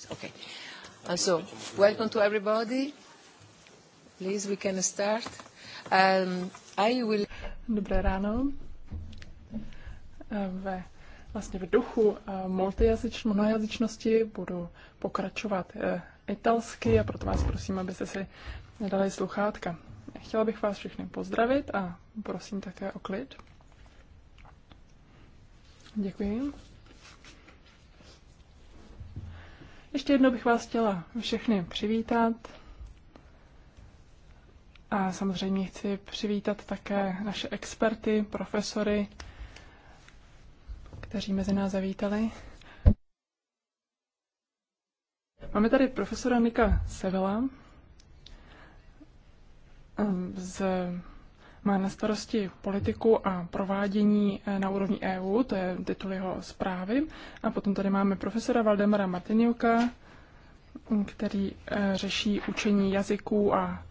minutes. Okay. And so, welcome to everybody. Please, we can start. Um, I will... Dobré ráno. Eh, ve, vlastně v duchu eh, multijazyčnosti, mnohojazyčnosti budu pokračovat eh, italsky a proto vás prosím, abyste si dali sluchátka. Chtěla bych vás všechny pozdravit a prosím také o klid. Děkuji. Ještě jednou bych vás chtěla všechny přivítat. A samozřejmě chci přivítat také naše experty, profesory, kteří mezi nás zavítali. Máme tady profesora Nika Sevela ehm, z má na starosti politiku a provádění eh, na úrovni EU, to je titul jeho zprávy. A potom tady máme profesora Valdemara Martiniuka, mm, který eh, řeší učení jazyků a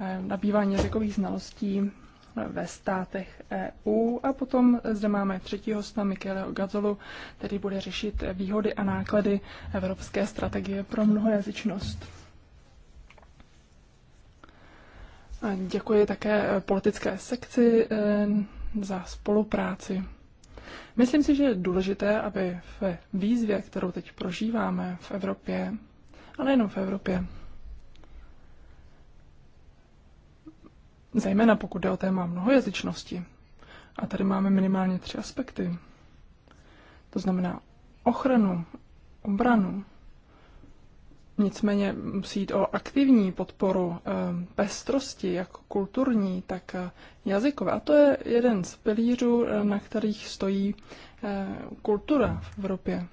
eh, nabývání jazykových znalostí ve státech EU. A potom zde máme třetí hosta Michele Gazolu, který bude řešit výhody a náklady Evropské strategie pro mnohojazyčnost. Děkuji také eh, politické sekci eh, za spolupráci. Myslím si, že je důležité, aby v výzvě, kterou teď prožíváme v Evropě, a nejenom v Evropě, zejména pokud jde o téma mnohojazyčnosti, a tady máme minimálně tři aspekty, to znamená ochranu, obranu Nicméně musí jít o aktivní podporu eh, pestrosti, jak kulturní, tak eh, jazykové. A to je jeden z pilířů, eh, na kterých stojí kultura v Evropě.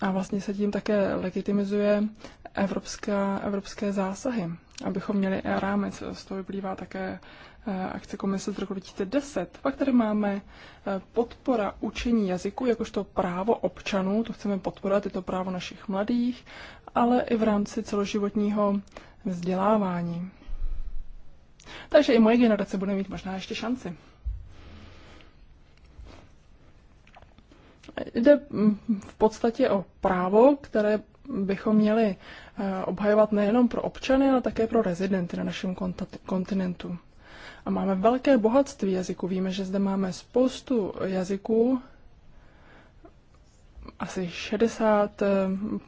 A vlastně se tím také legitimizuje evropská, evropské zásahy, abychom měli rámec. Z toho vyplývá také Eh, akce komise z roku 2010. Pak tady máme eh, podpora učení jazyku jakožto právo občanů, to chceme podporovat, je to právo našich mladých, ale i v rámci celoživotního vzdělávání. Takže i moje generace bude mít možná ještě šanci. Jde mm, v podstatě o právo, které bychom měli eh, obhajovat nejenom pro občany, ale také pro rezidenty na našem kontinentu. A máme velké bohatství jazyků. Víme, že zde máme spoustu jazyků, asi 60 eh,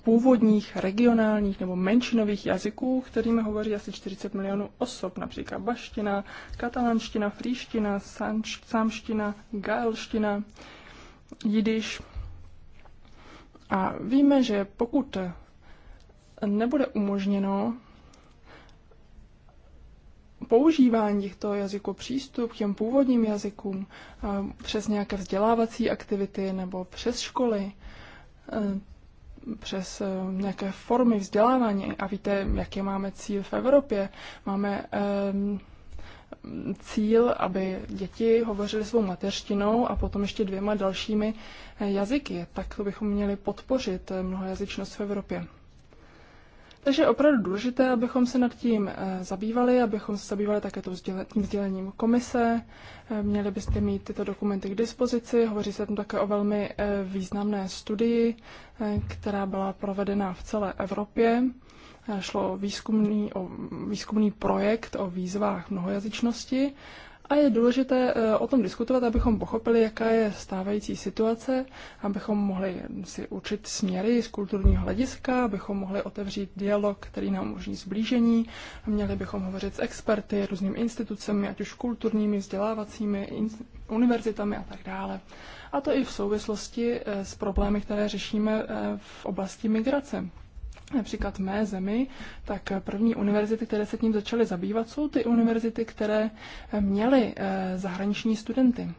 původních regionálních nebo menšinových jazyků, kterými hovoří asi 40 milionů osob, například baština, katalanština, frýština, sámština, gaelština, jidiš. A víme, že pokud nebude umožněno používání těchto jazyků, přístup k těm původním jazykům eh, přes nějaké vzdělávací aktivity nebo přes školy, eh, přes eh, nějaké formy vzdělávání. A víte, jaký máme cíl v Evropě? Máme cíl, aby děti hovořily svou mateřštinou a potom ještě dvěma dalšími jazyky. Tak to bychom měli podpořit mnohojazyčnost v Evropě. Takže je opravdu důležité, abychom se nad tím eh, zabývali, abychom se zabývali také tou sděle, tím sdělením komise. Eh, měli byste mít tyto dokumenty k dispozici. Hovoří se tam také o velmi eh, významné studii, která byla provedena v celé Evropě. Šlo o výzkumný, o výzkumný projekt o výzvách mnohojazyčnosti a je důležité eh, o tom diskutovat, abychom pochopili, jaká je stávající situace, abychom mohli si učit směry z kulturního hlediska, abychom mohli otevřít dialog, který nám umožní zblížení. Měli bychom hovořit s experty, různými institucemi, ať už kulturními, vzdělávacími, univerzitami a tak dále. A to i v souvislosti eh, s problémy, které řešíme eh, v oblasti migrace například mé zemi, tak eh, první univerzity, které se tím začaly zabývat, jsou ty univerzity, které eh, měly eh, zahraniční studenty.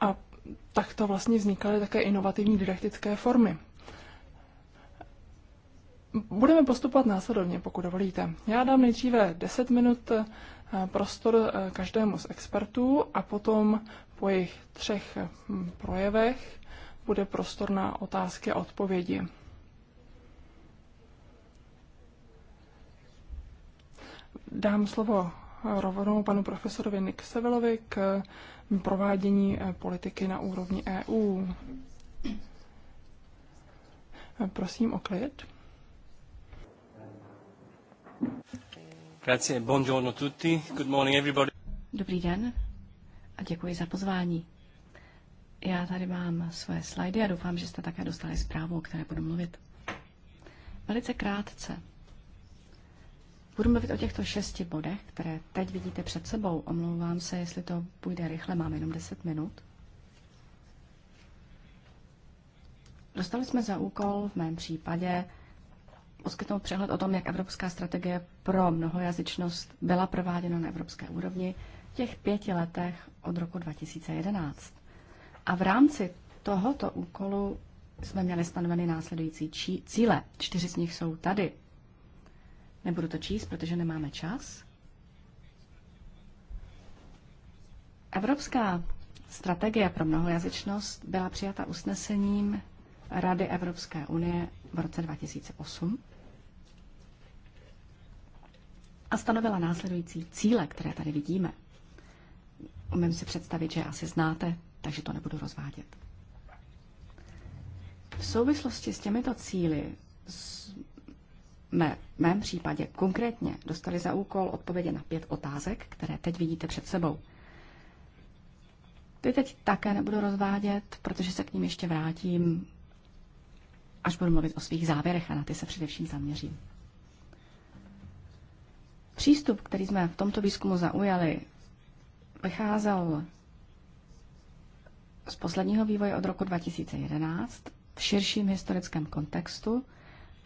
A takto vlastně vznikaly také inovativní didaktické formy. Budeme postupovat následovně, pokud dovolíte. Já dám nejdříve 10 minut prostor každému z expertů a potom po jejich třech hm, projevech bude prostor na otázky a odpovědi. dám slovo rovnou panu profesorovi Niksevilovi k provádění eh, politiky na úrovni EU. Eh, prosím o klid. Grazie, buongiorno tutti, good morning everybody. Dobrý den a děkuji za pozvání. Já tady mám své slajdy a doufám, že jste také dostali zprávu, o které budu mluvit. Velice krátce Budu mluvit o těchto šesti bodech, které teď vidíte před sebou. Omlouvám se, jestli to půjde rychle, mám jenom deset minut. Dostali jsme za úkol v mém případě poskytnout přehled o tom, jak evropská strategie pro mnohojazyčnost byla prováděna na evropské úrovni v těch pěti letech od roku 2011. A v rámci tohoto úkolu jsme měli stanoveny následující cíle. Čtyři z nich jsou tady Nebudu to číst, protože nemáme čas. Evropská strategie pro mnohojazyčnost byla přijata usnesením Rady Evropské unie v roce 2008 a stanovila následující cíle, které tady vidíme. Umím si představit, že asi znáte, takže to nebudu rozvádět. V souvislosti s těmito cíly mé, mém případě konkrétně dostali za úkol odpovědi na pět otázek, které teď vidíte před sebou. Ty teď také nebudu rozvádět, protože se k ním ještě vrátím, až budu mluvit o svých závěrech a na ty se především zaměřím. Přístup, který jsme v tomto výzkumu zaujali, vycházel z posledního vývoje od roku 2011 v širším historickém kontextu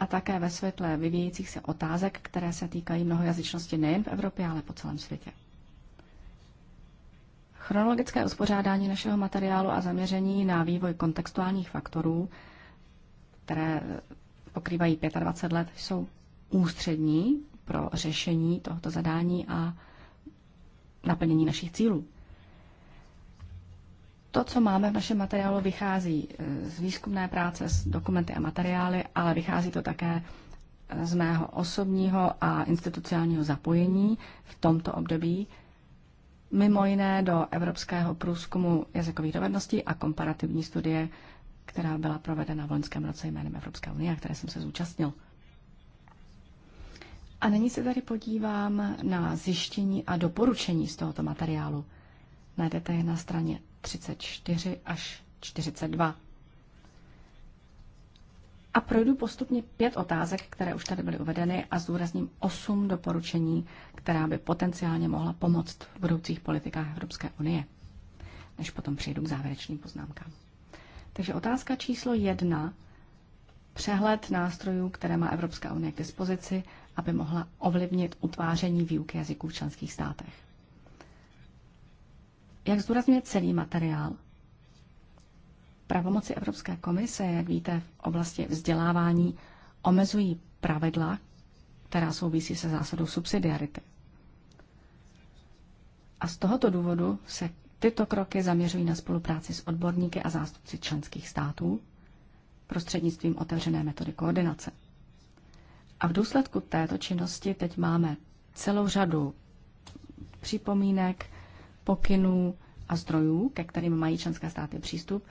a také ve světle vyvíjících se otázek, které se týkají mnohojazyčnosti nejen v Evropě, ale po celém světě. Chronologické uspořádání našeho materiálu a zaměření na vývoj kontextuálních faktorů, které pokrývají 25 let, jsou ústřední pro řešení tohoto zadání a naplnění našich cílů. To, co máme v našem materiálu, vychází eh, z výzkumné práce, z dokumenty a materiály, ale vychází to také eh, z mého osobního a institucionálního zapojení v tomto období, mimo jiné do evropského průzkumu jazykových dovedností a komparativní studie, která byla provedena v loňském roce jménem Evropské unie, a které jsem se zúčastnil. A nyní se tady podívám na zjištění a doporučení z tohoto materiálu. Najdete je na straně 34 až 42. A projdu postupně pět otázek, které už tady byly uvedeny a zdůrazním osm doporučení, která by potenciálně mohla pomoct v budoucích politikách Evropské unie, než potom přejdu k závěrečným poznámkám. Takže otázka číslo jedna. Přehled nástrojů, které má Evropská unie k dispozici, aby mohla ovlivnit utváření výuky jazyků v členských státech. Jak zdůrazňuje celý materiál, pravomoci Evropské komise, jak víte, v oblasti vzdělávání omezují pravidla, která souvisí se zásadou subsidiarity. A z tohoto důvodu se tyto kroky zaměřují na spolupráci s odborníky a zástupci členských států prostřednictvím otevřené metody koordinace. A v důsledku této činnosti teď máme celou řadu připomínek, pokynů a zdrojů, ke kterým mají členské státy přístup,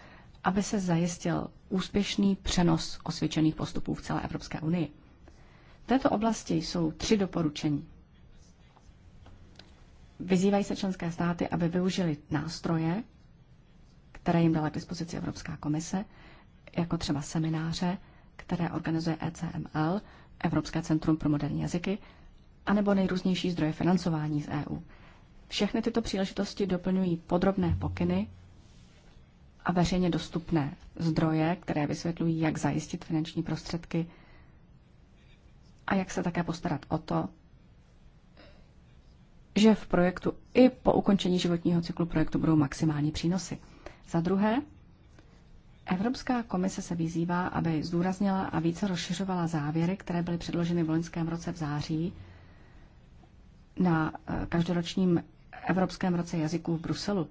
aby se zajistil úspěšný přenos osvědčených postupů v celé Evropské unii. V této oblasti jsou tři doporučení. Vyzývají se členské státy, aby využili nástroje, které jim dala k dispozici Evropská komise, jako třeba semináře, které organizuje ECML, Evropské centrum pro moderní jazyky, anebo nejrůznější zdroje financování z EU – všechny tyto příležitosti doplňují podrobné pokyny a veřejně dostupné zdroje, které vysvětlují, jak zajistit finanční prostředky a jak se také postarat o to, že v projektu i po ukončení životního cyklu projektu budou maximální přínosy. Za druhé, Evropská komise se vyzývá, aby zdůraznila a více rozšiřovala závěry, které byly předloženy v loňském roce v září na eh, každoročním Evropském roce jazyků v Bruselu,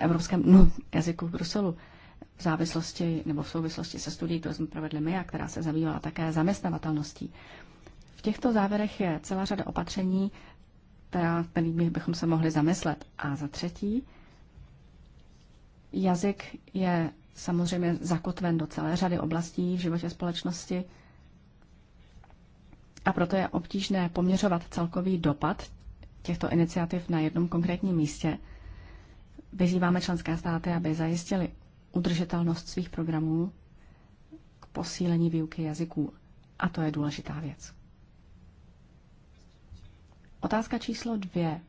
Evropském no, jazyku v Bruselu, v závislosti nebo v souvislosti se studií, kterou jsme provedli my a která se zabývala také zaměstnavatelností. V těchto závěrech je celá řada opatření, která, kterými bychom se mohli zamyslet. A za třetí, jazyk je samozřejmě zakotven do celé řady oblastí v životě společnosti a proto je obtížné poměřovat celkový dopad těchto iniciativ na jednom konkrétním místě. Vyzýváme členské státy, aby zajistili udržitelnost svých programů k posílení výuky jazyků. A to je důležitá věc. Otázka číslo dvě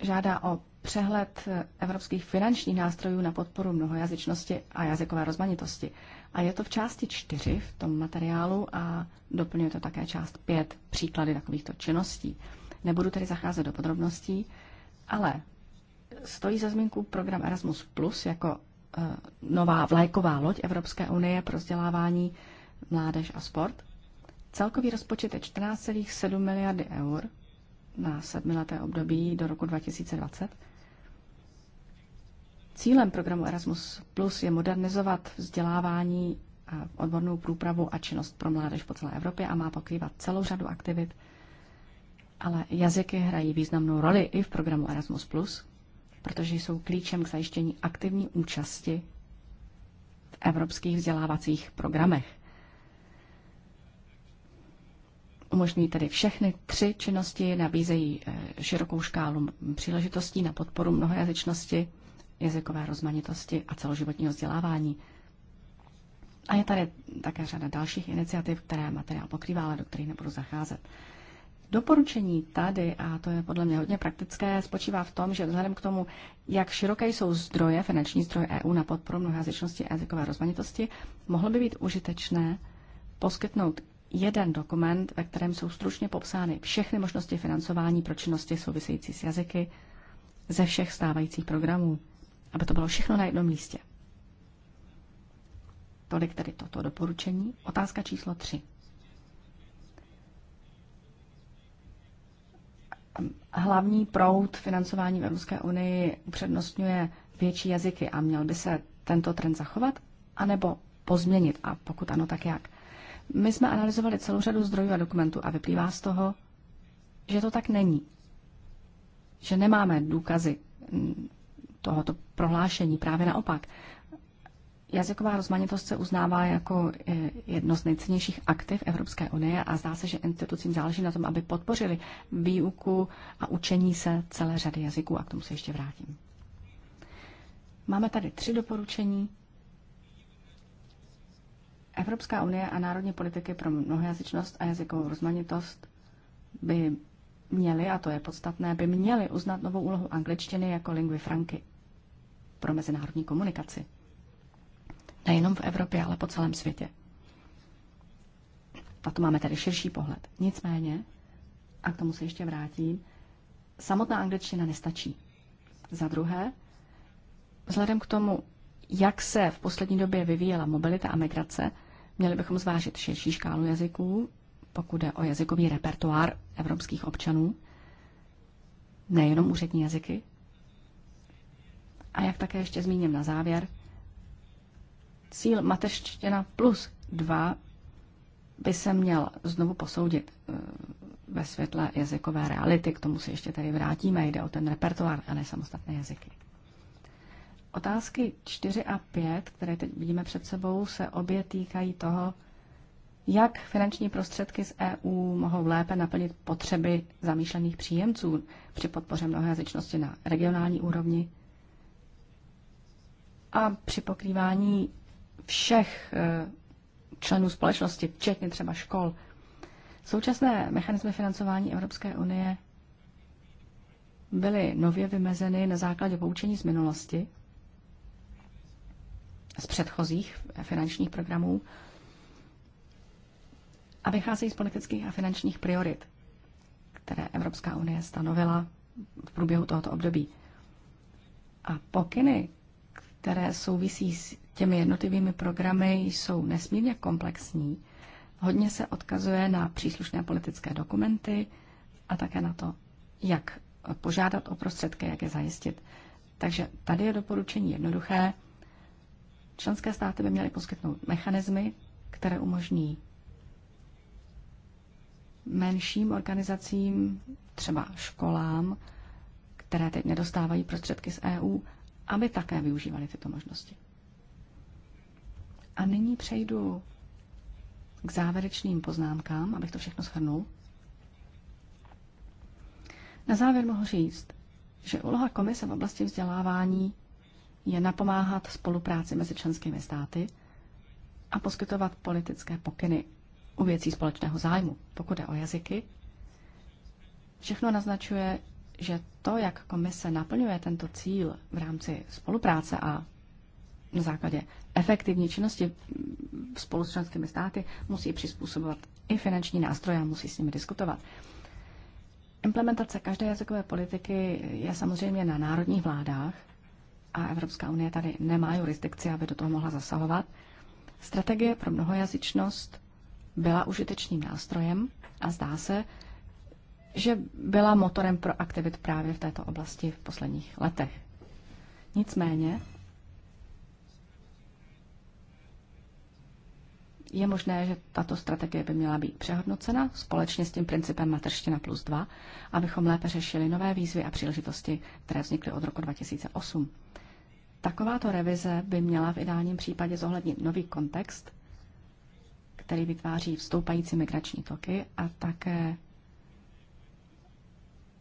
žádá o přehled evropských finančních nástrojů na podporu mnohojazyčnosti a jazykové rozmanitosti. A je to v části čtyři v tom materiálu a doplňuje to také část pět příklady takovýchto činností. Nebudu tedy zacházet do podrobností, ale stojí za zmínku program Erasmus Plus jako eh, nová vlajková loď Evropské unie pro vzdělávání mládež a sport. Celkový rozpočet je 14,7 miliardy eur na sedmileté období do roku 2020. Cílem programu Erasmus Plus je modernizovat vzdělávání a odbornou průpravu a činnost pro mládež po celé Evropě a má pokrývat celou řadu aktivit, ale jazyky hrají významnou roli i v programu Erasmus, protože jsou klíčem k zajištění aktivní účasti v evropských vzdělávacích programech. Umožňují tedy všechny tři činnosti, nabízejí eh, širokou škálu příležitostí na podporu mnohojazyčnosti, jazykové rozmanitosti a celoživotního vzdělávání. A je tady také řada dalších iniciativ, které materiál pokrývá, ale do kterých nebudu zacházet. Doporučení tady, a to je podle mě hodně praktické, spočívá v tom, že vzhledem k tomu, jak široké jsou zdroje, finanční zdroje EU na podporu mnohazyčnosti a jazykové rozmanitosti, mohlo by být užitečné poskytnout jeden dokument, ve kterém jsou stručně popsány všechny možnosti financování pro činnosti související s jazyky ze všech stávajících programů, aby to bylo všechno na jednom místě. Tolik tedy toto doporučení. Otázka číslo 3. hlavní proud financování v Evropské unii upřednostňuje větší jazyky a měl by se tento trend zachovat anebo pozměnit a pokud ano, tak jak? My jsme analyzovali celou řadu zdrojů a dokumentů a vyplývá z toho, že to tak není. Že nemáme důkazy mm, tohoto prohlášení, právě naopak. Jazyková rozmanitost se uznává jako eh, jedno z nejcennějších aktiv Evropské unie a zdá se, že institucím záleží na tom, aby podpořili výuku a učení se celé řady jazyků a k tomu se ještě vrátím. Máme tady tři doporučení. Evropská unie a národní politiky pro mnohojazyčnost a jazykovou rozmanitost by měly, a to je podstatné, by měly uznat novou úlohu angličtiny jako lingvy franky pro mezinárodní komunikaci. Nejenom v Evropě, ale po celém světě. Na to máme tedy širší pohled. Nicméně, a k tomu se ještě vrátím, samotná angličtina nestačí. Za druhé, vzhledem k tomu, jak se v poslední době vyvíjela mobilita a migrace, měli bychom zvážit širší škálu jazyků, pokud je o jazykový repertoár evropských občanů, nejenom úřední jazyky. A jak také ještě zmíním na závěr, cíl mateřština plus 2 by se měl znovu posoudit eh, ve světle jazykové reality. K tomu se ještě tady vrátíme. Jde o ten repertoár a ne samostatné jazyky. Otázky 4 a 5, které teď vidíme před sebou, se obě týkají toho, jak finanční prostředky z EU mohou lépe naplnit potřeby zamýšlených příjemců při podpoře mnohojazyčnosti na regionální úrovni a při pokrývání všech eh, členů společnosti, včetně třeba škol. Současné mechanismy financování Evropské unie byly nově vymezeny na základě poučení z minulosti, z předchozích finančních programů a vycházejí z politických a finančních priorit, které Evropská unie stanovila v průběhu tohoto období. A pokyny, které souvisí s těmi jednotlivými programy jsou nesmírně komplexní. Hodně se odkazuje na příslušné politické dokumenty a také na to, jak požádat o prostředky, jak je zajistit. Takže tady je doporučení jednoduché. Členské státy by měly poskytnout mechanismy, které umožní menším organizacím, třeba školám, které teď nedostávají prostředky z EU, aby také využívali tyto možnosti. A nyní přejdu k závěrečným poznámkám, abych to všechno shrnul. Na závěr mohu říct, že úloha komise v oblasti vzdělávání je napomáhat spolupráci mezi členskými státy a poskytovat politické pokyny u věcí společného zájmu, pokud je o jazyky. Všechno naznačuje, že to, jak komise naplňuje tento cíl v rámci spolupráce a na základě efektivní činnosti spolu s členskými státy musí přizpůsobovat i finanční nástroje a musí s nimi diskutovat. Implementace každé jazykové politiky je samozřejmě na národních vládách a Evropská unie tady nemá jurisdikci, aby do toho mohla zasahovat. Strategie pro mnohojazyčnost byla užitečným nástrojem a zdá se, že byla motorem pro aktivit právě v této oblasti v posledních letech. Nicméně Je možné, že tato strategie by měla být přehodnocena společně s tím principem Materština plus 2, abychom lépe řešili nové výzvy a příležitosti, které vznikly od roku 2008. Takováto revize by měla v ideálním případě zohlednit nový kontext, který vytváří vstoupající migrační toky a také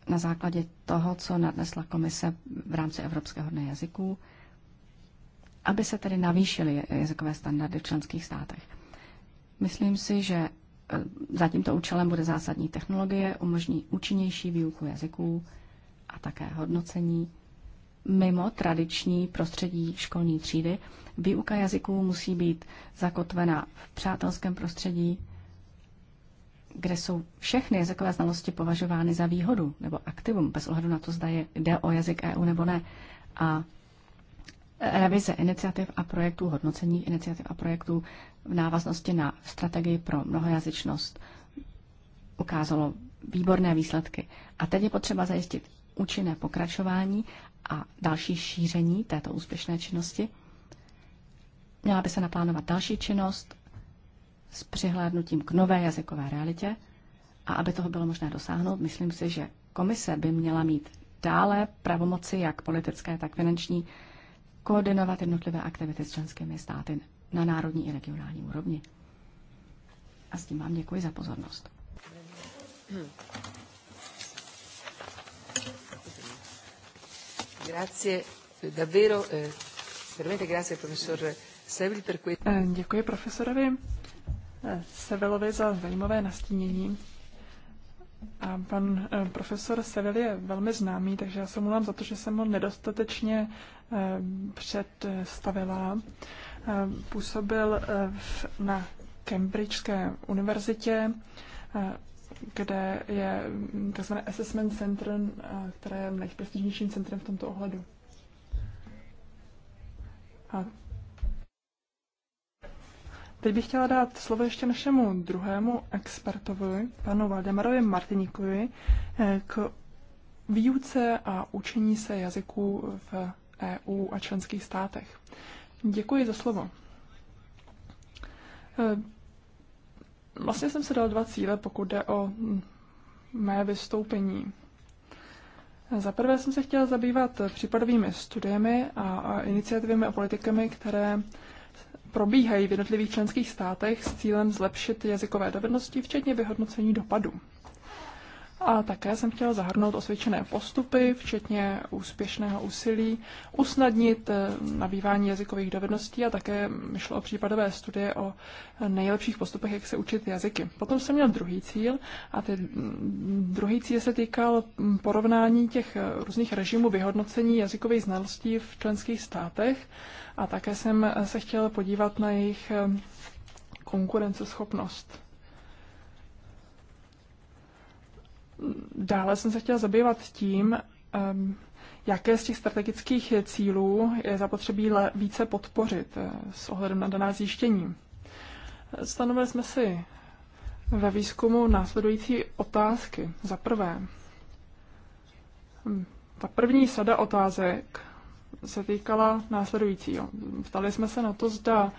na základě toho, co nadnesla komise v rámci Evropského dne jazyků, aby se tedy navýšily jazykové standardy v členských státech. Myslím si, že eh, za tímto účelem bude zásadní technologie, umožní účinnější výuku jazyků a také hodnocení. Mimo tradiční prostředí školní třídy, výuka jazyků musí být zakotvena v přátelském prostředí, kde jsou všechny jazykové znalosti považovány za výhodu nebo aktivum, bez ohledu na to, zda je, jde o jazyk EU nebo ne. A revize iniciativ a projektů, hodnocení iniciativ a projektů v návaznosti na strategii pro mnohojazyčnost ukázalo výborné výsledky. A teď je potřeba zajistit účinné pokračování a další šíření této úspěšné činnosti. Měla by se naplánovat další činnost s přihlédnutím k nové jazykové realitě a aby toho bylo možné dosáhnout, myslím si, že komise by měla mít dále pravomoci, jak politické, tak finanční, koordinovat jednotlivé aktivity s členskými státy na národní i regionální úrovni. A s tím vám děkuji za pozornost. Eh, eh, děkuji profesorovi eh, Sevilovi za zajímavé nastínění a pan eh, profesor Sevil je velmi známý, takže já se mluvám za to, že jsem ho nedostatečně eh, představila. Eh, působil na Cambridgeské univerzitě, kde je hm, tzv. assessment center, které je nejprestižnějším centrem v tomto ohledu. A Teď bych chtěla dát slovo ještě našemu druhému expertovi, panu Valdemarovi Martiníkovi, eh, k výuce a učení se jazyků v EU a členských státech. Děkuji za slovo. Eh, vlastně jsem se dal dva cíle, pokud jde o mé vystoupení. Za prvé jsem se chtěla zabývat případovými studiemi a iniciativami a politikami, které probíhají v jednotlivých členských státech s cílem zlepšit jazykové dovednosti, včetně vyhodnocení dopadu. A také jsem chtěla zahrnout osvědčené postupy, včetně úspěšného úsilí, usnadnit eh, nabývání jazykových dovedností a také myšlo o případové studie o nejlepších postupech, jak se učit jazyky. Potom jsem měl druhý cíl a ten mm, druhý cíl se týkal mm, porovnání těch eh, různých režimů vyhodnocení jazykových znalostí v členských státech a také jsem eh, se chtěla podívat na jejich konkurenceschopnost. dále jsem se chtěla zabývat tím, jaké z těch strategických cílů je zapotřebí více podpořit eh, s ohledem na daná zjištění. Stanovili jsme si ve výzkumu následující otázky. Za prvé, hm, ta první sada otázek se týkala následujícího. Ptali jsme se na to, zda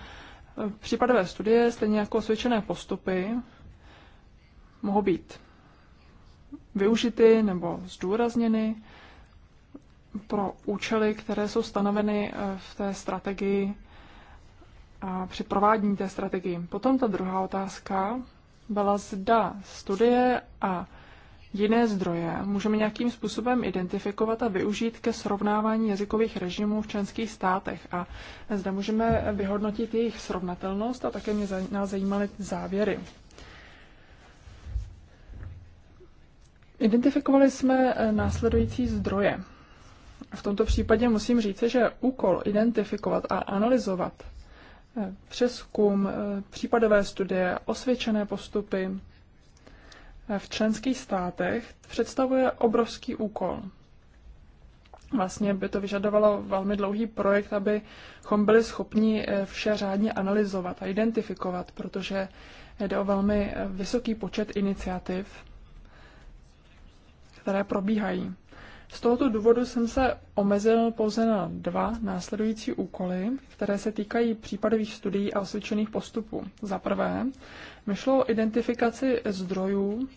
eh, případové studie, stejně jako osvědčené postupy, mohou být využity nebo zdůrazněny pro účely, které jsou stanoveny eh, v té strategii a při provádění té strategii. Potom ta druhá otázka byla, zda studie a jiné zdroje můžeme nějakým způsobem identifikovat a využít ke srovnávání jazykových režimů v členských státech. A zde můžeme vyhodnotit jejich srovnatelnost a také mě nás zajímaly závěry. Identifikovali jsme eh, následující zdroje. V tomto případě musím říct, že úkol identifikovat a analyzovat eh, přeskum, eh, případové studie, osvědčené postupy v členských státech představuje obrovský úkol. Vlastně by to vyžadovalo velmi dlouhý projekt, abychom byli schopni vše řádně analyzovat a identifikovat, protože jde o velmi vysoký počet iniciativ které probíhají. Z tohoto důvodu jsem se omezil pouze na dva následující úkoly, které se týkají případových studií a osvědčených postupů. Za prvé, mi šlo o identifikaci zdrojů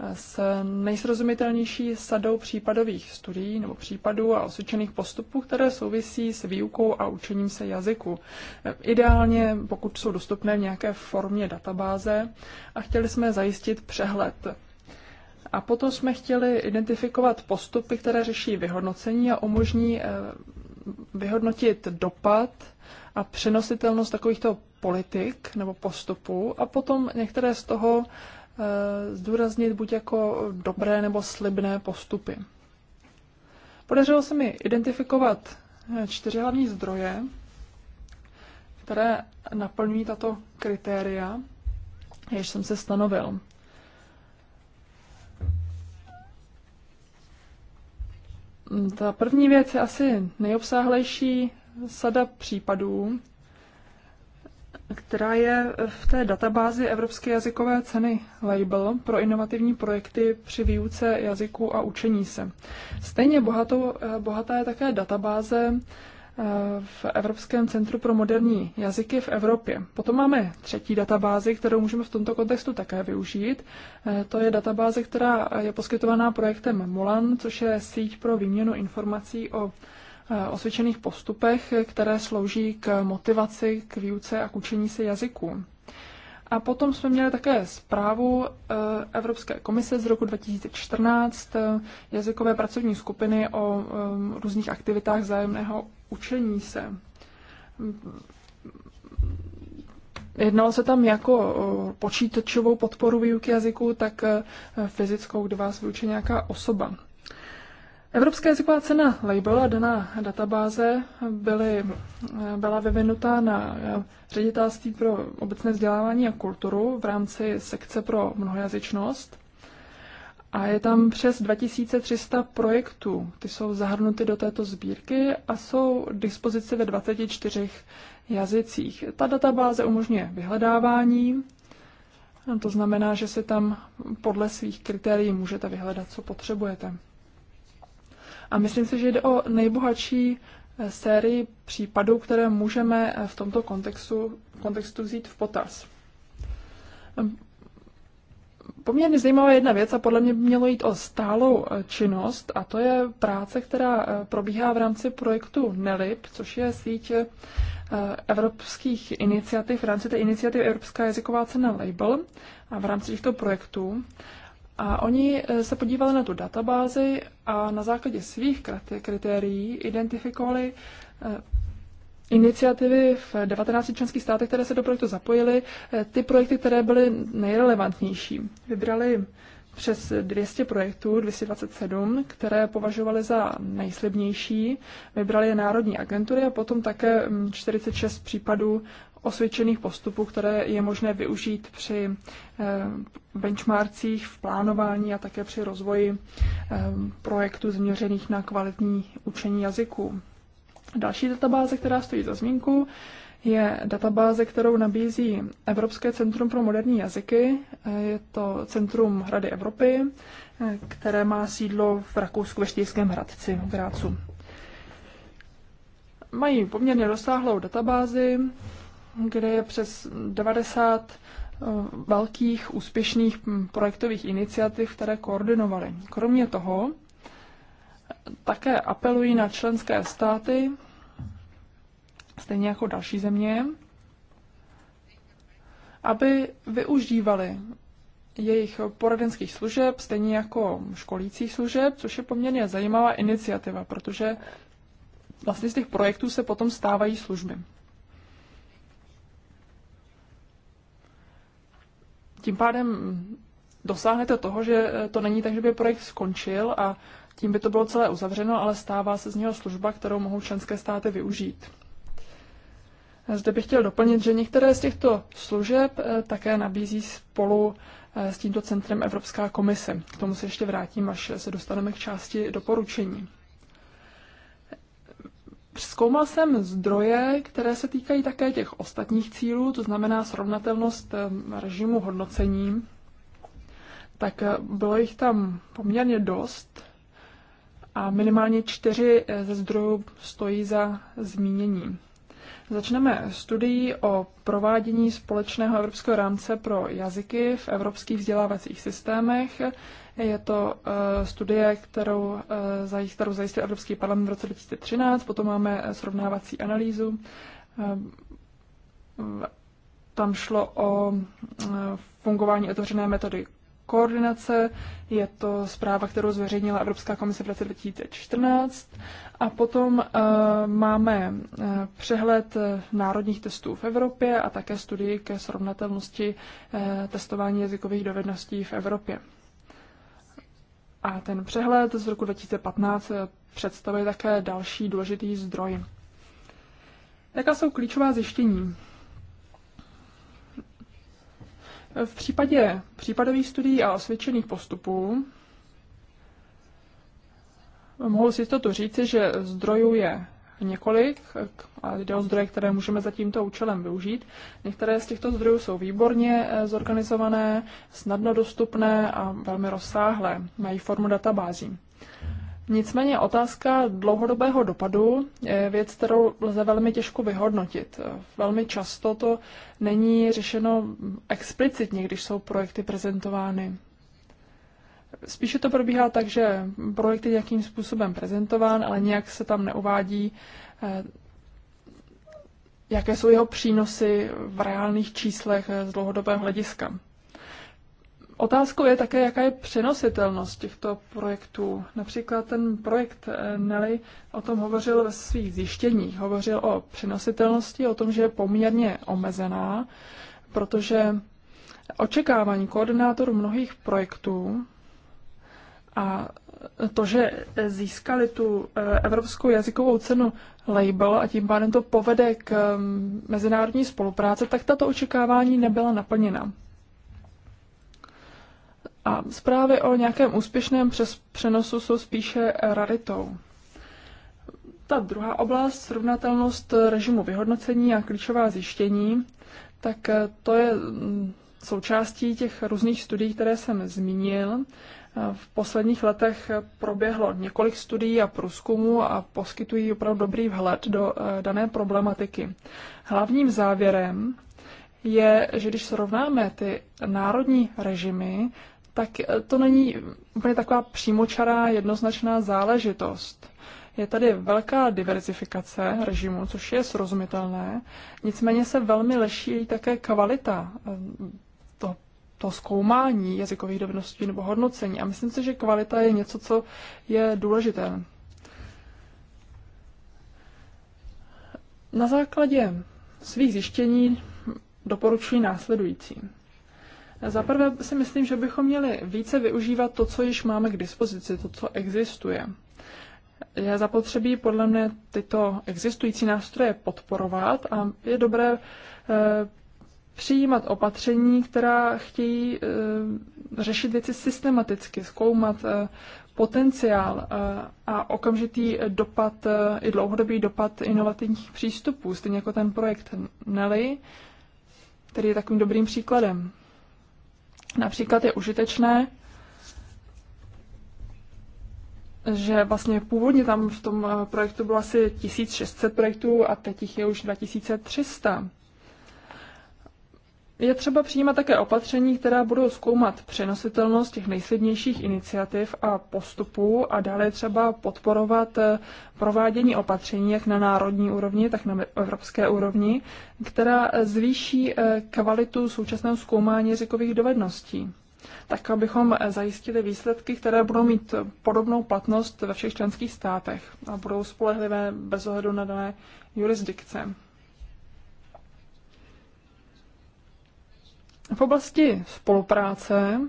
eh, s nejsrozumitelnější sadou případových studií nebo případů a osvědčených postupů, které souvisí s výukou a učením se jazyku. Eh, ideálně, pokud jsou dostupné v nějaké formě databáze a chtěli jsme zajistit přehled a potom jsme chtěli identifikovat postupy, které řeší vyhodnocení a umožní eh, vyhodnotit dopad a přenositelnost takovýchto politik nebo postupů a potom některé z toho eh, zdůraznit buď jako dobré nebo slibné postupy. Podařilo se mi identifikovat eh, čtyři hlavní zdroje, které naplňují tato kritéria, jež jsem se stanovil. Ta první věc je asi nejobsáhlejší sada případů, která je v té databázi Evropské jazykové ceny Label pro inovativní projekty při výuce jazyku a učení se. Stejně bohatou, eh, bohatá je také databáze v Evropském centru pro moderní jazyky v Evropě. Potom máme třetí databázi, kterou můžeme v tomto kontextu také využít. Eh, to je databáze, která je poskytovaná projektem MOLAN, což je síť pro výměnu informací o eh, osvědčených postupech, které slouží k motivaci, k výuce a k učení se jazyků. A potom jsme měli také zprávu eh, Evropské komise z roku 2014 eh, jazykové pracovní skupiny o eh, různých aktivitách zájemného učení se. Jednalo se tam jako počítačovou podporu výuky jazyku, tak fyzickou, kde vás vyučí nějaká osoba. Evropská jazyková cena Label a daná databáze byly, eh, byla vyvinuta na eh, ředitelství pro obecné vzdělávání a kulturu v rámci sekce pro mnohojazyčnost. A je tam přes 2300 projektů. Ty jsou zahrnuty do této sbírky a jsou k dispozici ve 24 jazycích. Ta databáze umožňuje vyhledávání, to znamená, že si tam podle svých kritérií můžete vyhledat, co potřebujete. A myslím si, že jde o nejbohatší eh, sérii případů, které můžeme eh, v tomto kontextu, kontextu vzít v potaz. Ehm, poměrně zajímavá jedna věc a podle mě mělo jít o stálou eh, činnost a to je práce, která probíhá v rámci projektu NELIP, což je síť evropských iniciativ, v rámci té iniciativy Evropská jazyková cena Label a v rámci těchto projektů. A oni eh, se podívali na tu databázi a na základě svých kritérií identifikovali eh, iniciativy v 19 členských státech, které se do projektu zapojily, eh, ty projekty, které byly nejrelevantnější. Vybrali přes 200 projektů, 227, které považovali za nejslibnější. Vybrali je národní agentury a potom také 46 mm, případů osvědčených postupů, které je možné využít při eh, benchmarkcích v plánování a také při rozvoji eh, projektů změřených na kvalitní učení jazyků. Další databáze, která stojí za zmínku, je databáze, kterou nabízí Evropské centrum pro moderní jazyky. Eh, je to centrum Rady Evropy, které má sídlo v Rakousku ve Štýrském Hradci v Grácu. Mají poměrně rozsáhlou databázi, kde je přes 90 eh, velkých úspěšných hm, projektových iniciativ, které koordinovaly. Kromě toho také apelují na členské státy, stejně jako další země, aby využívali jejich poradenských služeb, stejně jako školících služeb, což je poměrně zajímavá iniciativa, protože vlastně z těch projektů se potom stávají služby. tím pádem dosáhnete toho, že eh, to není tak, že by projekt skončil a tím by to bylo celé uzavřeno, ale stává se z něho služba, kterou mohou členské státy využít. Eh, zde bych chtěl doplnit, že některé z těchto služeb eh, také nabízí spolu s tímto centrem Evropská komise. K tomu se ještě vrátím, až se dostaneme k části doporučení. Zkoumal jsem zdroje, které se týkají také těch ostatních cílů, to znamená srovnatelnost eh, režimu hodnocení. Tak eh, bylo jich tam poměrně dost a minimálně čtyři eh, ze zdrojů stojí za zmíněním. Začneme studií o provádění společného evropského rámce pro jazyky v evropských vzdělávacích systémech. Je to eh, studie, kterou, eh, kterou zajistil Evropský parlament v roce 2013, potom máme eh, srovnávací analýzu. Tam šlo o fungování otevřené metody koordinace. Je to zpráva, kterou zveřejnila Evropská komise v roce 2014. A potom uh, máme eh, přehled eh, národních testů v Evropě a také studii ke srovnatelnosti uh, testování jazykových dovedností v Evropě. A ten přehled z roku 2015 představuje také další důležitý zdroj. Jaká jsou klíčová zjištění? V případě případových studií a osvědčených postupů mohu si toto říci, že zdrojů je několik, a jde o zdroje, které můžeme za tímto účelem využít. Některé z těchto zdrojů jsou výborně eh, zorganizované, snadno dostupné a velmi rozsáhlé. Mají formu databází. Nicméně otázka dlouhodobého dopadu je věc, kterou lze velmi těžko vyhodnotit. Velmi často to není řešeno explicitně, když jsou projekty prezentovány. Spíše to probíhá tak, že projekt je nějakým způsobem prezentován, ale nějak se tam neuvádí, eh, jaké jsou jeho přínosy v reálných číslech eh, z dlouhodobého hlediska. Otázkou je také, jaká je přenositelnost těchto projektů. Například ten projekt eh, Nelly o tom hovořil ve svých zjištěních. Hovořil o přenositelnosti, o tom, že je poměrně omezená, protože očekávání koordinátorů mnohých projektů a to, že získali tu eh, evropskou jazykovou cenu label a tím pádem to povede k mm, mezinárodní spolupráci, tak tato očekávání nebyla naplněna zprávy o nějakém úspěšném přes přenosu jsou spíše raritou. Ta druhá oblast, srovnatelnost režimu vyhodnocení a klíčová zjištění, tak eh, to je mm, součástí těch různých studií, které jsem zmínil. Eh, v posledních letech proběhlo několik studií a průzkumů a poskytují opravdu dobrý vhled do eh, dané problematiky. Hlavním závěrem je, že když srovnáme ty národní režimy tak e, to není úplně taková přímočará jednoznačná záležitost. Je tady velká diverzifikace režimu, což je srozumitelné, nicméně se velmi leší také kvalita e, to, to zkoumání jazykových dovedností nebo hodnocení. A myslím si, že kvalita je něco, co je důležité. Na základě svých zjištění doporučuji následující. Za prvé si myslím, že bychom měli více využívat to, co již máme k dispozici, to, co existuje. Je zapotřebí podle mě tyto existující nástroje podporovat a je dobré e, přijímat opatření, která chtějí e, řešit věci systematicky, zkoumat e, potenciál a okamžitý dopad i dlouhodobý dopad inovativních přístupů, stejně jako ten projekt Nelly, který je takovým dobrým příkladem. Například je užitečné, že vlastně původně tam v tom eh, projektu bylo asi 1600 projektů a teď jich je už 2300. Je třeba přijímat také opatření, která budou zkoumat přenositelnost těch nejsilnějších iniciativ a postupů a dále třeba podporovat eh, provádění opatření jak na národní úrovni, tak na evropské úrovni, která eh, zvýší eh, kvalitu současného zkoumání jazykových dovedností tak abychom zajistili výsledky, které budou mít podobnou platnost ve všech členských státech a budou spolehlivé bez ohledu na dané jurisdikce. V oblasti spolupráce,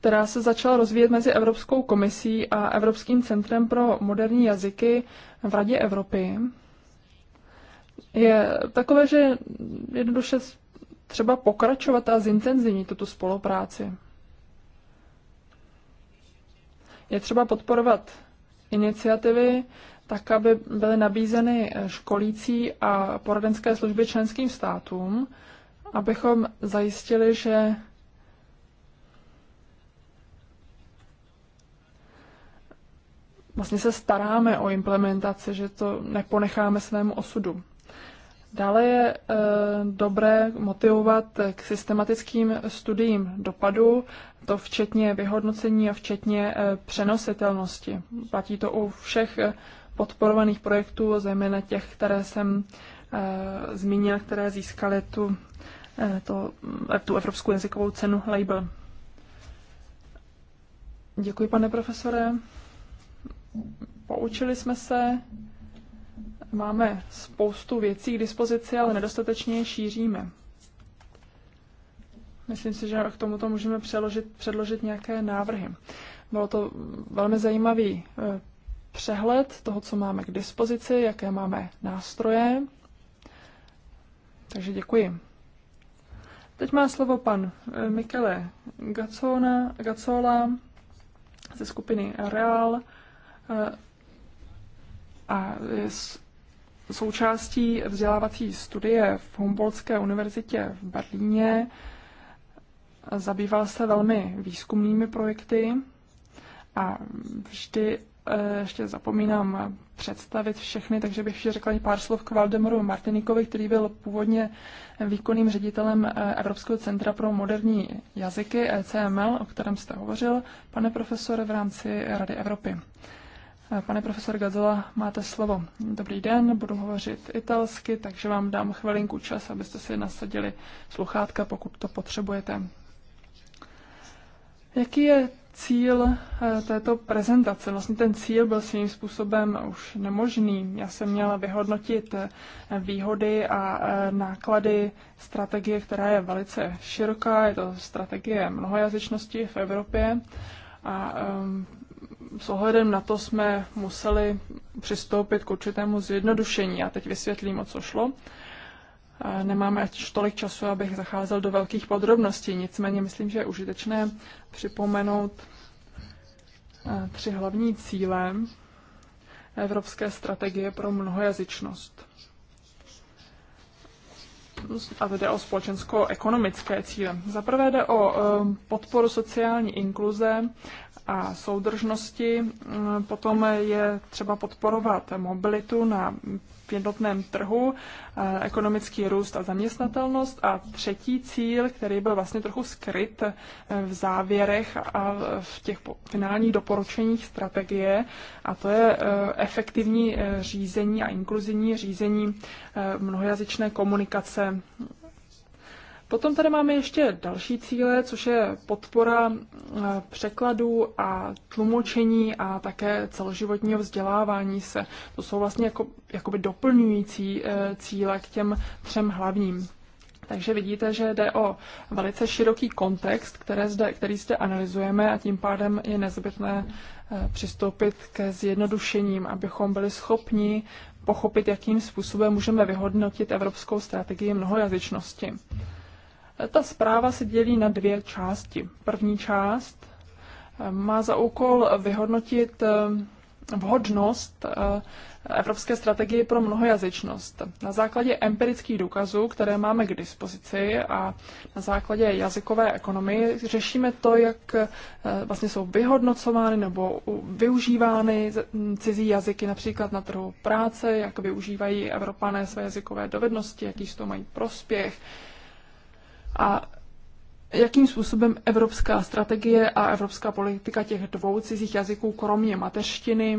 která se začala rozvíjet mezi Evropskou komisí a Evropským centrem pro moderní jazyky v Radě Evropy, je takové, že jednoduše třeba pokračovat a zintenzivnit tuto spolupráci. Je třeba podporovat iniciativy, tak aby byly nabízeny školící a poradenské služby členským státům, abychom zajistili, že vlastně se staráme o implementaci, že to neponecháme svému osudu. Dále je e, dobré motivovat k systematickým studiím dopadu, to včetně vyhodnocení a včetně e, přenositelnosti. Platí to u všech eh, podporovaných projektů, zejména těch, které jsem e, zmínila, které získaly tu Eh, to, eh, tu Evropskou jazykovou cenu label. Děkuji, pane profesore. Poučili jsme se. Máme spoustu věcí k dispozici, ale nedostatečně je šíříme. Myslím si, že k tomuto můžeme přeložit, předložit nějaké návrhy. Bylo to velmi zajímavý eh, přehled toho, co máme k dispozici, jaké máme nástroje. Takže děkuji. Teď má slovo pan eh, Michele Gacona, Gacola ze skupiny Real eh, a je součástí vzdělávací studie v Humboldtské univerzitě v Berlíně. Zabýval se velmi výzkumnými projekty a vždy Eh, ještě zapomínám eh, představit všechny, takže bych ještě řekla pár slov k Valdemoru Martinikovi, který byl původně výkonným ředitelem eh, Evropského centra pro moderní jazyky ECML, o kterém jste hovořil, pane profesore, v rámci Rady Evropy. Pane profesor Gazela, máte slovo. Dobrý den, budu hovořit italsky, takže vám dám chvilinku čas, abyste si nasadili sluchátka, pokud to potřebujete. Jaký je cíl eh, této prezentace? Vlastně ten cíl byl svým způsobem už nemožný. Já jsem měla vyhodnotit eh, výhody a eh, náklady strategie, která je velice široká. Je to strategie mnohojazyčnosti v Evropě. A um, s ohledem na to jsme museli přistoupit k určitému zjednodušení. A teď vysvětlím, o co šlo. Nemáme až tolik času, abych zacházel do velkých podrobností, nicméně myslím, že je užitečné připomenout eh, tři hlavní cíle Evropské strategie pro mnohojazyčnost. A to jde o společensko-ekonomické cíle. Za prvé jde o eh, podporu sociální inkluze a soudržnosti. Mm, potom je třeba podporovat mobilitu na jednotném trhu, eh, ekonomický růst a zaměstnatelnost. A třetí cíl, který byl vlastně trochu skryt eh, v závěrech a v těch finálních doporučeních strategie, a to je eh, efektivní řízení a inkluzivní řízení mnohojazyčné komunikace Potom tady máme ještě další cíle, což je podpora eh, překladů a tlumočení a také celoživotního vzdělávání se. To jsou vlastně jako, jakoby doplňující eh, cíle k těm třem hlavním. Takže vidíte, že jde o velice široký kontext, které zde, který zde analyzujeme a tím pádem je nezbytné eh, přistoupit ke zjednodušením, abychom byli schopni pochopit, jakým způsobem můžeme vyhodnotit evropskou strategii mnohojazyčnosti. Ta zpráva se dělí na dvě části. První část eh, má za úkol vyhodnotit eh, vhodnost eh, Evropské strategie pro mnohojazyčnost. Na základě empirických důkazů, které máme k dispozici a na základě jazykové ekonomie řešíme to, jak vlastně jsou vyhodnocovány nebo využívány cizí jazyky například na trhu práce, jak využívají Evropané své jazykové dovednosti, jaký z toho mají prospěch, a jakým způsobem evropská strategie a evropská politika těch dvou cizích jazyků, kromě mateřštiny,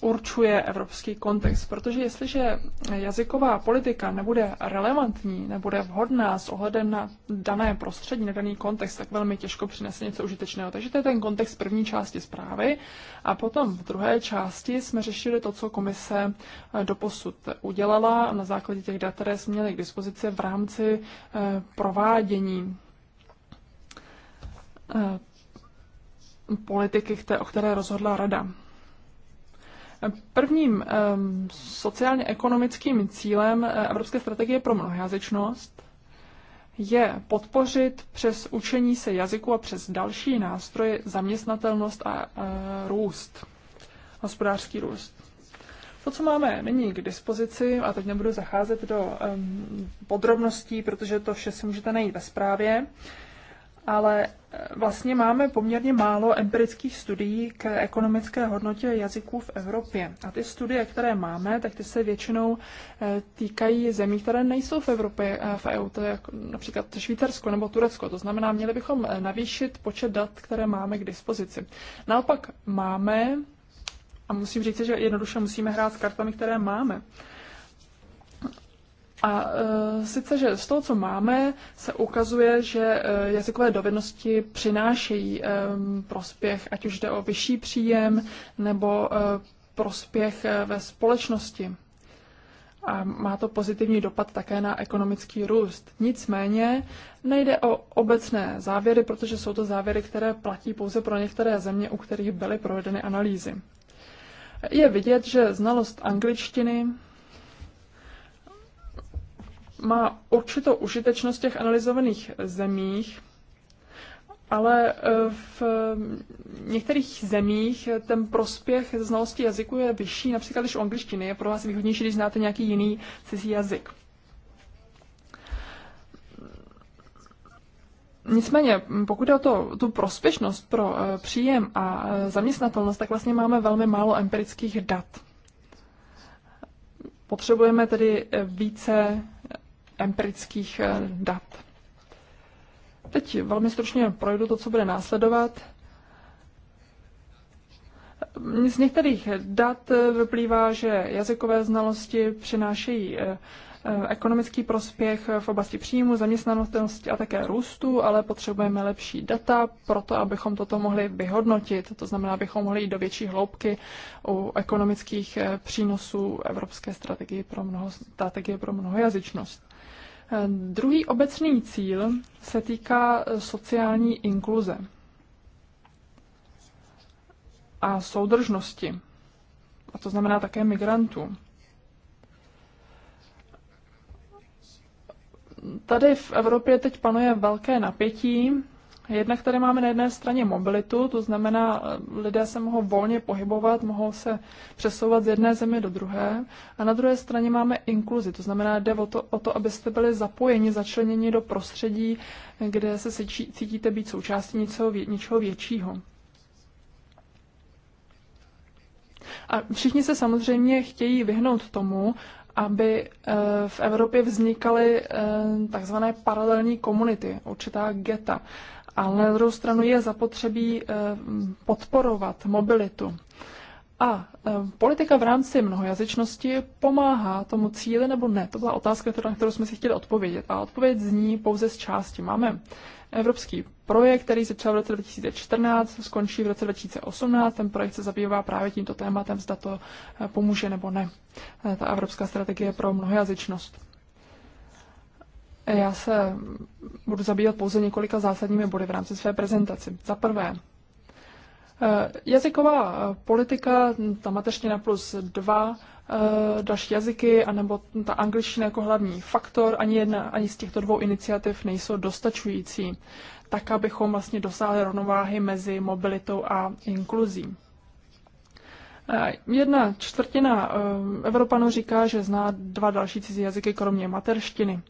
určuje evropský kontext. Protože jestliže jazyková politika nebude relevantní, nebude vhodná s ohledem na dané prostředí, na daný kontext, tak velmi těžko přinese něco užitečného. Takže to je ten kontext první části zprávy. A potom v druhé části jsme řešili to, co komise eh, doposud udělala na základě těch dat, které jsme měli k dispozici v rámci eh, provádění Eh, politiky, o které rozhodla Rada. Prvním sociálně-ekonomickým cílem eh, Evropské strategie pro mnohojazyčnost je podpořit přes učení se jazyku a přes další nástroje zaměstnatelnost a eh, růst, hospodářský růst. To, co máme nyní k dispozici, a teď nebudu zacházet do um, podrobností, protože to vše si můžete najít ve zprávě, ale eh, vlastně máme poměrně málo empirických studií k ekonomické hodnotě jazyků v Evropě. A ty studie, které máme, tak ty se většinou eh, týkají zemí, které nejsou v Evropě, eh, v EU, to je jako například Švýcarsko nebo Turecko. To znamená, měli bychom navýšit počet dat, které máme k dispozici. Naopak máme, a musím říct, že jednoduše musíme hrát s kartami, které máme. A e, sice, že z toho, co máme, se ukazuje, že e, jazykové dovednosti přinášejí e, prospěch, ať už jde o vyšší příjem nebo e, prospěch e, ve společnosti. A má to pozitivní dopad také na ekonomický růst. Nicméně nejde o obecné závěry, protože jsou to závěry, které platí pouze pro některé země, u kterých byly provedeny analýzy. Je vidět, že znalost angličtiny má určitou užitečnost v těch analyzovaných zemích, ale eh, v eh, některých zemích eh, ten prospěch ze znalosti jazyku je vyšší, například když u angličtiny je pro vás výhodnější, když znáte nějaký jiný cizí jazyk. Nicméně, mm, pokud je o to, tu prospěšnost pro příjem a zaměstnatelnost, tak vlastně máme velmi málo empirických dat. Potřebujeme tedy více empirických eh, dat. Teď velmi stručně projdu to, co bude následovat. Hm, z některých dat eh, vyplývá, že jazykové znalosti přinášejí eh, ekonomický prospěch v oblasti příjmu, zaměstnanosti a také růstu, ale potřebujeme lepší data pro to, abychom toto mohli vyhodnotit. To znamená, abychom mohli jít do větší hloubky u ekonomických přínosů Evropské strategie pro, mnoho, strategie pro mnohojazyčnost. Druhý obecný cíl se týká eh, sociální inkluze a soudržnosti, a to znamená také migrantů. Tady v Evropě teď panuje velké napětí Jednak tady máme na jedné straně mobilitu, to znamená, eh, lidé se mohou volně pohybovat, mohou se přesouvat z jedné země do druhé. A na druhé straně máme inkluzi, to znamená, jde o to, o to abyste byli zapojeni, začleněni do prostředí, kde se cítíte být součástí něčeho, něčeho většího. A všichni se samozřejmě chtějí vyhnout tomu, aby eh, v Evropě vznikaly eh, takzvané paralelní komunity, určitá geta ale na druhou stranu je zapotřebí eh, podporovat mobilitu. A eh, politika v rámci mnohojazyčnosti pomáhá tomu cíli nebo ne? To byla otázka, na kterou jsme si chtěli odpovědět. A odpověď zní pouze z části. Máme evropský projekt, který začal v roce 2014, skončí v roce 2018. Ten projekt se zabývá právě tímto tématem, zda to eh, pomůže nebo ne. Ta evropská strategie pro mnohojazyčnost. Já se budu zabývat pouze několika zásadními body v rámci své prezentaci. Za prvé, eh, jazyková eh, politika, ta mateřština plus dva, eh, další jazyky, anebo ta angličtina jako hlavní faktor, ani jedna, ani z těchto dvou iniciativ nejsou dostačující, tak abychom vlastně dosáhli rovnováhy mezi mobilitou a inkluzí. Eh, jedna čtvrtina eh, Evropanů říká, že zná dva další cizí jazyky kromě materštiny,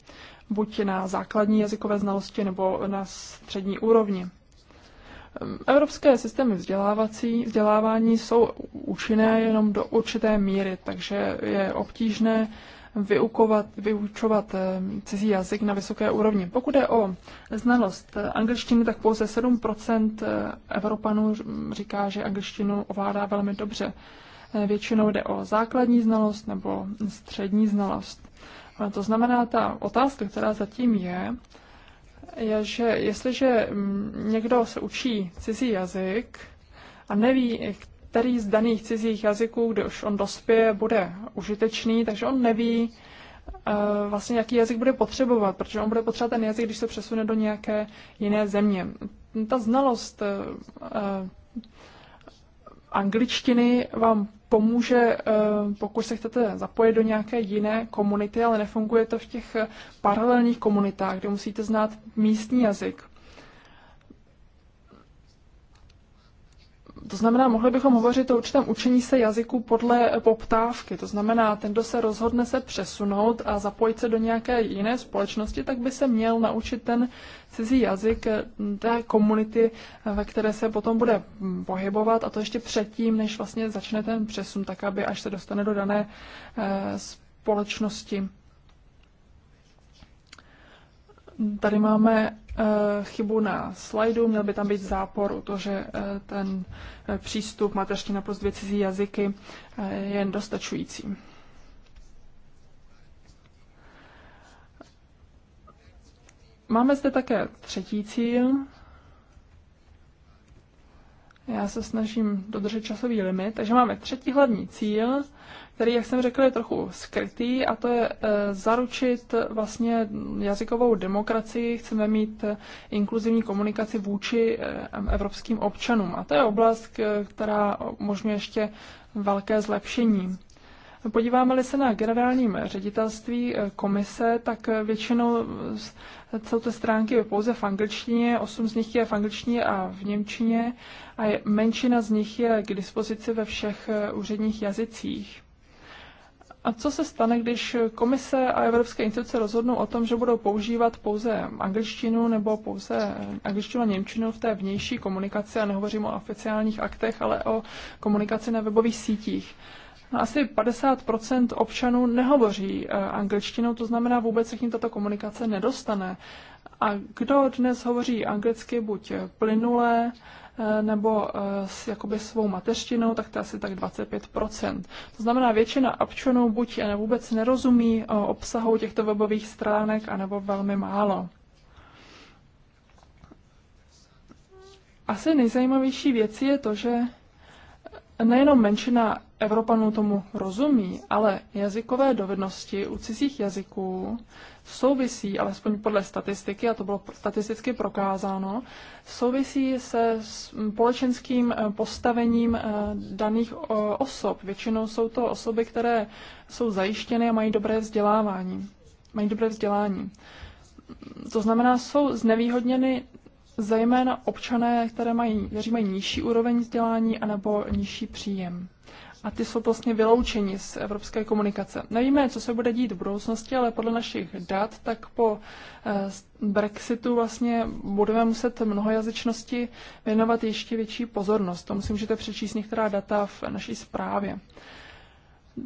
buď na základní jazykové znalosti nebo na střední úrovni. Eh, evropské systémy vzdělávací, vzdělávání jsou účinné jenom do určité míry, takže je obtížné vyukovat, vyučovat eh, cizí jazyk na vysoké úrovni. Pokud je o znalost angličtiny, tak pouze 7 eh, Evropanů říká, že angličtinu ovládá velmi dobře. Eh, většinou jde o základní znalost nebo střední znalost. To znamená, ta otázka, která zatím je, je, že jestliže mm, někdo se učí cizí jazyk a neví, který z daných cizích jazyků, když on dospěje, bude užitečný, takže on neví, eh, vlastně jaký jazyk bude potřebovat, protože on bude potřebovat ten jazyk, když se přesune do nějaké jiné země. Ta znalost eh, eh, angličtiny vám pomůže, pokud se chcete zapojit do nějaké jiné komunity, ale nefunguje to v těch paralelních komunitách, kde musíte znát místní jazyk. To znamená, mohli bychom hovořit o určitém učení se jazyku podle poptávky. To znamená, ten, kdo se rozhodne se přesunout a zapojit se do nějaké jiné společnosti, tak by se měl naučit ten cizí jazyk mm, té komunity, ve které se potom bude mm, pohybovat, a to ještě předtím, než vlastně začne ten přesun, tak aby až se dostane do dané eh, společnosti. Tady máme Eh, chybu na slajdu, měl by tam být zápor, že eh, ten eh, přístup mateřština plus dvě cizí jazyky je dostačující. Máme zde také třetí cíl. Já se snažím dodržet časový limit, takže máme třetí hlavní cíl, který, jak jsem řekl, je trochu skrytý a to je e, zaručit vlastně jazykovou demokracii. Chceme mít e, inkluzivní komunikaci vůči e, evropským občanům a to je oblast, která možná ještě velké zlepšení. Podíváme-li se na generálním ředitelství komise, tak většinou jsou ty stránky pouze v angličtině, osm z nich je v angličtině a v němčině a menšina z nich je k dispozici ve všech úředních jazycích. A co se stane, když komise a evropské instituce rozhodnou o tom, že budou používat pouze angličtinu nebo pouze angličtinu a němčinu v té vnější komunikaci a nehovořím o oficiálních aktech, ale o komunikaci na webových sítích? No, asi 50 občanů nehovoří eh, angličtinou, to znamená, vůbec se k ním tato komunikace nedostane. A kdo dnes hovoří anglicky buď plynulé, Eh, nebo eh, s jakoby svou mateřštinou, tak to je asi tak 25%. To znamená, většina občanů buď vůbec nerozumí eh, obsahu těchto webových stránek, anebo velmi málo. Asi nejzajímavější věcí je to, že nejenom menšina Evropanů tomu rozumí, ale jazykové dovednosti u cizích jazyků souvisí, alespoň podle statistiky, a to bylo statisticky prokázáno, souvisí se společenským eh, postavením eh, daných eh, osob. Většinou jsou to osoby, které jsou zajištěny a mají dobré vzdělávání. Mají dobré vzdělání. To znamená, jsou znevýhodněny zejména občané, které mají, kteří mají nižší úroveň vzdělání anebo nižší příjem. A ty jsou vlastně vyloučeni z evropské komunikace. Nevíme, co se bude dít v budoucnosti, ale podle našich dat, tak po eh, Brexitu vlastně budeme muset mnohojazyčnosti věnovat ještě větší pozornost. To musím, můžete přečíst některá data v naší zprávě.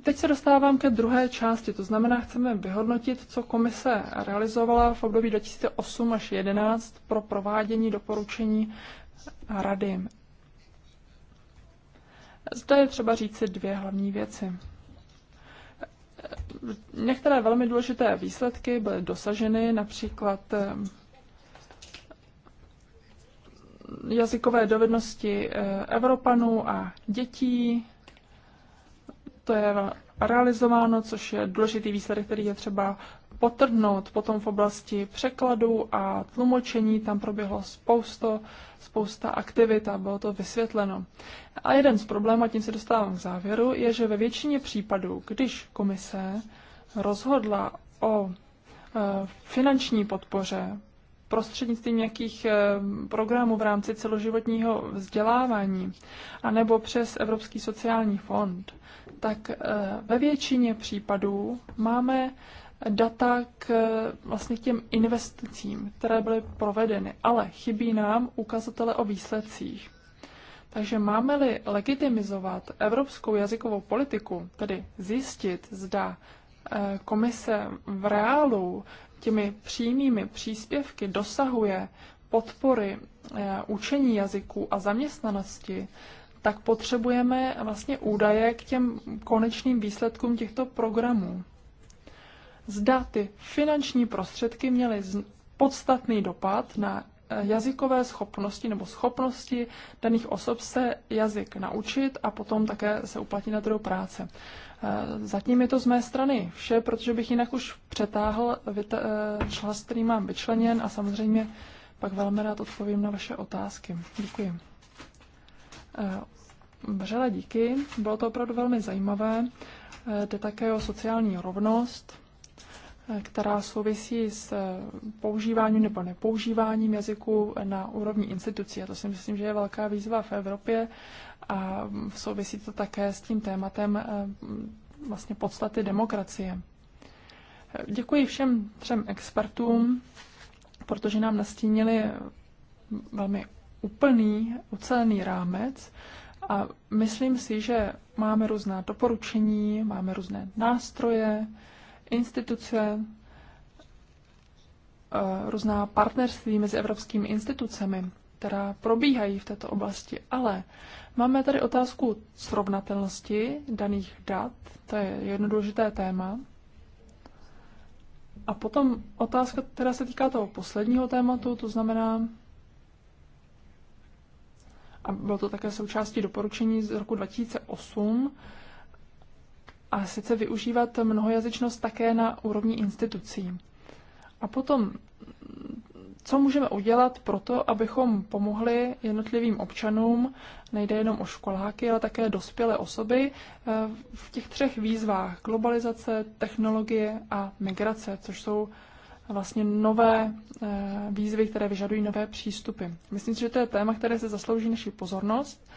Teď se dostávám ke druhé části, to znamená, chceme vyhodnotit, co komise realizovala v období 2008 až 2011 pro provádění doporučení rady. Zde je třeba říci dvě hlavní věci. Některé velmi důležité výsledky byly dosaženy, například eh, jazykové dovednosti eh, Evropanů a dětí, to je realizováno, což je důležitý výsledek, který je třeba potrhnout. Potom v oblasti překladu a tlumočení tam proběhlo spousto, spousta aktivit a bylo to vysvětleno. A jeden z problémů, a tím se dostávám k závěru, je, že ve většině případů, když komise rozhodla o e, finanční podpoře prostřednictvím nějakých e, programů v rámci celoživotního vzdělávání anebo přes Evropský sociální fond, tak eh, ve většině případů máme data k eh, vlastně těm investicím, které byly provedeny, ale chybí nám ukazatele o výsledcích. Takže máme-li legitimizovat evropskou jazykovou politiku, tedy zjistit, zda eh, komise v reálu těmi přímými příspěvky dosahuje podpory učení jazyků a zaměstnanosti, tak potřebujeme vlastně údaje k těm konečným výsledkům těchto programů. Zda ty finanční prostředky měly podstatný dopad na eh, jazykové schopnosti nebo schopnosti daných osob se jazyk naučit a potom také se uplatnit na druhou práce. Eh, zatím je to z mé strany vše, protože bych jinak už přetáhl eh, čas, který mám vyčleněn a samozřejmě pak velmi rád odpovím na vaše otázky. Děkuji. Eh, vřele díky. Bylo to opravdu velmi zajímavé. Eh, jde také o sociální rovnost, eh, která souvisí s používáním nebo nepoužíváním jazyku na úrovni institucí. A to si myslím, že je velká výzva v Evropě a souvisí to také s tím tématem vlastně podstaty demokracie. Děkuji všem třem expertům, protože nám nastínili velmi úplný, ucelený rámec a myslím si, že máme různá doporučení, máme různé nástroje, instituce, eh, různá partnerství mezi evropskými institucemi, která probíhají v této oblasti, ale máme tady otázku srovnatelnosti daných dat, to je jedno důležité téma. A potom otázka, která se týká toho posledního tématu, to znamená a bylo to také součástí doporučení z roku 2008, a sice využívat mnohojazyčnost také na úrovni institucí. A potom, co můžeme udělat pro to, abychom pomohli jednotlivým občanům, nejde jenom o školáky, ale také dospělé osoby, eh, v těch třech výzvách globalizace, technologie a migrace, což jsou vlastně nové eh, výzvy, které vyžadují nové přístupy. Myslím si, že to je téma, které se zaslouží naši pozornost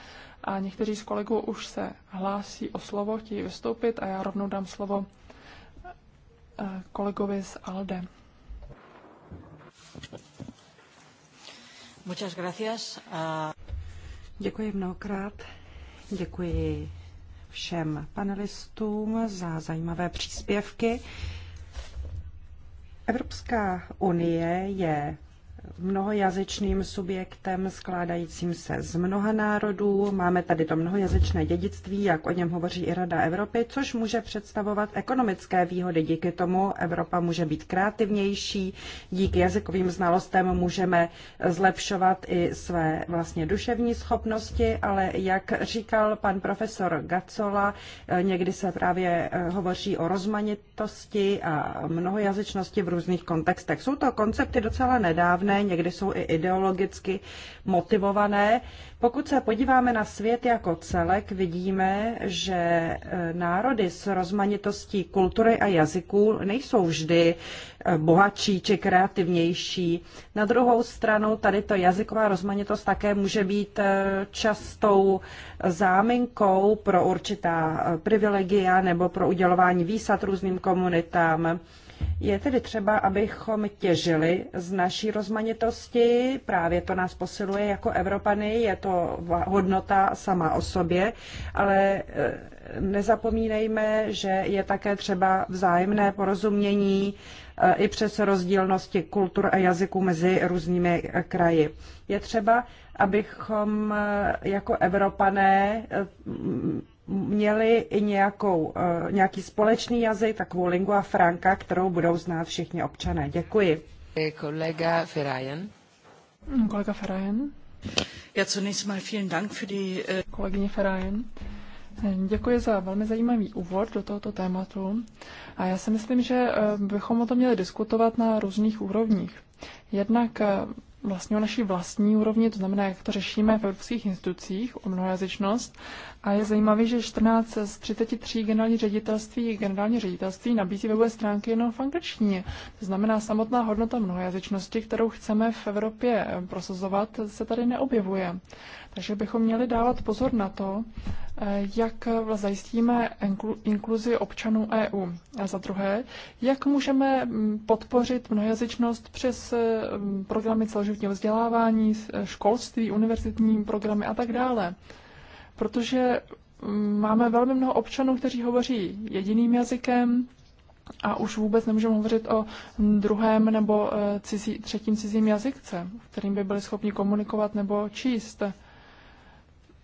a někteří z kolegů už se hlásí o slovo, chtějí vystoupit a já rovnou dám slovo eh, kolegovi z ALDE. Muchas gracias. Ah, Děkuji mnohokrát. Děkuji všem panelistům za zajímavé příspěvky. Evropská unie je mnohojazyčným subjektem skládajícím se z mnoha národů. Máme tady to mnohojazyčné dědictví, jak o něm hovoří i Rada Evropy, což může představovat ekonomické výhody. Díky tomu Evropa může být kreativnější, díky jazykovým znalostem můžeme zlepšovat i své vlastně duševní schopnosti, ale jak říkal pan profesor Gacola, někdy se právě eh, hovoří o rozmanitosti a mnohojazyčnosti v různých kontextech. Jsou to koncepty docela nedávné, někdy jsou i ideologicky motivované. Pokud se podíváme na svět jako celek, vidíme, že e, národy s rozmanitostí kultury a jazyků nejsou vždy e, bohatší či kreativnější. Na druhou stranu tady to jazyková rozmanitost také může být e, častou záminkou pro určitá privilegia nebo pro udělování výsad různým komunitám. Je tedy třeba, abychom těžili z naší rozmanitosti, právě to nás posiluje jako Evropany, je to hodnota sama o sobě, ale e, nezapomínejme, že je také třeba vzájemné porozumění e, i přes rozdílnosti kultur a jazyků mezi různými e, kraji. Je třeba, abychom jako Evropané měli i nějakou, eh, nějaký společný jazyk, takovou lingua franca, kterou budou znát všichni občané. Děkuji. Eh, kolega Ferajen. Mm, kolega Ferajen. Já co mal vielen Dank für die... Äh, Kolegyně Ferajen. Eh, děkuji za velmi zajímavý úvod do tohoto tématu a já si myslím, že bychom o tom měli diskutovat na různých úrovních. Jednak vlastně o naší vlastní úrovni, to znamená, jak to řešíme v evropských institucích, o mnohojazyčnost. A je zajímavé, že 14 z 33 generální ředitelství, generální ředitelství nabízí webové stránky jenom v angličtině. To znamená, samotná hodnota mnohojazyčnosti, kterou chceme v Evropě prosazovat, se tady neobjevuje. Takže bychom měli dávat pozor na to, eh, jak zajistíme inkluzi občanů EU. A za druhé, jak můžeme mm, podpořit mnohojazyčnost přes eh, programy celoživotního vzdělávání, eh, školství, univerzitní programy a tak dále. Protože mm, máme velmi mnoho občanů, kteří hovoří jediným jazykem, a už vůbec nemůžeme hovořit o druhém nebo cizí, třetím cizím jazykce, kterým by byli schopni komunikovat nebo číst.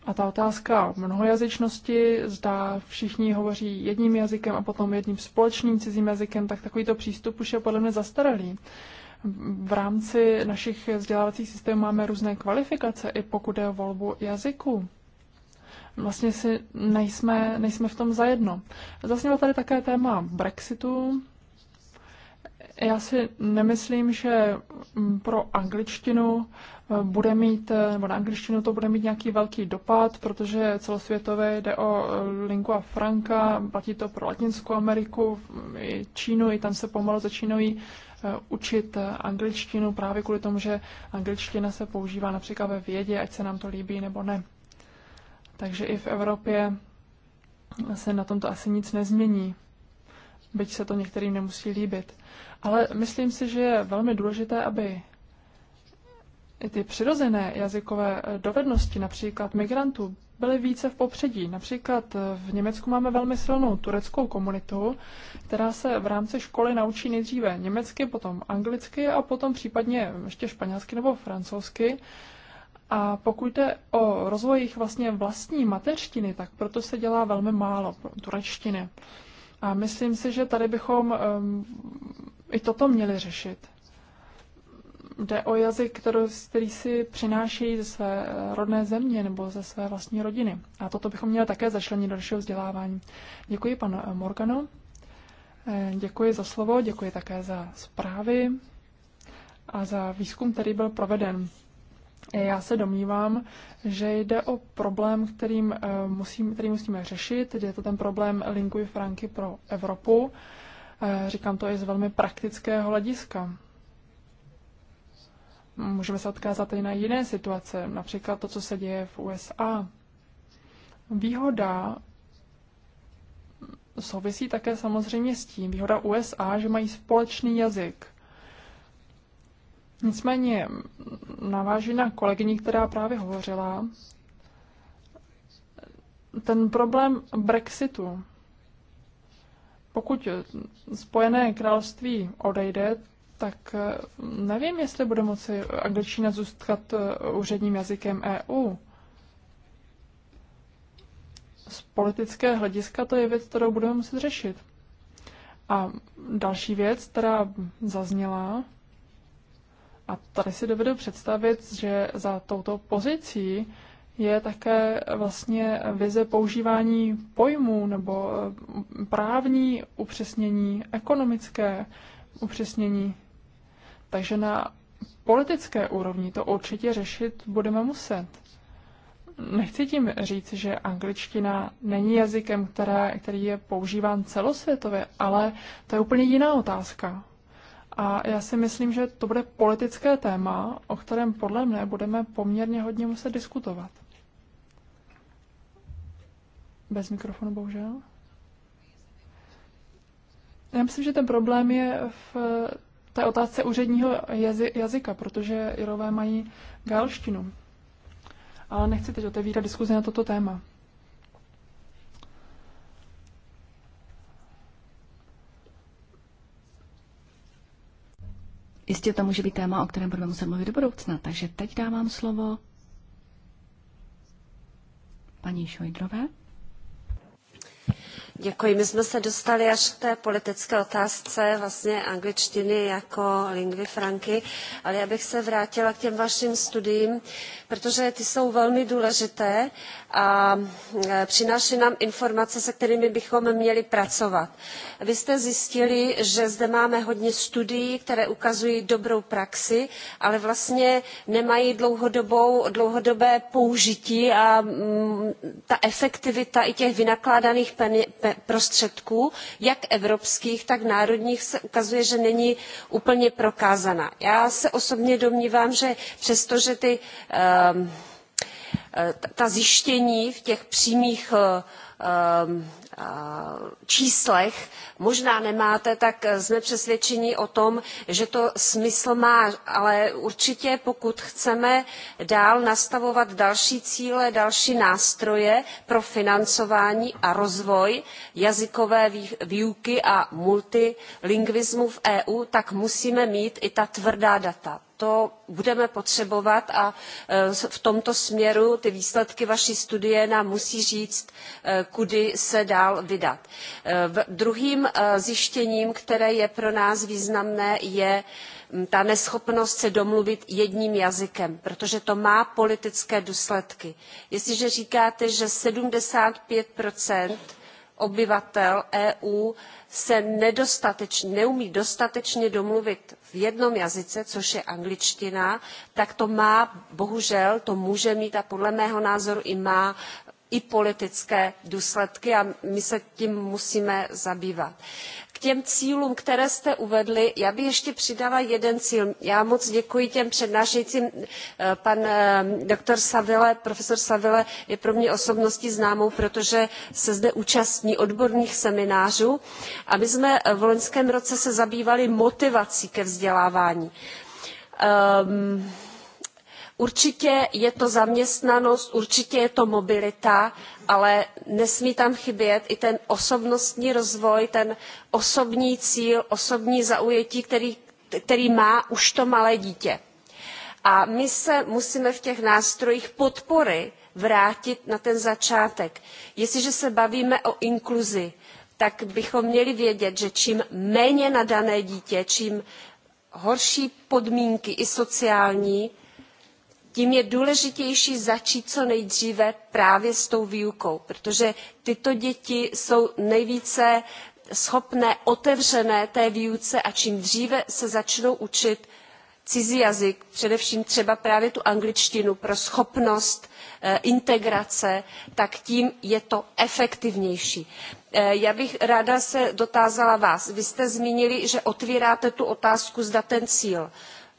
A ta otázka mnohojazyčnosti, zda všichni hovoří jedním jazykem a potom jedním společným cizím jazykem, tak takovýto přístup už je podle mě zastaralý. V rámci našich vzdělávacích systémů máme různé kvalifikace, i pokud je o volbu jazyku. Vlastně si nejsme, nejsme v tom zajedno. Zasněla tady také téma Brexitu, já si nemyslím, že mm, pro angličtinu eh, bude mít, eh, nebo na angličtinu to bude mít nějaký velký dopad, protože celosvětově jde o eh, lingua franca, platí to pro Latinskou Ameriku, i Čínu, i tam se pomalu začínají učit angličtinu právě kvůli tomu, že angličtina se používá například ve vědě, ať se nám to líbí nebo ne. Takže i v Evropě se na tomto asi nic nezmění byť se to některým nemusí líbit. Ale myslím si, že je velmi důležité, aby i ty přirozené jazykové eh, dovednosti, například migrantů, byly více v popředí. Například eh, v Německu máme velmi silnou tureckou komunitu, která se v rámci školy naučí nejdříve německy, potom anglicky a potom případně ještě španělsky nebo francouzsky. A pokud jde o rozvoj jejich vlastně vlastní mateřtiny, tak proto se dělá velmi málo turečtiny. A myslím si, že tady bychom um, i toto měli řešit. Jde o jazyk, který si přináší ze své eh, rodné země nebo ze své vlastní rodiny. A toto bychom měli také začlenit do dalšího vzdělávání. Děkuji, pan eh, Morgano. Eh, děkuji za slovo, děkuji také za zprávy a za výzkum, který byl proveden. Já se domnívám, že jde o problém, kterým eh, musím, který musíme řešit. Je to ten problém Linkuj Franky pro Evropu. Eh, říkám to i z velmi praktického hlediska. Můžeme se odkázat i na jiné situace, například to, co se děje v USA. Výhoda souvisí také samozřejmě s tím, výhoda USA, že mají společný jazyk. Nicméně naváží na kolegyni, která právě hovořila, ten problém Brexitu. Pokud Spojené království odejde, tak eh, nevím, jestli bude moci angličtina zůstat eh, úředním jazykem EU. Z politické hlediska to je věc, kterou budeme muset řešit. A další věc, která zazněla, a tady si dovedu představit, že za touto pozicí je také vlastně vize používání pojmů nebo eh, právní upřesnění, ekonomické upřesnění. Takže na politické úrovni to určitě řešit budeme muset. Nechci tím říct, že angličtina není jazykem, které, který je používán celosvětově, ale to je úplně jiná otázka. A já si myslím, že to bude politické téma, o kterém podle mne budeme poměrně hodně muset diskutovat. Bez mikrofonu, bohužel. Já myslím, že ten problém je v té otázce úředního jazy, jazyka, protože Irové mají galštinu. Ale nechci teď otevírat diskuzi na toto téma. Jistě to může být téma, o kterém budeme muset mluvit do budoucna. Takže teď dávám slovo paní Šojdrové. Děkuji. My jsme se dostali až k té politické otázce vlastně angličtiny jako lingvy franky, ale já bych se vrátila k těm vašim studiím, protože ty jsou velmi důležité a e, přináší nám informace, se kterými bychom měli pracovat. Vy jste zjistili, že zde máme hodně studií, které ukazují dobrou praxi, ale vlastně nemají dlouhodobou, dlouhodobé použití a mm, ta efektivita i těch vynakládaných peněz prostředků jak evropských tak národních se ukazuje že není úplně prokázaná. já se osobně domnívám že přestože ty ehm, e, ta zjištění v těch přímých ehm, Eh, číslech možná nemáte, tak jsme přesvědčeni o tom, že to smysl má, ale určitě pokud chceme dál nastavovat další cíle, další nástroje pro financování a rozvoj jazykové výuky a multilingvismu v EU, tak musíme mít i ta tvrdá data to budeme potřebovat a e, v tomto směru ty výsledky vaší studie nám musí říct, e, kudy se dál vydat. E, druhým zjištěním, které je pro nás významné, je ta neschopnost se domluvit jedním jazykem, protože to má politické důsledky. Jestliže říkáte, že 75 obyvatel EU se neumí dostatečně domluvit v jednom jazyce, což je angličtina, tak to má, bohužel, to může mít a podle mého názoru i má i politické důsledky a my se tím musíme zabývat. K těm cílům, které jste uvedli, já bych ještě přidala jeden cíl. Já moc děkuji těm přednášejícím. Eh, pan eh, doktor Savile, profesor Savile je pro mě osobností známou, protože se zde účastní odborných seminářů a my jsme eh, v loňském roce se zabývali motivací ke vzdělávání. Ehm, určitě je to zaměstnanost určitě je to mobilita ale nesmí tam chybět i ten osobnostní rozvoj ten osobní cíl osobní zaujetí který, který má už to malé dítě. a my se musíme v těch nástrojích podpory vrátit na ten začátek. jestliže se bavíme o inkluzi tak bychom měli vědět že čím méně nadané dítě čím horší podmínky i sociální tím je důležitější začít co nejdříve právě s tou výukou protože tyto děti jsou nejvíce schopné otevřené té výuce a čím dříve se začnou učit cizí jazyk především třeba právě tu angličtinu pro schopnost eh, integrace tak tím je to efektivnější. Eh, já bych ráda se dotázala vás vy jste zmínili že otvíráte tu otázku zda ten cíl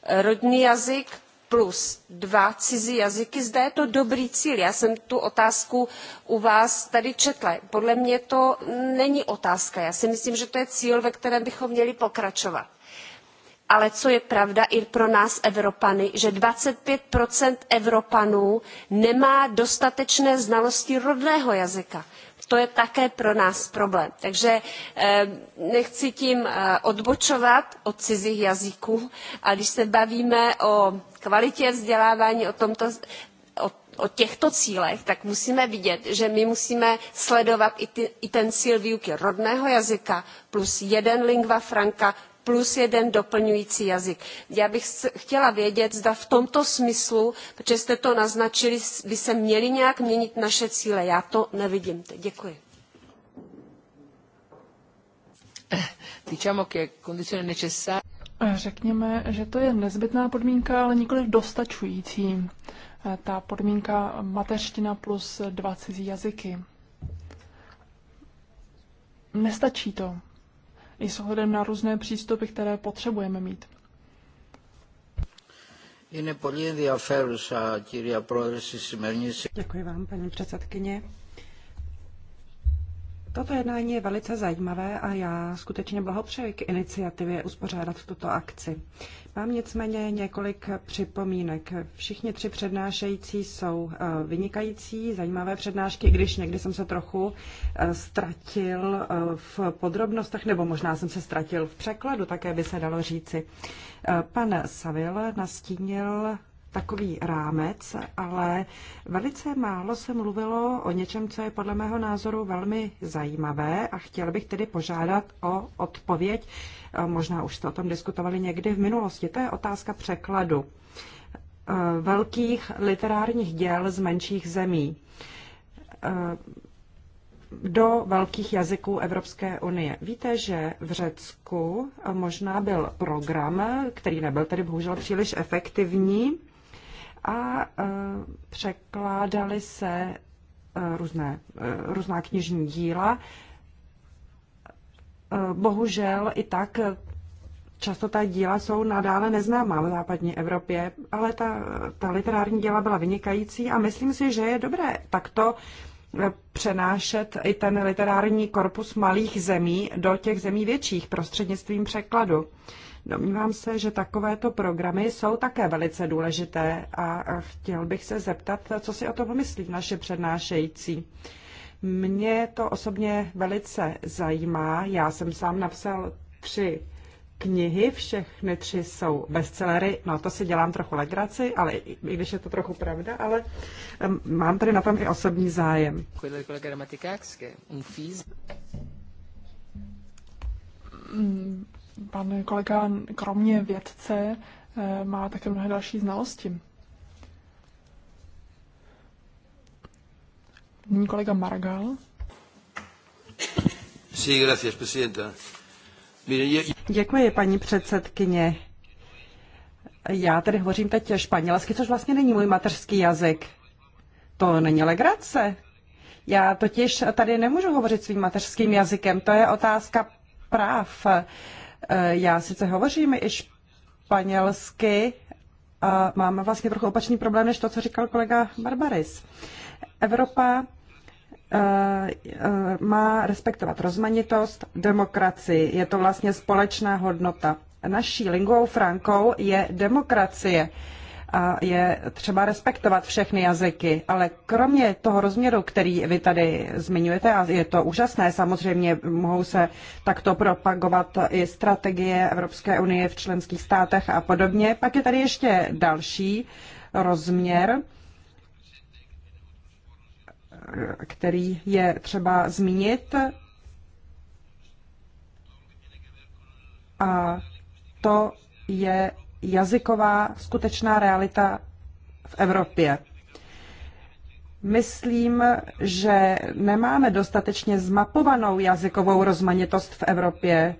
eh, rodný jazyk plus dva cizí jazyky, zda je to dobrý cíl. Já jsem tu otázku u vás tady četla. Podle mě to není otázka. Já si myslím, že to je cíl, ve kterém bychom měli pokračovat. Ale co je pravda i pro nás Evropany, že 25 Evropanů nemá dostatečné znalosti rodného jazyka to je také pro nás problém. Takže eh, nechci tím eh, odbočovat od cizích jazyků ale když se bavíme o kvalitě vzdělávání, o tomto, o těchto cílech, tak musíme vidět, že my musíme sledovat i, ty, i ten cíl výuky rodného jazyka plus jeden lingva franca plus jeden doplňující jazyk. Já bych chtěla vědět, zda v tomto smyslu, protože jste to naznačili, by se měly nějak měnit naše cíle. Já to nevidím. Děkuji. Eh, řekněme, že to je nezbytná podmínka, ale nikoli dostačující. Eh, ta podmínka mateřština plus dva cizí jazyky. Nestačí to i s ohledem na různé přístupy, které potřebujeme mít. Děkuji vám, paní předsedkyně. Toto jednání je velice zajímavé a já skutečně blahopřeji k iniciativě uspořádat tuto akci. Mám nicméně několik připomínek. Všichni tři přednášející jsou eh, vynikající, zajímavé přednášky, když někdy jsem se trochu eh, ztratil eh, v podrobnostech, nebo možná jsem se ztratil v překladu, také by se dalo říci. Pan Savil nastínil takový rámec, ale velice málo se mluvilo o něčem, co je podle mého názoru velmi zajímavé a chtěl bych tedy požádat o odpověď. Eh, možná už jste o tom diskutovali někdy v minulosti. To je otázka překladu eh, velkých literárních děl z menších zemí eh, do velkých jazyků Evropské unie. Víte, že v Řecku možná byl program, který nebyl tedy bohužel příliš efektivní, a e, překládaly se e, různé, e, různá knižní díla. Bohužel i tak často ta díla jsou nadále neznámá v západní Evropě, ale ta, ta literární díla byla vynikající a myslím si, že je dobré takto přenášet i ten literární korpus malých zemí do těch zemí větších prostřednictvím překladu. Uh, Domnívám se, že takovéto programy jsou také velice důležité a chtěl bych se zeptat, co si o tom myslí naše přednášející. Mě to osobně velice zajímá. Já jsem sám napsal tři knihy, všechny tři jsou bestsellery, no to si dělám trochu legraci, ale i, když je to trochu pravda, ale mám tady na tom i osobní zájem pan kolega kromě vědce eh, má také mnohé další znalosti. Nyní kolega Margal. Sí, gracias, presidenta. Děkuji, paní předsedkyně. Já tady hovořím teď španělsky, což vlastně není můj mateřský jazyk. To není legrace. Já totiž tady nemůžu hovořit svým mateřským jazykem, to je otázka práv. Eh, já sice hovořím i španělsky a mám vlastně trochu opačný problém než to, co říkal kolega Barbaris. Evropa eh, eh, má respektovat rozmanitost, demokracii. Je to vlastně společná hodnota. Naší lingou frankou je demokracie a je třeba respektovat všechny jazyky. Ale kromě toho rozměru, který vy tady zmiňujete, a je to úžasné, samozřejmě mohou se takto propagovat i strategie Evropské unie v členských státech a podobně, pak je tady ještě další rozměr, který je třeba zmínit. A to je jazyková skutečná realita v Evropě. Myslím, že nemáme dostatečně zmapovanou jazykovou rozmanitost v Evropě.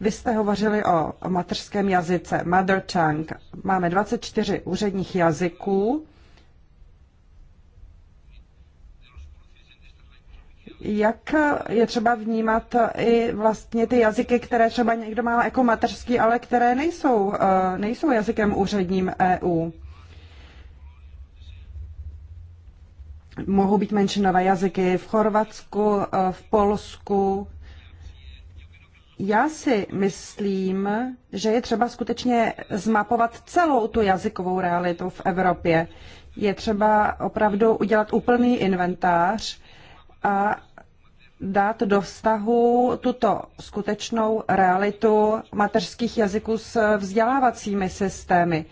Vy jste hovořili o, o mateřském jazyce, mother tongue. Máme 24 úředních jazyků jak je třeba vnímat i vlastně ty jazyky, které třeba někdo má jako mateřský, ale které nejsou, eh, nejsou jazykem úředním EU. Mohou být menšinové jazyky v Chorvatsku, eh, v Polsku. Já si myslím, že je třeba skutečně zmapovat celou tu jazykovou realitu v Evropě. Je třeba opravdu udělat úplný inventář a dát do vztahu tuto skutečnou realitu mateřských jazyků s vzdělávacími systémy,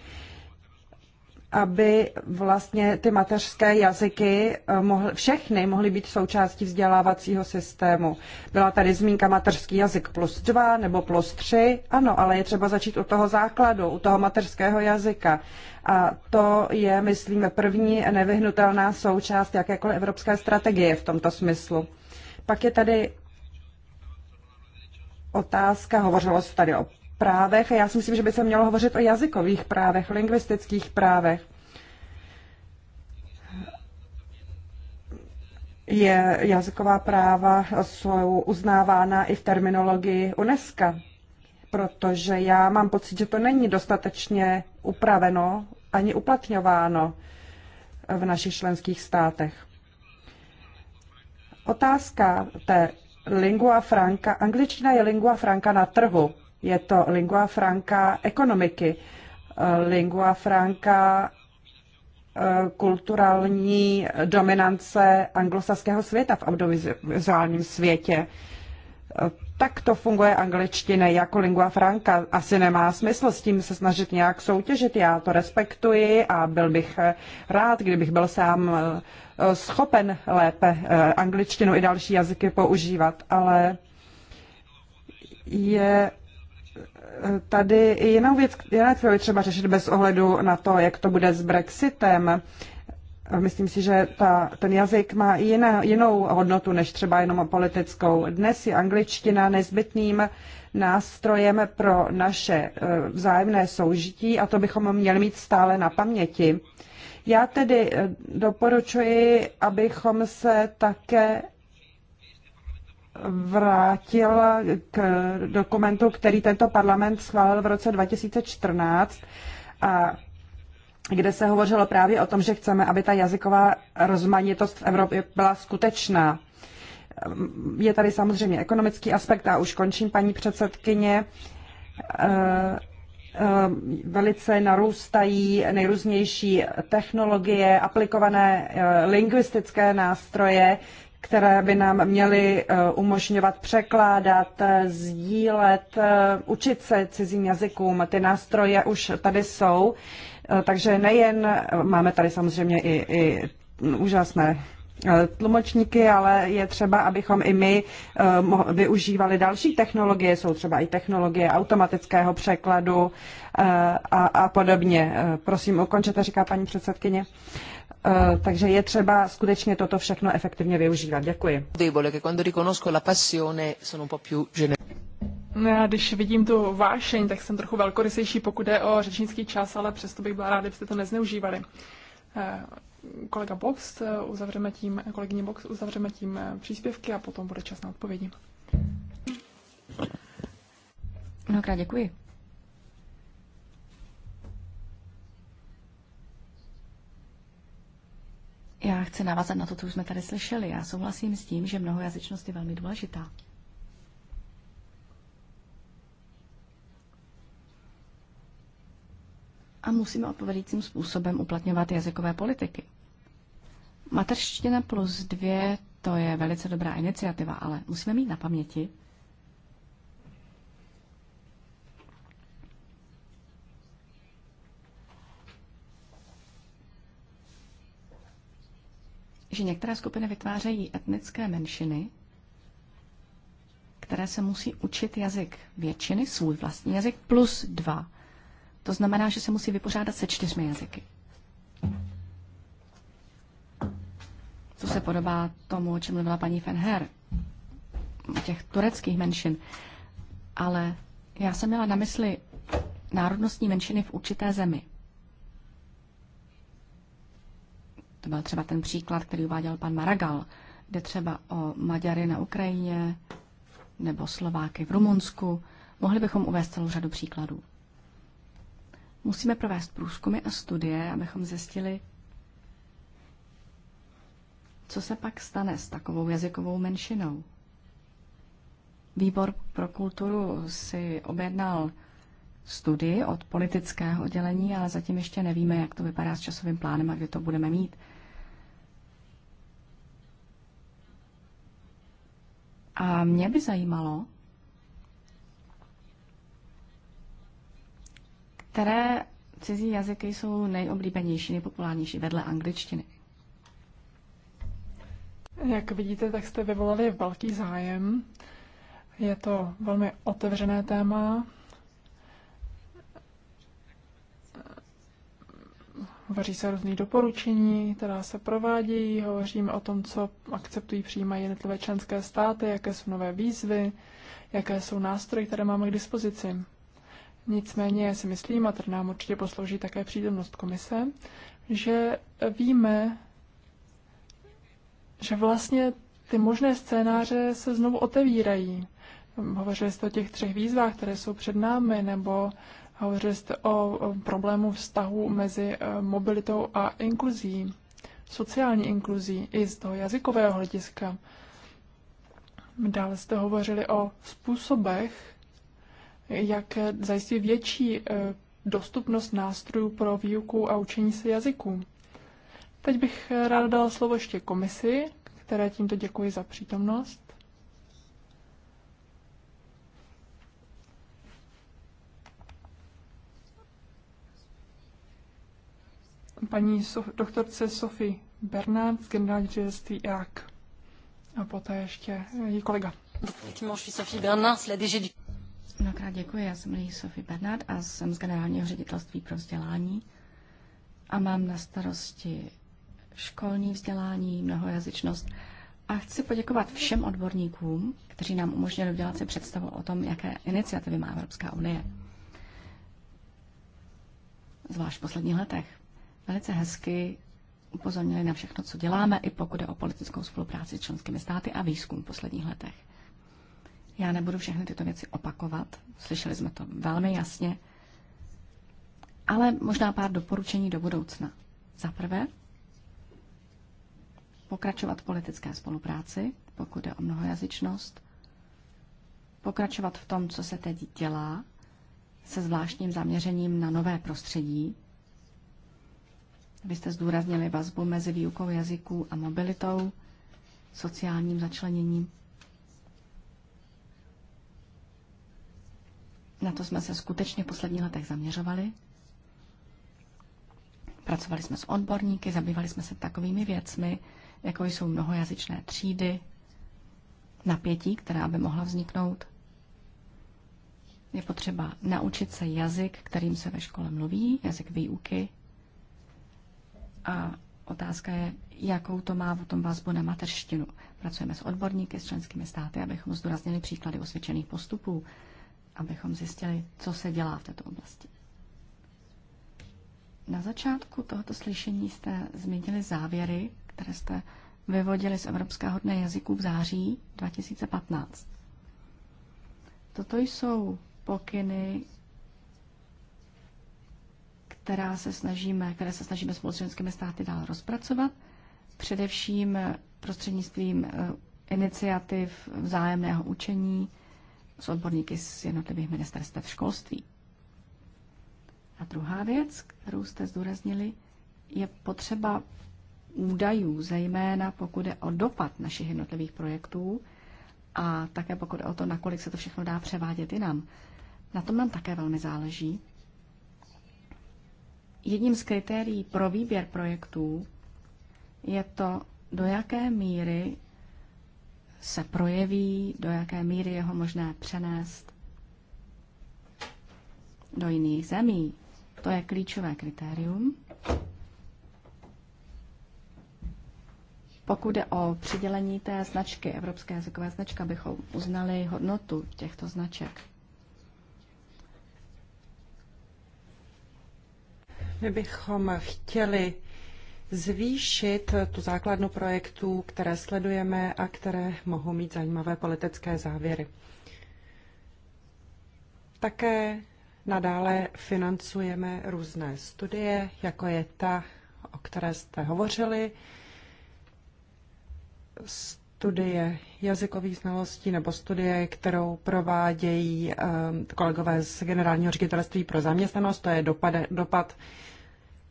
aby vlastně ty mateřské jazyky eh, mohly, všechny mohly být součástí vzdělávacího systému. Byla tady zmínka mateřský jazyk plus dva nebo plus tři, ano, ale je třeba začít u toho základu, u toho mateřského jazyka. A to je, myslím, první nevyhnutelná součást jakékoliv evropské strategie v tomto smyslu. Pak je tady otázka, hovořilo se tady o právech a já si myslím, že by se mělo hovořit o jazykových právech, lingvistických právech. Je, jazyková práva jsou uznávána i v terminologii UNESCO, protože já mám pocit, že to není dostatečně upraveno ani uplatňováno v našich členských státech. Otázka té lingua franca, angličtina je lingua franca na trhu, je to lingua franca ekonomiky, eh, lingua franca eh, kulturální dominance anglosaského světa v audiovizuálním světě. Eh, tak to funguje angličtina jako lingua franca. Asi nemá smysl s tím se snažit nějak soutěžit. Já to respektuji a byl bych eh, rád, kdybych byl sám eh, schopen lépe eh, angličtinu i další jazyky používat, ale je tady jinou věc, jiné je třeba řešit bez ohledu na to, jak to bude s Brexitem. Myslím si, že ta, ten jazyk má jiná, jinou hodnotu než třeba jenom politickou. Dnes je angličtina nezbytným nástrojem pro naše eh, vzájemné soužití a to bychom měli mít stále na paměti. Já tedy eh, doporučuji, abychom se také vrátil k dokumentu, který tento parlament schválil v roce 2014 a kde se hovořilo právě o tom, že chceme, aby ta jazyková rozmanitost v Evropě byla skutečná. Je tady samozřejmě ekonomický aspekt a už končím, paní předsedkyně. Eh, eh, velice narůstají nejrůznější technologie, aplikované eh, lingvistické nástroje, které by nám měly umožňovat překládat, sdílet, učit se cizím jazykům. Ty nástroje už tady jsou. Eh, takže nejen, eh, máme tady samozřejmě i, i úžasné eh, tlumočníky, ale je třeba, abychom i my využívali další technologie, jsou třeba i technologie automatického překladu a, a podobně. Prosím, ukončete, říká paní předsedkyně. Takže je třeba skutečně toto všechno efektivně využívat. Děkuji. No já když vidím tu vášeň, tak jsem trochu velkorysejší, pokud jde o řečnický čas, ale přesto bych byla ráda, kdybyste to nezneužívali. Eh, kolega Box, eh, uzavřeme tím, kolegyně Box, uzavřeme tím eh, příspěvky a potom bude čas na odpovědi. Mnohokrát děkuji. Já chci navázat na to, co už jsme tady slyšeli. Já souhlasím s tím, že mnohojazyčnost je velmi důležitá. a musíme odpovědícím způsobem uplatňovat jazykové politiky. Materština plus dvě, to je velice dobrá iniciativa, ale musíme mít na paměti, že některé skupiny vytvářejí etnické menšiny, které se musí učit jazyk většiny, svůj vlastní jazyk, plus dva to znamená, že se musí vypořádat se čtyřmi jazyky. To se podobá tomu, o čem mluvila paní Fenher, těch tureckých menšin. Ale já jsem měla na mysli národnostní menšiny v určité zemi. To byl třeba ten příklad, který uváděl pan Maragal. kde třeba o Maďary na Ukrajině nebo Slováky v Rumunsku. Mohli bychom uvést celou řadu příkladů. Musíme provést průzkumy a studie, abychom zjistili, co se pak stane s takovou jazykovou menšinou. Výbor pro kulturu si objednal studii od politického oddělení, ale zatím ještě nevíme, jak to vypadá s časovým plánem a kdy to budeme mít. A mě by zajímalo, Které cizí jazyky jsou nejoblíbenější, nejpopulárnější vedle angličtiny? Jak vidíte, tak jste vyvolali velký zájem. Je to velmi otevřené téma. Hovoří se různý doporučení, která se provádějí, hovoříme o tom, co akceptují, přijímají jednotlivé členské státy, jaké jsou nové výzvy, jaké jsou nástroje, které máme k dispozici. Nicméně já si myslím, a tady nám určitě poslouží také přítomnost komise, že víme, že vlastně ty možné scénáře se znovu otevírají. Hovořili jste o těch třech výzvách, které jsou před námi, nebo hovořili jste o problému vztahu mezi eh, mobilitou a inkluzí, sociální inkluzí i z toho jazykového hlediska. Dále jste hovořili o způsobech, jak zajistit větší eh, dostupnost nástrojů pro výuku a učení se jazyků. Teď bych eh, ráda dala slovo ještě komisi, které tímto děkuji za přítomnost. Paní so- doktorce Sophie Bernard z generální ředitelství IAC. A poté ještě eh, její kolega. Effectivement, je suis Sophie Bernard, la DG du Mnohokrát děkuji. Já jsem jmenuji Sofie Bernard a jsem z Generálního ředitelství pro vzdělání a mám na starosti školní vzdělání, mnohojazyčnost. A chci poděkovat všem odborníkům, kteří nám umožnili udělat si představu o tom, jaké iniciativy má Evropská unie. Zvlášť v posledních letech. Velice hezky upozornili na všechno, co děláme, i pokud je o politickou spolupráci s členskými státy a výzkum v posledních letech. Já nebudu všechny tyto věci opakovat, slyšeli jsme to velmi jasně, ale možná pár doporučení do budoucna. Za prvé, pokračovat v politické spolupráci, pokud je o mnohojazyčnost, pokračovat v tom, co se teď dělá, se zvláštním zaměřením na nové prostředí. Vy jste zdůraznili vazbu mezi výukou jazyků a mobilitou, sociálním začleněním Na to jsme se skutečně v posledních letech zaměřovali. Pracovali jsme s odborníky, zabývali jsme se takovými věcmi, jako jsou mnohojazyčné třídy, napětí, která by mohla vzniknout. Je potřeba naučit se jazyk, kterým se ve škole mluví, jazyk výuky. A otázka je, jakou to má potom vazbu na mateřštinu. Pracujeme s odborníky, s členskými státy, abychom zdůraznili příklady osvědčených postupů, abychom zjistili, co se dělá v této oblasti. Na začátku tohoto slyšení jste zmínili závěry, které jste vyvodili z Evropského dne jazyků v září 2015. Toto jsou pokyny, která se snažíme, které se snažíme s společenskými státy dál rozpracovat, především prostřednictvím eh, iniciativ vzájemného učení, s odborníky z jednotlivých ministerstev školství. A druhá věc, kterou jste zdůraznili, je potřeba údajů, zejména pokud je o dopad našich jednotlivých projektů a také pokud je o to, nakolik se to všechno dá převádět i nám. Na tom nám také velmi záleží. Jedním z kritérií pro výběr projektů je to, do jaké míry se projeví, do jaké míry je ho možné přenést do jiných zemí. To je klíčové kritérium. Pokud jde o přidělení té značky, evropské jazykové značka, bychom uznali hodnotu těchto značek. My bychom chtěli zvýšit tu základnu projektů, které sledujeme a které mohou mít zajímavé politické závěry. Také nadále financujeme různé studie, jako je ta, o které jste hovořili, studie jazykových znalostí nebo studie, kterou provádějí ehm, kolegové z Generálního ředitelství pro zaměstnanost, to je dopad, dopad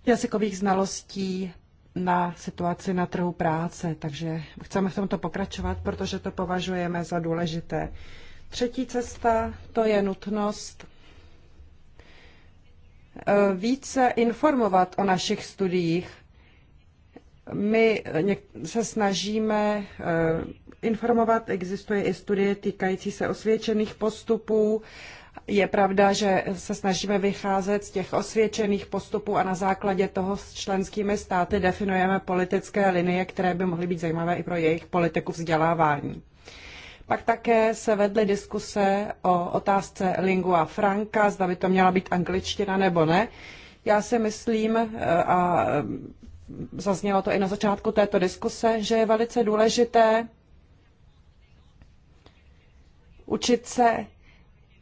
jazykových znalostí na situaci na trhu práce, takže chceme v tomto pokračovat, protože to považujeme za důležité. Třetí cesta to je nutnost eh, více informovat o našich studiích. My eh, se snažíme eh, informovat, existuje i studie týkající se osvědčených postupů je pravda, že se snažíme vycházet z těch osvědčených postupů a na základě toho s členskými státy definujeme politické linie, které by mohly být zajímavé i pro jejich politiku vzdělávání. Pak také se vedly diskuse o otázce lingua franca, zda by to měla být angličtina nebo ne. Já si myslím, eh, a eh, zaznělo to i na začátku této diskuse, že je velice důležité učit se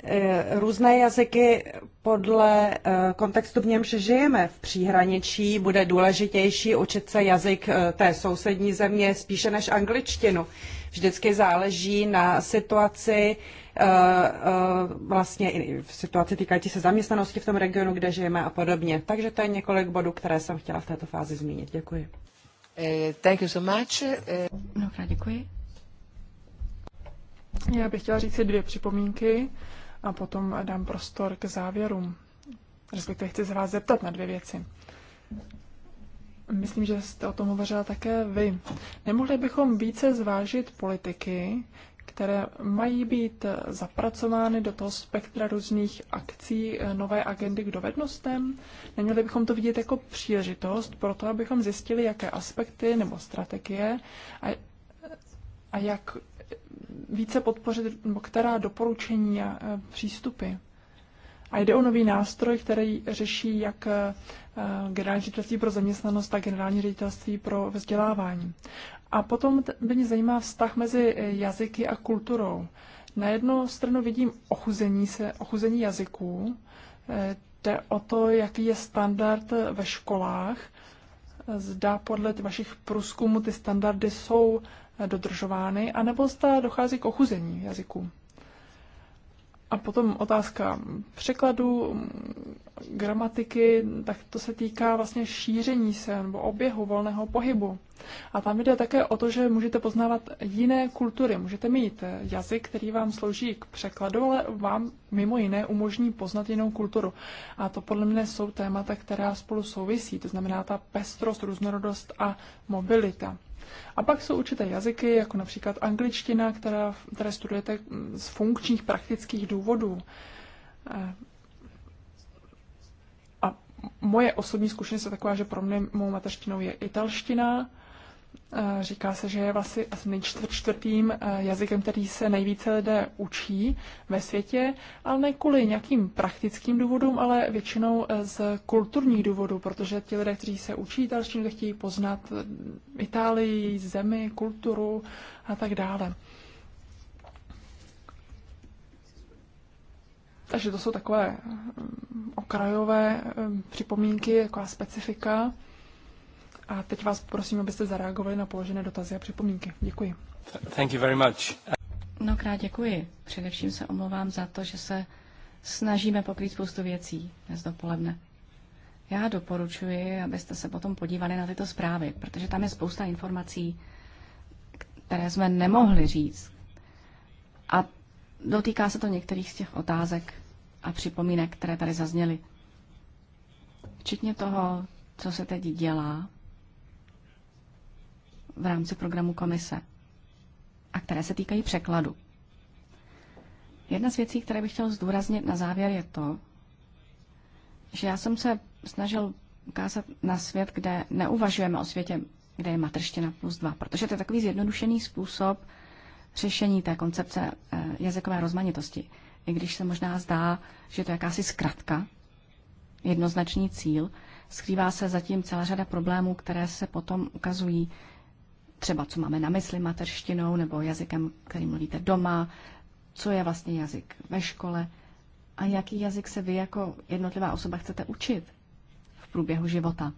Eh, různé jazyky podle eh, kontextu, v němž žijeme v příhraničí, bude důležitější učit se jazyk eh, té sousední země spíše než angličtinu. Vždycky záleží na situaci, vlastně i v situaci týkající se zaměstnanosti v tom regionu, kde žijeme a podobně. Takže to je několik bodů, které jsem chtěla v této fázi zmínit. Děkuji. Thank you so much. Mnohokrát děkuji. Já bych chtěla říct si dvě připomínky a potom dám prostor k závěrům. Respektive chci se vás zeptat na dvě věci. Myslím, že jste o tom hovořila také vy. Nemohli bychom více zvážit politiky, které mají být zapracovány do toho spektra různých akcí eh, nové agendy k dovednostem. Neměli bychom to vidět jako příležitost pro to, abychom zjistili, jaké aspekty nebo strategie a, a jak více podpořit, nebo která doporučení a e, přístupy. A jde o nový nástroj, který řeší jak e, generální ředitelství pro zaměstnanost, tak generální ředitelství pro vzdělávání. A potom mě zajímá vztah mezi e, jazyky a kulturou. Na jednu stranu vidím ochuzení, se, ochuzení jazyků, jde o to, jaký je standard ve školách. Zda podle vašich průzkumů ty standardy jsou dodržovány, anebo zda dochází k ochuzení jazyků. A potom otázka překladu, gramatiky, tak to se týká vlastně šíření se nebo oběhu volného pohybu. A tam jde také o to, že můžete poznávat jiné kultury. Můžete mít jazyk, který vám slouží k překladu, ale vám mimo jiné umožní poznat jinou kulturu. A to podle mě jsou témata, která spolu souvisí. To znamená ta pestrost, různorodost a mobilita. A pak jsou určité jazyky, jako například angličtina, která, které studujete z funkčních praktických důvodů. Eh, a moje osobní zkušenost je taková, že pro mě mou mateřštinou je italština, Eh, říká se, že je vlastně asi nejčtvrtým eh, jazykem, který se nejvíce lidé učí ve světě, ale ne kvůli nějakým praktickým důvodům, ale většinou eh, z kulturních důvodů, protože ti lidé, kteří se učí italštinu, lidé chtějí poznat Itálii, zemi, kulturu a tak dále. Takže to jsou takové okrajové připomínky, taková specifika. A teď vás prosím, abyste zareagovali na položené dotazy a připomínky. Děkuji. Thank you very much. Mnohokrát děkuji. Především se omlouvám za to, že se snažíme pokrýt spoustu věcí dnes dopoledne. Já doporučuji, abyste se potom podívali na tyto zprávy, protože tam je spousta informací, které jsme nemohli říct. A dotýká se to některých z těch otázek a připomínek, které tady zazněly. Včetně toho, co se teď dělá v rámci programu komise a které se týkají překladu. Jedna z věcí, které bych chtěl zdůraznit na závěr, je to, že já jsem se snažil ukázat na svět, kde neuvažujeme o světě, kde je materština plus dva, protože to je takový zjednodušený způsob řešení té koncepce eh, jazykové rozmanitosti. I když se možná zdá, že to je jakási zkratka, jednoznačný cíl, skrývá se zatím celá řada problémů, které se potom ukazují třeba co máme na mysli mateřštinou nebo jazykem, který mluvíte doma, co je vlastně jazyk ve škole a jaký jazyk se vy jako jednotlivá osoba chcete učit v průběhu života.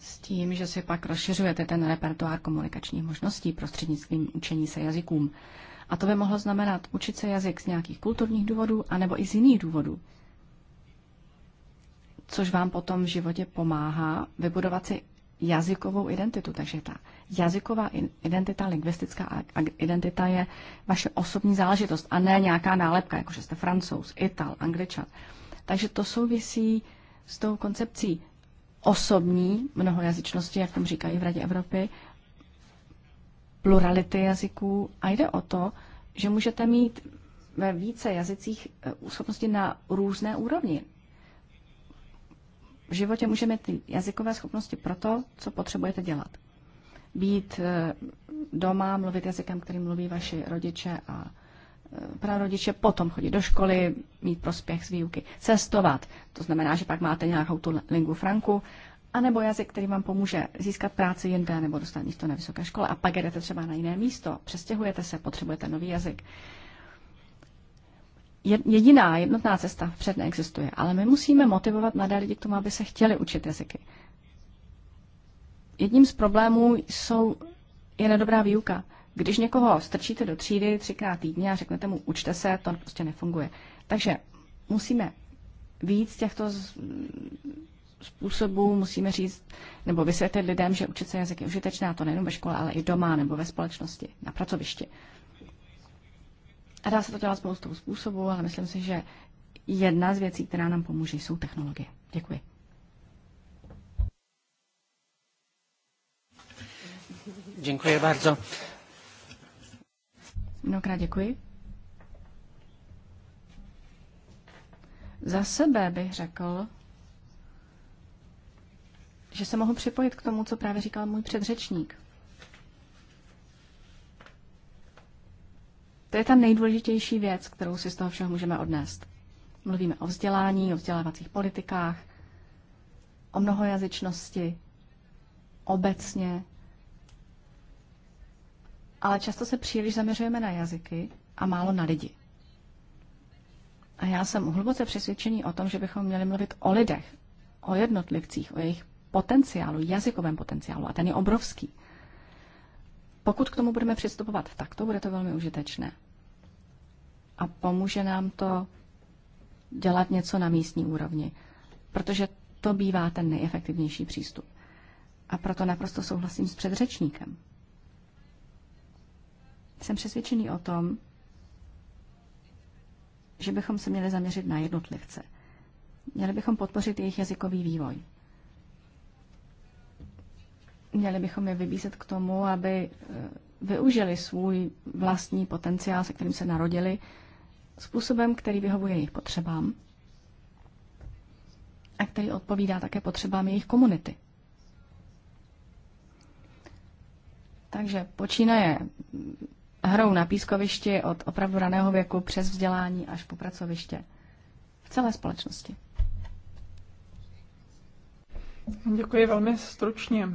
S tím, že si pak rozšiřujete ten repertoár komunikačních možností prostřednictvím učení se jazykům. A to by mohlo znamenat učit se jazyk z nějakých kulturních důvodů, anebo i z jiných důvodů. Což vám potom v životě pomáhá vybudovat si jazykovou identitu. Takže ta jazyková identita, lingvistická identita je vaše osobní záležitost a ne nějaká nálepka, jako že jste francouz, ital, angličan. Takže to souvisí s tou koncepcí osobní mnohojazyčnosti, jak tomu říkají v Radě Evropy, plurality jazyků a jde o to, že můžete mít ve více jazycích eh, schopnosti na různé úrovni v životě můžeme ty jazykové schopnosti pro to, co potřebujete dělat. Být eh, doma, mluvit jazykem, který mluví vaši rodiče a eh, prarodiče, potom chodit do školy, mít prospěch z výuky, cestovat, to znamená, že pak máte nějakou tu lingu franku, anebo jazyk, který vám pomůže získat práci jinde nebo dostat místo na vysoké škole a pak jedete třeba na jiné místo, přestěhujete se, potřebujete nový jazyk jediná jednotná cesta vpřed neexistuje, ale my musíme motivovat mladé lidi k tomu, aby se chtěli učit jazyky. Jedním z problémů jsou, je nedobrá výuka. Když někoho strčíte do třídy třikrát týdně a řeknete mu, učte se, to prostě nefunguje. Takže musíme víc těchto způsobů musíme říct, nebo vysvětlit lidem, že učit se jazyky je užitečné, a to nejen ve škole, ale i doma nebo ve společnosti, na pracovišti. A dá se to dělat spoustou způsobů, ale myslím si, že jedna z věcí, která nám pomůže, jsou technologie. Děkuji. Děkuji bardzo. Mnohokrát děkuji. Za sebe bych řekl, že se mohu připojit k tomu, co právě říkal můj předřečník. To je ta nejdůležitější věc, kterou si z toho všeho můžeme odnést. Mluvíme o vzdělání, o vzdělávacích politikách, o mnohojazyčnosti, obecně, ale často se příliš zaměřujeme na jazyky a málo na lidi. A já jsem hluboce přesvědčený o tom, že bychom měli mluvit o lidech, o jednotlivcích, o jejich potenciálu, jazykovém potenciálu. A ten je obrovský. Pokud k tomu budeme přistupovat takto, bude to velmi užitečné. A pomůže nám to dělat něco na místní úrovni, protože to bývá ten nejefektivnější přístup. A proto naprosto souhlasím s předřečníkem. Jsem přesvědčený o tom, že bychom se měli zaměřit na jednotlivce. Měli bychom podpořit jejich jazykový vývoj. Měli bychom je vybízet k tomu, aby eh, využili svůj vlastní potenciál, se kterým se narodili, způsobem, který vyhovuje jejich potřebám a který odpovídá také potřebám jejich komunity. Takže počínaje hrou na pískovišti od opravdu raného věku přes vzdělání až po pracoviště v celé společnosti. Děkuji velmi stručně.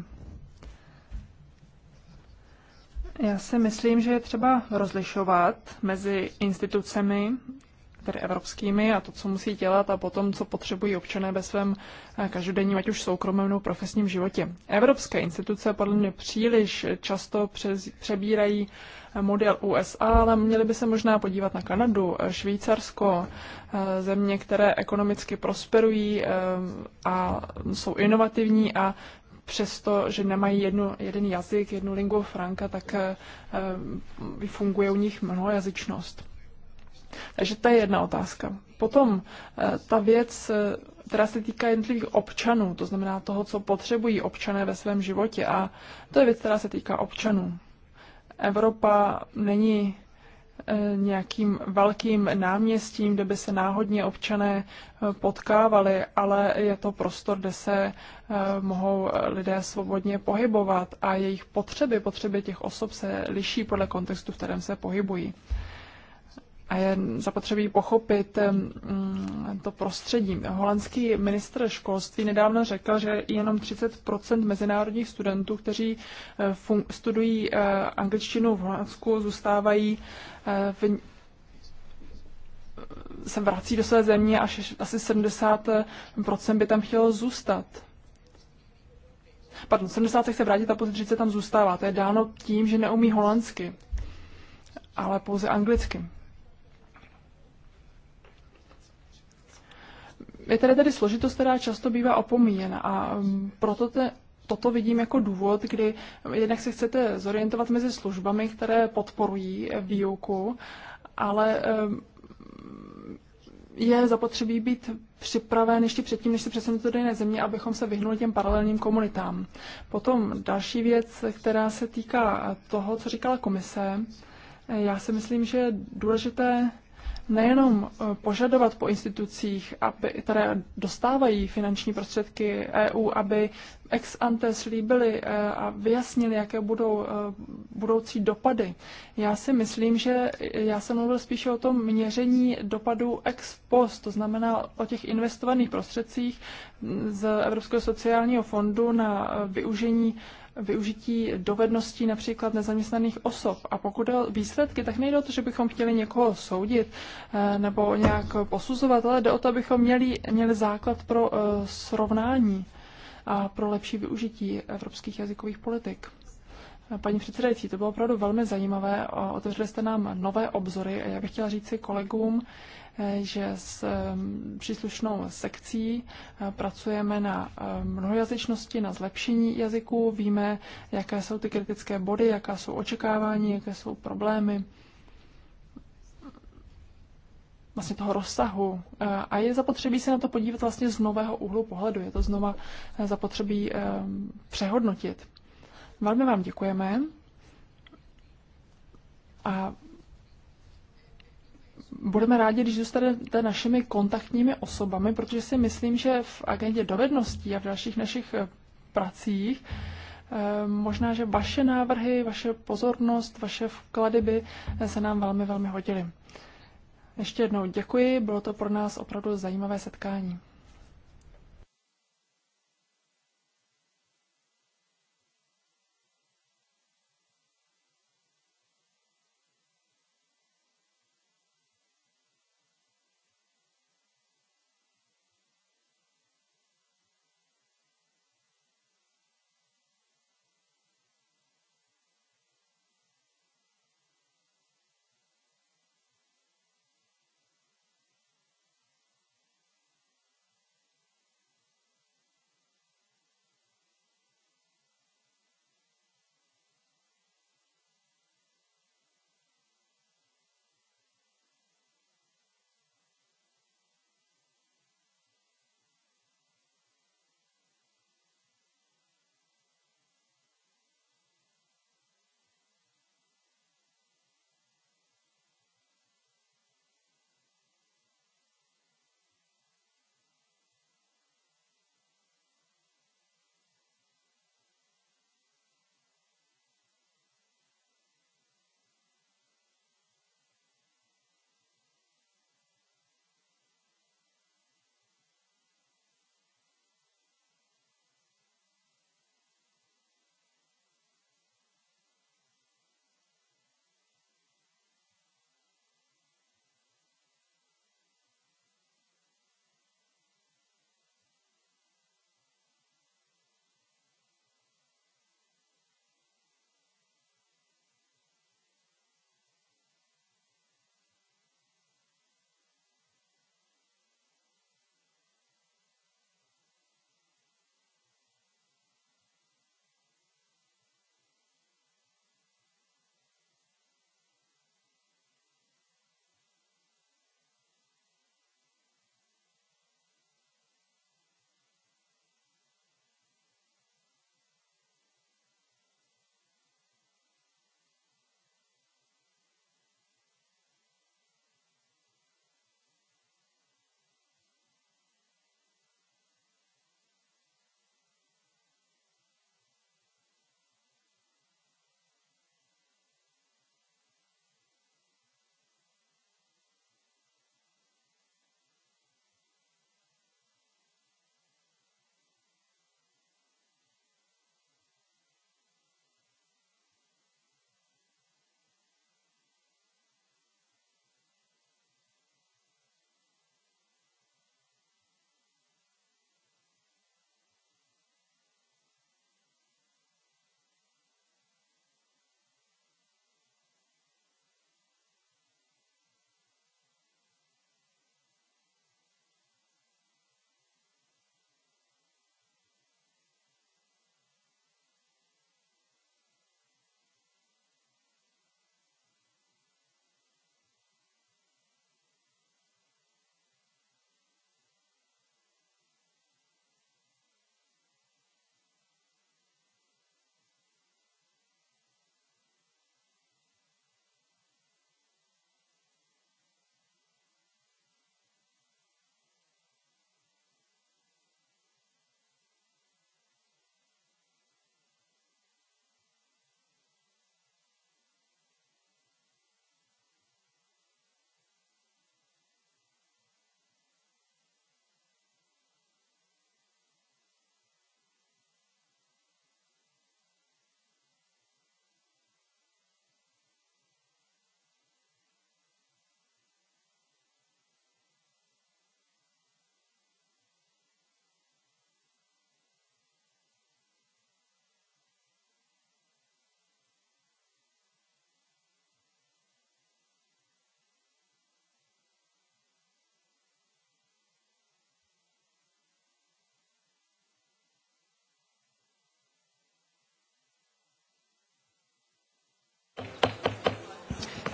Já si myslím, že je třeba rozlišovat mezi institucemi, tedy evropskými, a to, co musí dělat, a potom, co potřebují občané ve svém eh, každodenním, ať už soukromém nebo profesním životě. Evropské instituce podle mě příliš často přes, přebírají eh, model USA, ale měli by se možná podívat na Kanadu, eh, Švýcarsko, země, které ekonomicky prosperují a jsou inovativní a přesto, že nemají jednu, jeden jazyk, jednu lingua franca, tak eh, eh, funguje u nich mnohojazyčnost. Takže to je jedna otázka. Potom eh, ta věc, která se týká jednotlivých občanů, to znamená toho, co potřebují občané ve svém životě. A to je věc, která se týká občanů. Evropa není Eh, nějakým velkým náměstím, kde by se náhodně občané eh, potkávali, ale je to prostor, kde se eh, mohou lidé svobodně pohybovat a jejich potřeby, potřeby těch osob se liší podle kontextu, v kterém se pohybují a je zapotřebí pochopit mm, to prostředí. Holandský ministr školství nedávno řekl, že jenom 30 mezinárodních studentů, kteří eh, studují eh, angličtinu v Holandsku, zůstávají eh, v se vrací do své země, a asi 70% by tam chtělo zůstat. Pardon, 70 se chce vrátit a pouze 30 tam zůstává. To je dáno tím, že neumí holandsky, ale pouze anglicky. je tady tady složitost, která často bývá opomíjena a mm, proto te, toto vidím jako důvod, kdy jednak se chcete zorientovat mezi službami, které podporují výuku, ale mm, je zapotřebí být připraven ještě předtím, než se přesunete do jiné země, abychom se vyhnuli těm paralelním komunitám. Potom další věc, která se týká toho, co říkala komise. Já si myslím, že je důležité nejenom eh, požadovat po institucích, aby, které dostávají finanční prostředky EU, aby ex ante slíbili eh, a vyjasnili, jaké budou eh, budoucí dopady. Já si myslím, že já jsem mluvil spíše o tom měření dopadů ex post, to znamená o těch investovaných prostředcích mm, z Evropského sociálního fondu na využení využití dovedností například nezaměstnaných osob. A pokud jde o výsledky, tak nejde o to, že bychom chtěli někoho soudit eh, nebo nějak posuzovat, ale jde o to, abychom měli, měli základ pro eh, srovnání a pro lepší využití evropských jazykových politik. Eh, paní předsedající, to bylo opravdu velmi zajímavé. Otevřeli jste nám nové obzory a já bych chtěla říct si kolegům, že s příslušnou sekcí eh, pracujeme na mnohojazyčnosti, na zlepšení jazyků, víme, jaké jsou ty kritické body, jaká jsou očekávání, jaké jsou problémy vlastně toho rozsahu. Eh, a je zapotřebí se na to podívat vlastně z nového úhlu pohledu. Je to znova eh, zapotřebí přehodnotit. Velmi vám děkujeme. A budeme rádi, když zůstanete našimi kontaktními osobami, protože si myslím, že v agendě dovedností a v dalších našich eh, pracích eh, možná, že vaše návrhy, vaše pozornost, vaše vklady by eh, se nám velmi, velmi hodily. Ještě jednou děkuji, bylo to pro nás opravdu zajímavé setkání.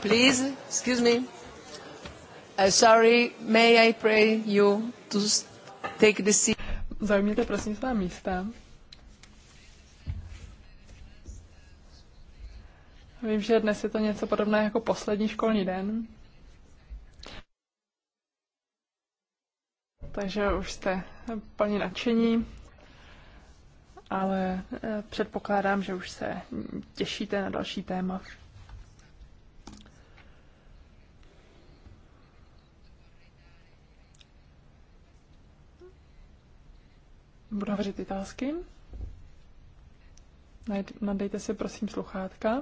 please, excuse me. Uh, sorry, may I pray you to take the seat? Zajměte prosím svá místa. Vím, že dnes je to něco podobné jako poslední školní den. Takže už jste plně nadšení, ale eh, předpokládám, že už se těšíte na další téma. Budu hovořit italsky. Nadejte si prosím sluchátka.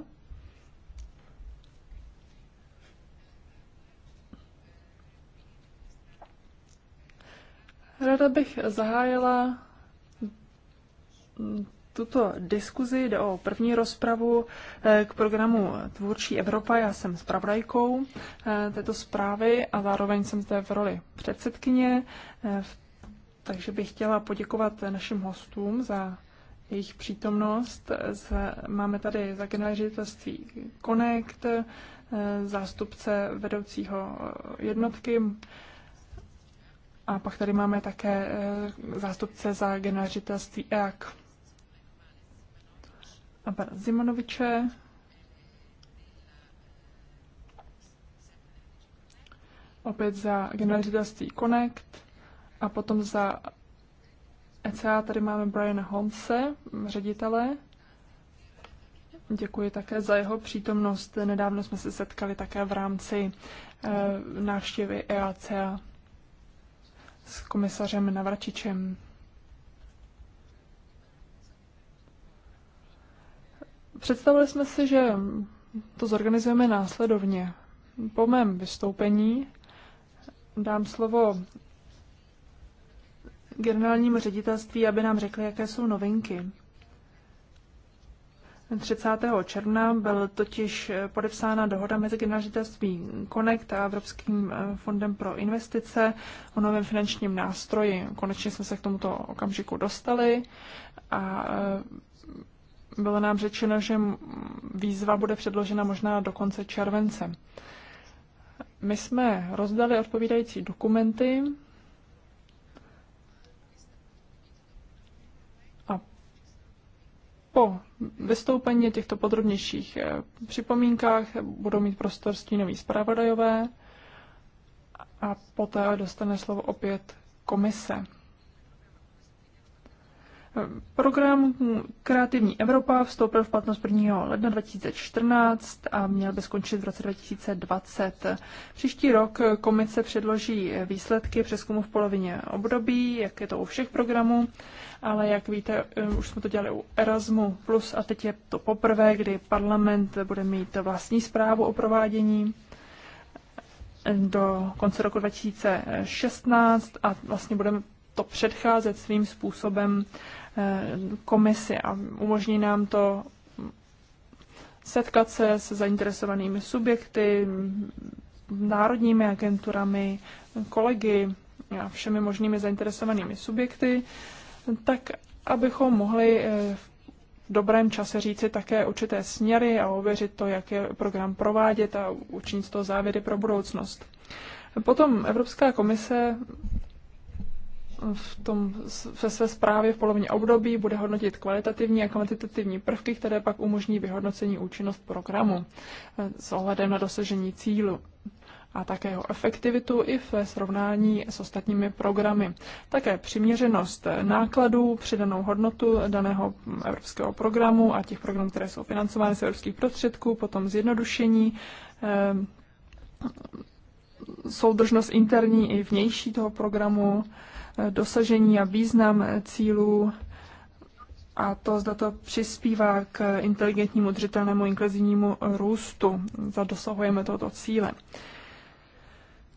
Ráda bych zahájila tuto diskuzi, jde o první rozpravu eh, k programu Tvůrčí Evropa. Já jsem zpravodajkou eh, této zprávy a zároveň jsem zde v roli předsedkyně. Eh, v takže bych chtěla poděkovat našim hostům za jejich přítomnost. Máme tady za generální Connect, eh, zástupce vedoucího eh, jednotky a pak tady máme také eh, zástupce za generální EAK e a pana Zimanoviče. Opět za generální Connect a potom za ECA tady máme Briana Holmse, ředitele. Děkuji také za jeho přítomnost. Nedávno jsme se setkali také v rámci eh, návštěvy EACA s komisařem Navračičem. Představili jsme si, že to zorganizujeme následovně. Po mém vystoupení dám slovo generálním ředitelství, aby nám řekli, jaké jsou novinky. 30. června byl totiž podepsána dohoda mezi generálním Connect a Evropským eh, fondem pro investice o novém finančním nástroji. Konečně jsme se k tomuto okamžiku dostali a eh, bylo nám řečeno, že výzva bude předložena možná do konce července. My jsme rozdali odpovídající dokumenty Po vystoupení těchto podrobnějších eh, připomínkách budou mít prostor stínoví zpravodajové a poté dostane slovo opět komise. Program Kreativní Evropa vstoupil v platnost 1. ledna 2014 a měl by skončit v roce 2020. Příští rok komise předloží výsledky přeskumu v polovině období, jak je to u všech programů, ale jak víte, už jsme to dělali u Erasmu+, plus a teď je to poprvé, kdy parlament bude mít vlastní zprávu o provádění do konce roku 2016 a vlastně budeme to předcházet svým způsobem Eh, komisi a umožní nám to setkat se se zainteresovanými subjekty, národními agenturami, kolegy a všemi možnými zainteresovanými subjekty, tak abychom mohli eh, v dobrém čase říci také určité směry a ověřit to, jak je program provádět a učinit z toho závěry pro budoucnost. Potom Evropská komise v tom, ve své zprávě v polovině období bude hodnotit kvalitativní a kvantitativní prvky, které pak umožní vyhodnocení účinnost programu eh, s ohledem na dosažení cílu a také jeho efektivitu i ve srovnání s ostatními programy. Také přiměřenost nákladů, přidanou hodnotu daného evropského programu a těch programů, které jsou financovány z evropských prostředků, potom zjednodušení, eh, soudržnost interní i vnější toho programu, dosažení a význam cílů a to, zda to přispívá k inteligentnímu, udržitelnému, inkluzivnímu růstu, zda dosahujeme tohoto cíle.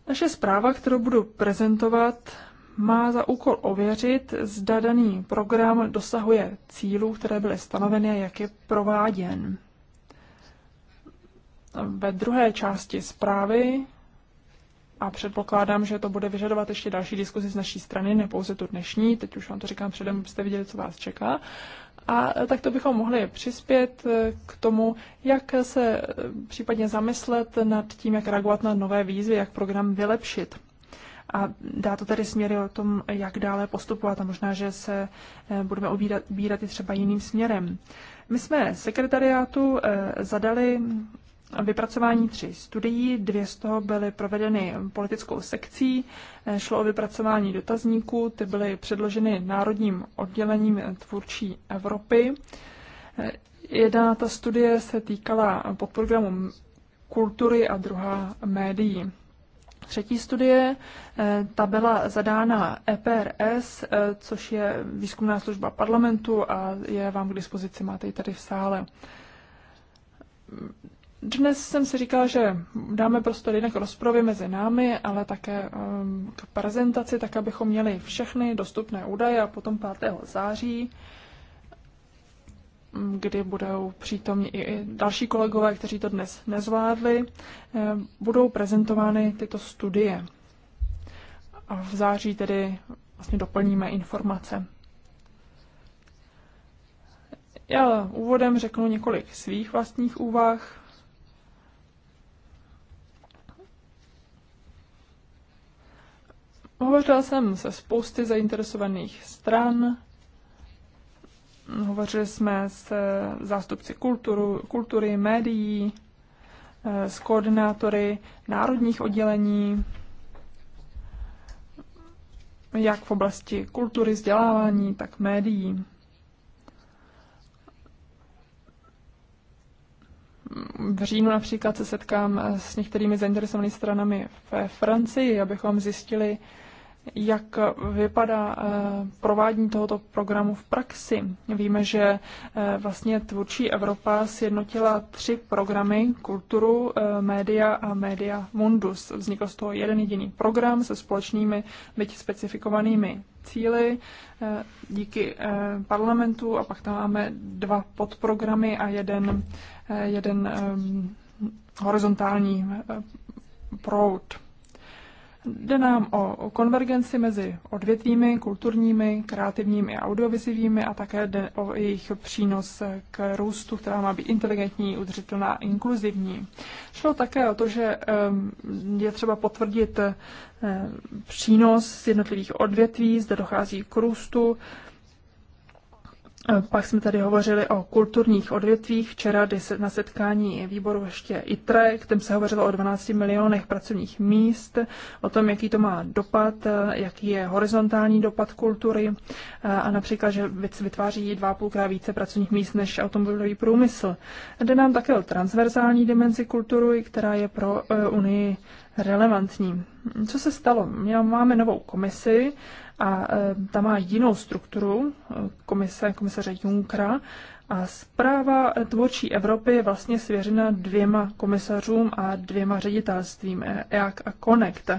Naše zpráva, kterou budu prezentovat, má za úkol ověřit, zda daný program dosahuje cílů, které byly stanoveny a jak je prováděn. Ve druhé části zprávy a předpokládám, že to bude vyžadovat ještě další diskuzi z naší strany, ne pouze tu dnešní, teď už vám to říkám předem, abyste viděli, co vás čeká. A eh, tak to bychom mohli přispět eh, k tomu, jak se eh, případně zamyslet nad tím, jak reagovat na nové výzvy, jak program vylepšit. A dá to tedy směry o tom, jak dále postupovat a možná, že se budeme obírat, obírat i třeba jiným směrem. My jsme sekretariátu zadali vypracování tři studií, dvě z toho byly provedeny politickou sekcí, eh, šlo o vypracování dotazníků, ty byly předloženy Národním oddělením tvůrčí Evropy. Eh, jedna ta studie se týkala podprogramu kultury a druhá médií. Třetí studie, eh, ta byla zadána EPRS, což je výzkumná služba parlamentu a je vám k dispozici, máte ji tady v sále. Dnes jsem si říkal, že dáme prostor jinak rozpravy mezi námi, ale také um, k prezentaci, tak abychom měli všechny dostupné údaje a potom 5. září, mm, kdy budou přítomni i další kolegové, kteří to dnes nezvládli, eh, budou prezentovány tyto studie. A v září tedy vlastně doplníme informace. Já úvodem řeknu několik svých vlastních úvah, Hovořila jsem se spousty zainteresovaných stran, hovořili jsme s eh, zástupci kulturu, kultury, médií, eh, s koordinátory národních oddělení, jak v oblasti kultury, vzdělávání, tak médií. v říjnu například se setkám s některými zainteresovanými stranami ve Francii, abychom zjistili, jak vypadá eh, provádění tohoto programu v praxi. Víme, že eh, vlastně Tvůrčí Evropa sjednotila tři programy, kulturu, eh, média a média mundus. Vznikl z toho jeden jediný program se společnými, byť specifikovanými cíly díky parlamentu a pak tam máme dva podprogramy a jeden, jeden ehm, horizontální proud. Jde nám o konvergenci mezi odvětvími, kulturními, kreativními a audiovizivními a také jde o jejich přínos k růstu, která má být inteligentní, udržitelná a inkluzivní. Šlo také o to, že je třeba potvrdit eh, přínos jednotlivých odvětví, zde dochází k růstu, pak jsme tady hovořili o kulturních odvětvích. Včera na setkání výboru ještě ITRE, kterém se hovořilo o 12 milionech pracovních míst, o tom, jaký to má dopad, jaký je horizontální dopad kultury a například, že vytváří 2,5 krát více pracovních míst než automobilový průmysl. Jde nám také o transverzální dimenzi kultury, která je pro eh, Unii relevantní. Co se stalo? Máme novou komisi a e, ta má jinou strukturu e, komise, komisaře Junkra a zpráva Tvůrčí Evropy je vlastně svěřena dvěma komisařům a dvěma ředitelstvím, EAC e a Connect.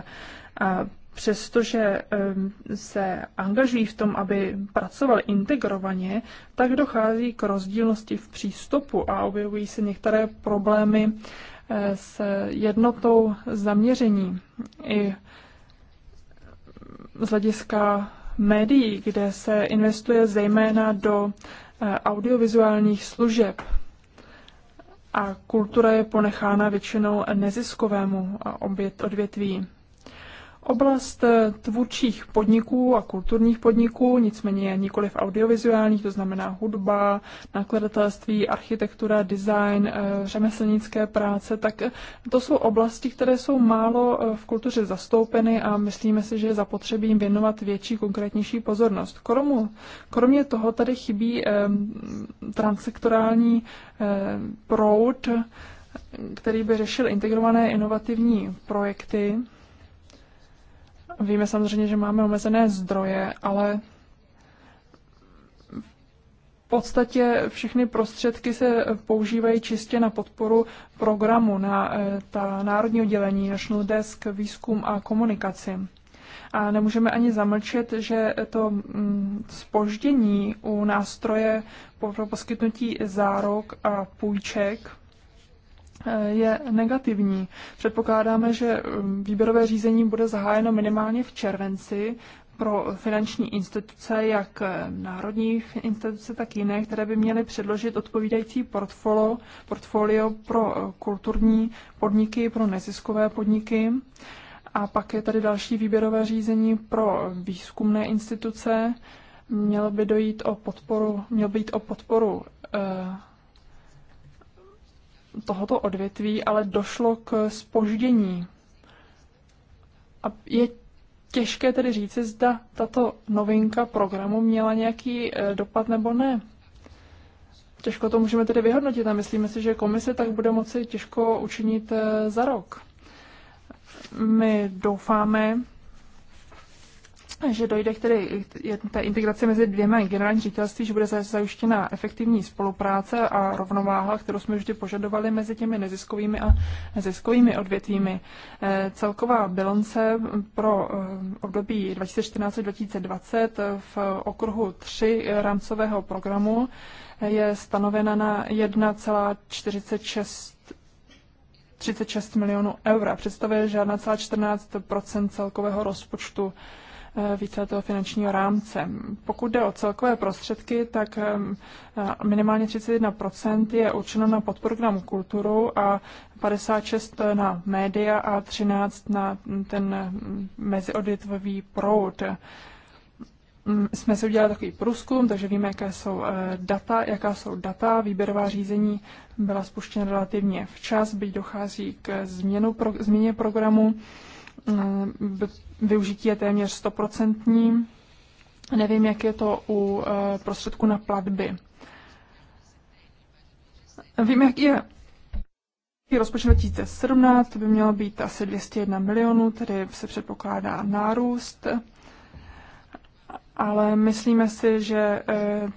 A přestože se angažují v tom, aby pracovali integrovaně, tak dochází k rozdílnosti v přístupu a objevují se některé problémy s jednotou zaměření. I z hlediska médií, kde se investuje zejména do eh, audiovizuálních služeb a kultura je ponechána většinou neziskovému eh, odvětví. Oblast eh, tvůrčích podniků a kulturních podniků, nicméně nikoli v audiovizuálních, to znamená hudba, nakladatelství, architektura, design, eh, řemeslnické práce, tak eh, to jsou oblasti, které jsou málo v kultuře zastoupeny a myslíme si, že je zapotřebí jim věnovat větší, konkrétnější pozornost. Kromu, kromě toho tady chybí transsektorální proud, který by řešil integrované inovativní projekty, Víme samozřejmě, že máme omezené zdroje, ale v podstatě všechny prostředky se používají čistě na podporu programu, na eh, ta národní oddělení, National Desk, výzkum a komunikaci. A nemůžeme ani zamlčet, že to spoždění mm, u nástroje pro poskytnutí zárok a půjček Eh, je negativní. Předpokládáme, že eh, výběrové řízení bude zahájeno minimálně v červenci pro finanční instituce, jak eh, národních instituce, tak jiné, které by měly předložit odpovídající portfolio, portfolio pro kulturní podniky, pro neziskové podniky. A pak je tady další výběrové řízení pro výzkumné instituce. Mělo by dojít o podporu, mělo být o podporu tohoto odvětví, ale došlo k spoždění. A je těžké tedy říci, zda tato novinka programu měla nějaký eh, dopad nebo ne. Těžko to můžeme tedy vyhodnotit a myslíme si, že komise tak bude moci těžko učinit eh, za rok. My doufáme, že dojde k tedy té integraci mezi dvěma generální ředitelství, že bude zajištěna efektivní spolupráce a rovnováha, kterou jsme vždy požadovali mezi těmi neziskovými a neziskovými odvětvími. Eh, celková bilance pro eh, období 2014-2020 v okruhu 3 rámcového programu eh, je stanovena na 1,46 36 milionů eur a představuje žádná celá 14 celkového rozpočtu Eh, víceletého finančního rámce. Pokud jde o celkové prostředky, tak eh, minimálně 31% je určeno na podprogram kulturu a 56 na média a 13 na ten meziodvětvový proud mm, jsme si udělali takový průzkum, takže víme, jaké jsou eh, data, jaká jsou data. Výběrová řízení byla spuštěna relativně včas, byť dochází k změnu, pro, změně programu. Mm, využití je téměř stoprocentní. Nevím, jak je to u eh, prostředku na platby. Vím, jak je rozpočet 2017, to by mělo být asi 201 milionů, tedy se předpokládá nárůst. Ale myslíme si, že eh,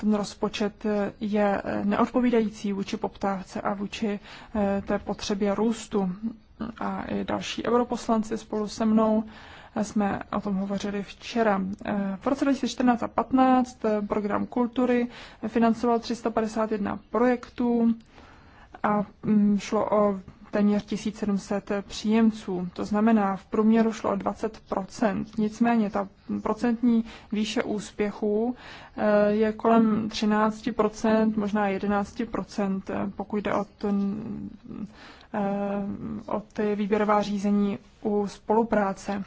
ten rozpočet je eh, neodpovídající vůči poptávce a vůči té potřebě růstu. A i další europoslanci spolu se mnou jsme o tom hovořili včera. Eh, v roce 2014 a 2015 eh, program kultury eh, financoval 351 projektů a mm, šlo o téměř 1700 příjemců. To znamená, v průměru šlo o 20 Nicméně ta procentní výše úspěchů je kolem 13 možná 11 pokud jde o, ten, o ty výběrová řízení u spolupráce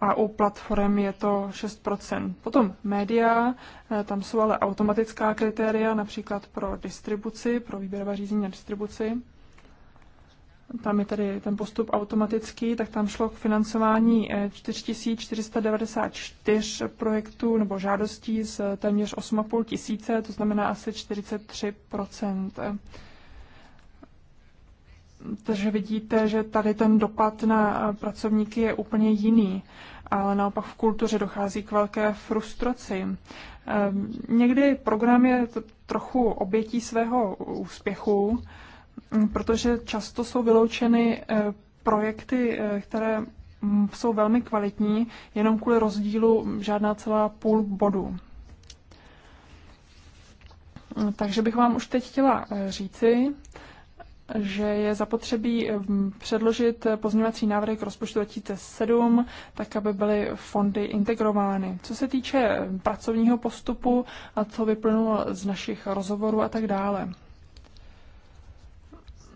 a u platform je to 6%. Potom média, eh, tam jsou ale automatická kritéria, například pro distribuci, pro výběrové řízení na distribuci. Tam je tedy ten postup automatický, tak tam šlo k financování 4494 eh, projektů nebo žádostí z téměř 8,5 tisíce, to znamená asi 43 takže vidíte, že tady ten dopad na pracovníky je úplně jiný, ale naopak v kultuře dochází k velké frustraci. Ehm, někdy program je trochu obětí svého úspěchu, mm, protože často jsou vyloučeny e, projekty, e, které jsou velmi kvalitní, jenom kvůli rozdílu žádná celá půl bodu. Mm, takže bych vám už teď chtěla e, říci, že je zapotřebí eh, předložit eh, pozměňovací návrhy k rozpočtu 2007, tak aby byly fondy integrovány. Co se týče eh, pracovního postupu a co vyplynulo z našich rozhovorů a tak dále.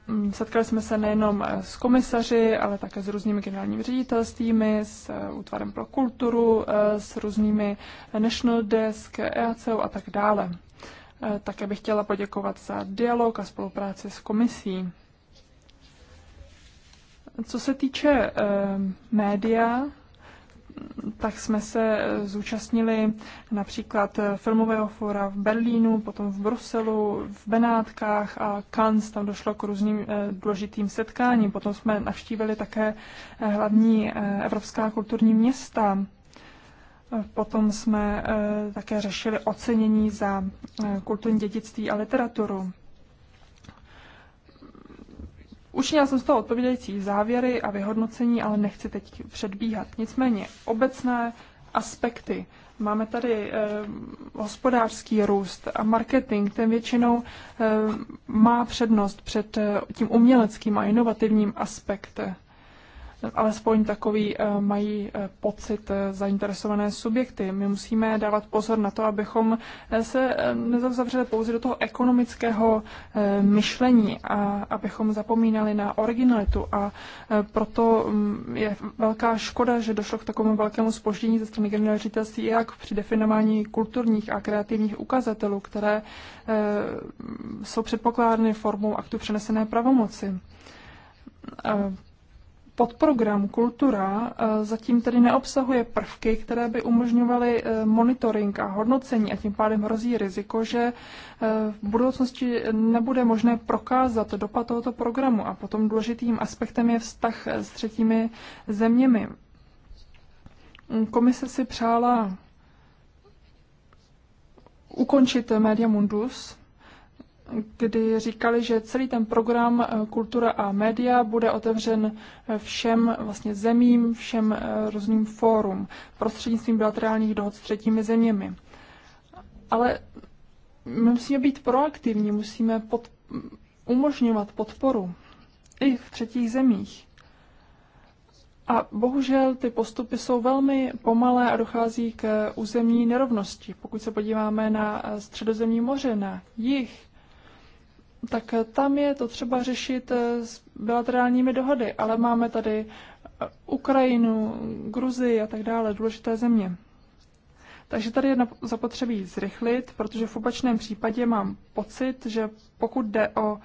Mm, setkali jsme se nejenom s komisaři, ale také s různými generálními ředitelstvími, s útvarem pro kulturu, s různými National Desk, EACO a tak dále. Eh, také bych chtěla poděkovat za dialog a spolupráci s komisí. Co se týče eh, média, tak jsme se eh, zúčastnili například filmového fóra v Berlínu, potom v Bruselu, v Benátkách a Cannes, tam došlo k různým důležitým setkáním. Potom jsme navštívili také hlavní evropská kulturní města. Potom jsme eh, také řešili ocenění za eh, kulturní dědictví a literaturu. Učinila jsem z toho odpovídající závěry a vyhodnocení, ale nechci teď předbíhat. Nicméně obecné aspekty. Máme tady eh, hospodářský růst a marketing, ten většinou eh, má přednost před eh, tím uměleckým a inovativním aspektem alespoň takový eh, mají eh, pocit eh, zainteresované subjekty. My musíme dávat pozor na to, abychom se nezavřeli pouze do toho ekonomického myšlení a abychom zapomínali na originalitu. A proto mm, je velká škoda, že došlo k takovému velkému spoždění ze strany generálního ředitelství jak při definování kulturních a kreativních ukazatelů, které jsou předpokládány formou aktu přenesené pravomoci podprogram Kultura eh, zatím tedy neobsahuje prvky, které by umožňovaly eh, monitoring a hodnocení a tím pádem hrozí riziko, že eh, v budoucnosti nebude možné prokázat dopad tohoto programu a potom důležitým aspektem je vztah s třetími zeměmi. Komise si přála ukončit Media Mundus, kdy říkali, že celý ten program eh, Kultura a média bude otevřen eh, všem vlastně zemím, všem eh, různým fórum, prostřednictvím bilaterálních dohod s třetími zeměmi. Ale my musíme být proaktivní, musíme pod, umožňovat podporu i v třetích zemích. A bohužel ty postupy jsou velmi pomalé a dochází k územní nerovnosti. Pokud se podíváme na středozemní moře, na jih, tak eh, tam je to třeba řešit eh, s bilaterálními dohody, ale máme tady eh, Ukrajinu, Gruzii a tak dále, důležité země. Takže tady je zapotřebí zrychlit, protože v opačném případě mám pocit, že pokud jde o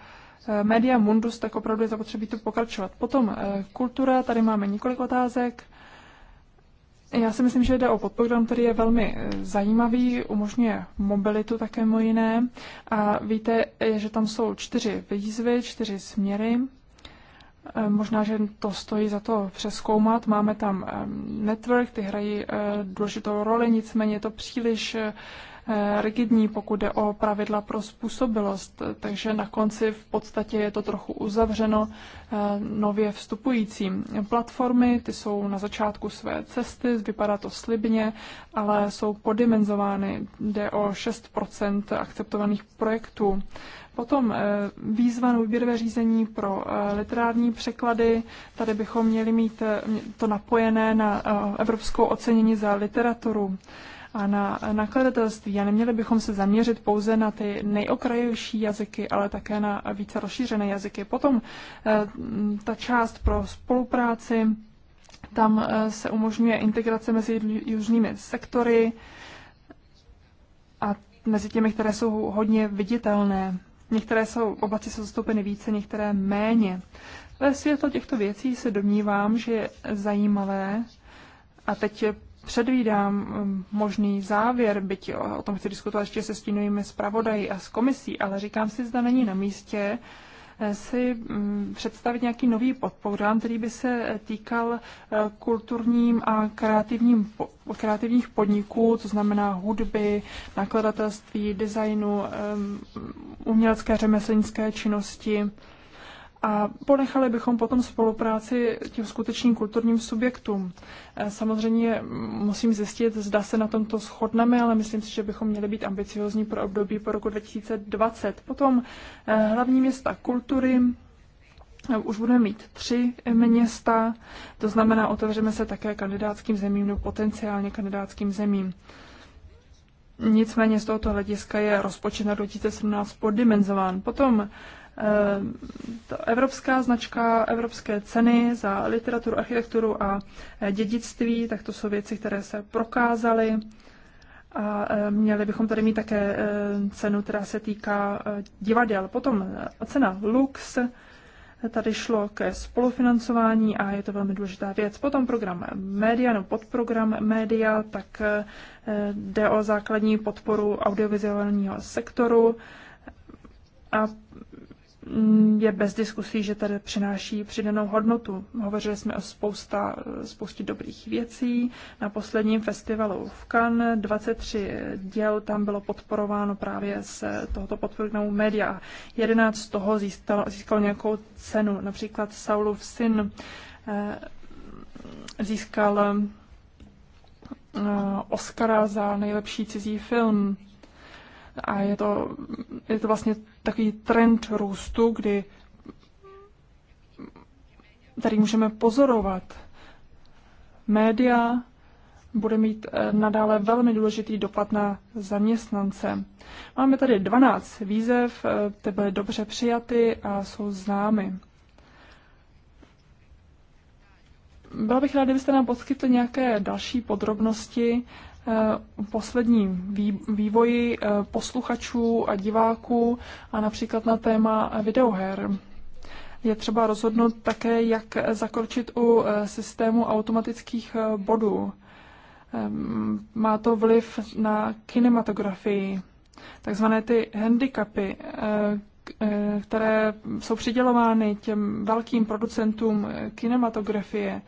média mundus, tak opravdu je zapotřebí to pokračovat. Potom kultura, tady máme několik otázek. Já si myslím, že jde o podprogram, který je velmi eh, zajímavý, umožňuje mobilitu také mimo jiné. A víte, eh, že tam jsou čtyři výzvy, čtyři směry. Eh, možná, že to stojí za to přeskoumat. Máme tam network, ty hrají důležitou roli, nicméně je to příliš Eh, rigidní, pokud jde o pravidla pro způsobilost, takže na konci v podstatě je to trochu uzavřeno eh, nově vstupujícím. Platformy, ty jsou na začátku své cesty, vypadá to slibně, ale jsou podimenzovány, jde o 6% akceptovaných projektů. Potom eh, výzva na výběrové řízení pro literární překlady. Tady bychom měli mít to napojené na evropskou ocenění za literaturu a na nakladatelství. A neměli bychom se zaměřit pouze na ty nejokrajovější jazyky, ale také na více rozšířené jazyky. Potom eh, ta část pro spolupráci, tam eh, se umožňuje integrace mezi různými sektory a mezi těmi, které jsou hodně viditelné. Některé jsou, oblasti jsou zastoupeny více, některé méně. Ve světlo těchto věcí se domnívám, že je zajímavé, a teď předvídám um, možný závěr, byť o tom chci diskutovat ještě se s zpravodaji a s komisí, ale říkám si, zda není na místě eh, si mm, představit nějaký nový podprogram, který by se eh, týkal eh, kulturním a kreativním, kreativních podniků, to znamená hudby, nakladatelství, designu, umělecké řemeslnické činnosti a ponechali bychom potom spolupráci těm skutečným kulturním subjektům. E, samozřejmě musím zjistit, zda se na tomto shodneme, ale myslím si, že bychom měli být ambiciozní pro období po roku 2020. Potom e, hlavní města kultury, e, už budeme mít tři města, to znamená, otevřeme se také kandidátským zemím nebo potenciálně kandidátským zemím. Nicméně z tohoto hlediska je rozpočet na 2017 poddimenzován. Potom Eh, to evropská značka, evropské ceny za literaturu, architekturu a eh, dědictví, tak to jsou věci, které se prokázaly. A eh, měli bychom tady mít také cenu, která se týká divadel. Potom cena Lux, tady šlo ke spolufinancování a je to velmi důležitá věc. Potom program média nebo podprogram média, tak jde o základní podporu audiovizuálního sektoru a Mm, je bez diskusí, že tady přináší přidanou hodnotu. Hovořili jsme o spousta, spoustě dobrých věcí. Na posledním festivalu v Cannes 23 děl tam bylo podporováno právě z tohoto podpornou média. 11 z toho získalo, získalo nějakou cenu. Například Saulův syn eh, získal eh, Oscara za nejlepší cizí film a je to, je to vlastně takový trend růstu, kdy tady můžeme pozorovat. Média bude mít eh, nadále velmi důležitý dopad na zaměstnance. Máme tady 12 výzev, eh, ty byly dobře přijaty a jsou známy. Byla bych ráda, kdybyste nám poskytli nějaké další podrobnosti Eh, posledním vývoji eh, posluchačů a diváků a například na téma videoher. Je třeba rozhodnout také, jak zakročit u eh, systému automatických bodů. Ehm, má to vliv na kinematografii, takzvané ty handicapy, které jsou přidělovány těm velkým producentům kinematografie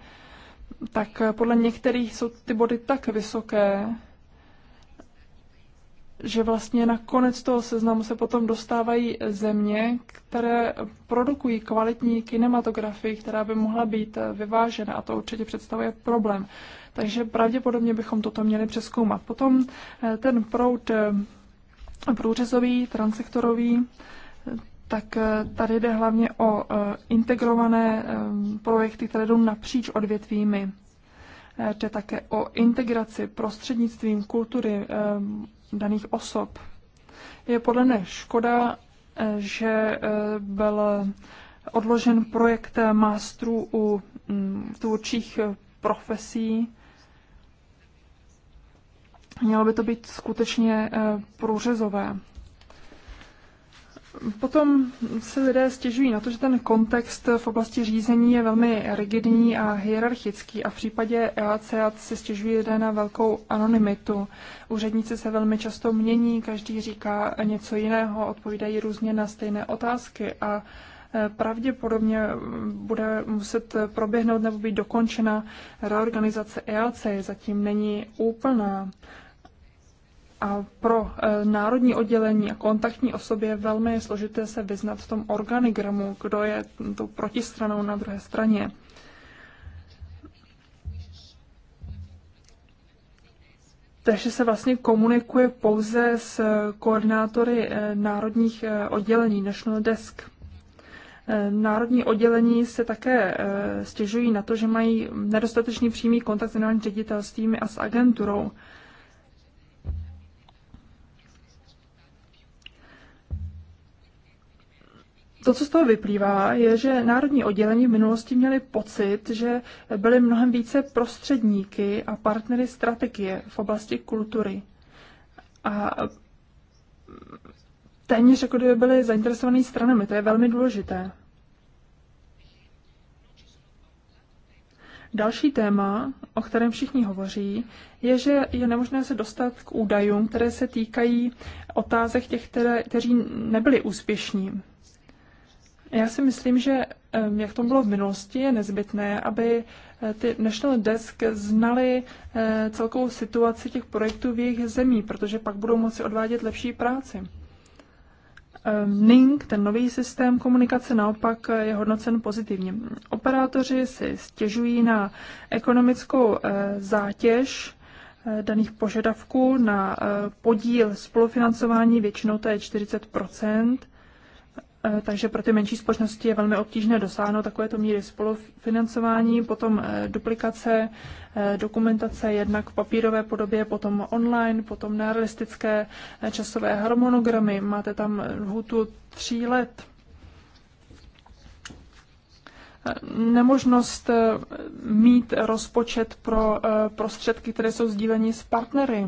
tak podle některých jsou ty body tak vysoké, že vlastně na konec toho seznamu se potom dostávají země, které produkují kvalitní kinematografii, která by mohla být vyvážena a to určitě představuje problém. Takže pravděpodobně bychom toto měli přeskoumat. Potom eh, ten proud eh, průřezový, transektorový, tak eh, tady jde hlavně o eh, integrované eh, projekty, které jdou napříč odvětvími. Jde také o integraci prostřednictvím kultury daných osob. Je podle mě škoda, že byl odložen projekt mástrů u mm, tvůrčích profesí. Mělo by to být skutečně průřezové. Potom se lidé stěžují na to, že ten kontext v oblasti řízení je velmi rigidní a hierarchický a v případě EACAT se stěžují lidé na velkou anonymitu. Úředníci se velmi často mění, každý říká něco jiného, odpovídají různě na stejné otázky a e, pravděpodobně bude muset proběhnout nebo být dokončena reorganizace EAC, zatím není úplná. A pro e, národní oddělení a kontaktní osoby je velmi složité se vyznat v tom organigramu, kdo je tou protistranou na druhé straně. Takže se vlastně komunikuje pouze s koordinátory e, národních e, oddělení, National Desk. Národní oddělení se také stěžují na to, že mají nedostatečný přímý kontakt s generálním ředitelstvím a s agenturou. to, co z toho vyplývá, je, že národní oddělení v minulosti měli pocit, že byly mnohem více prostředníky a partnery strategie v oblasti kultury. A téměř jako kdyby byly zainteresovaný stranami. To je velmi důležité. Další téma, o kterém všichni hovoří, je, že je nemožné se dostat k údajům, které se týkají otázek těch, které, kteří nebyli úspěšní. Já si myslím, že jak to bylo v minulosti, je nezbytné, aby eh, ty National Desk znali eh, celkovou situaci těch projektů v jejich zemí, protože pak budou moci odvádět lepší práci. Ning, ten nový systém komunikace, naopak eh, je hodnocen pozitivně. Operátoři si stěžují na ekonomickou zátěž daných požadavků na podíl spolufinancování, většinou to je 40 Eh, takže pro ty menší společnosti je velmi obtížné dosáhnout takovéto míry spolufinancování, potom eh, duplikace eh, dokumentace jednak v papírové podobě, potom online, potom nerealistické časové harmonogramy. Máte tam lhutu tří let. Nemožnost mít rozpočet pro prostředky, které jsou sdíleny s partnery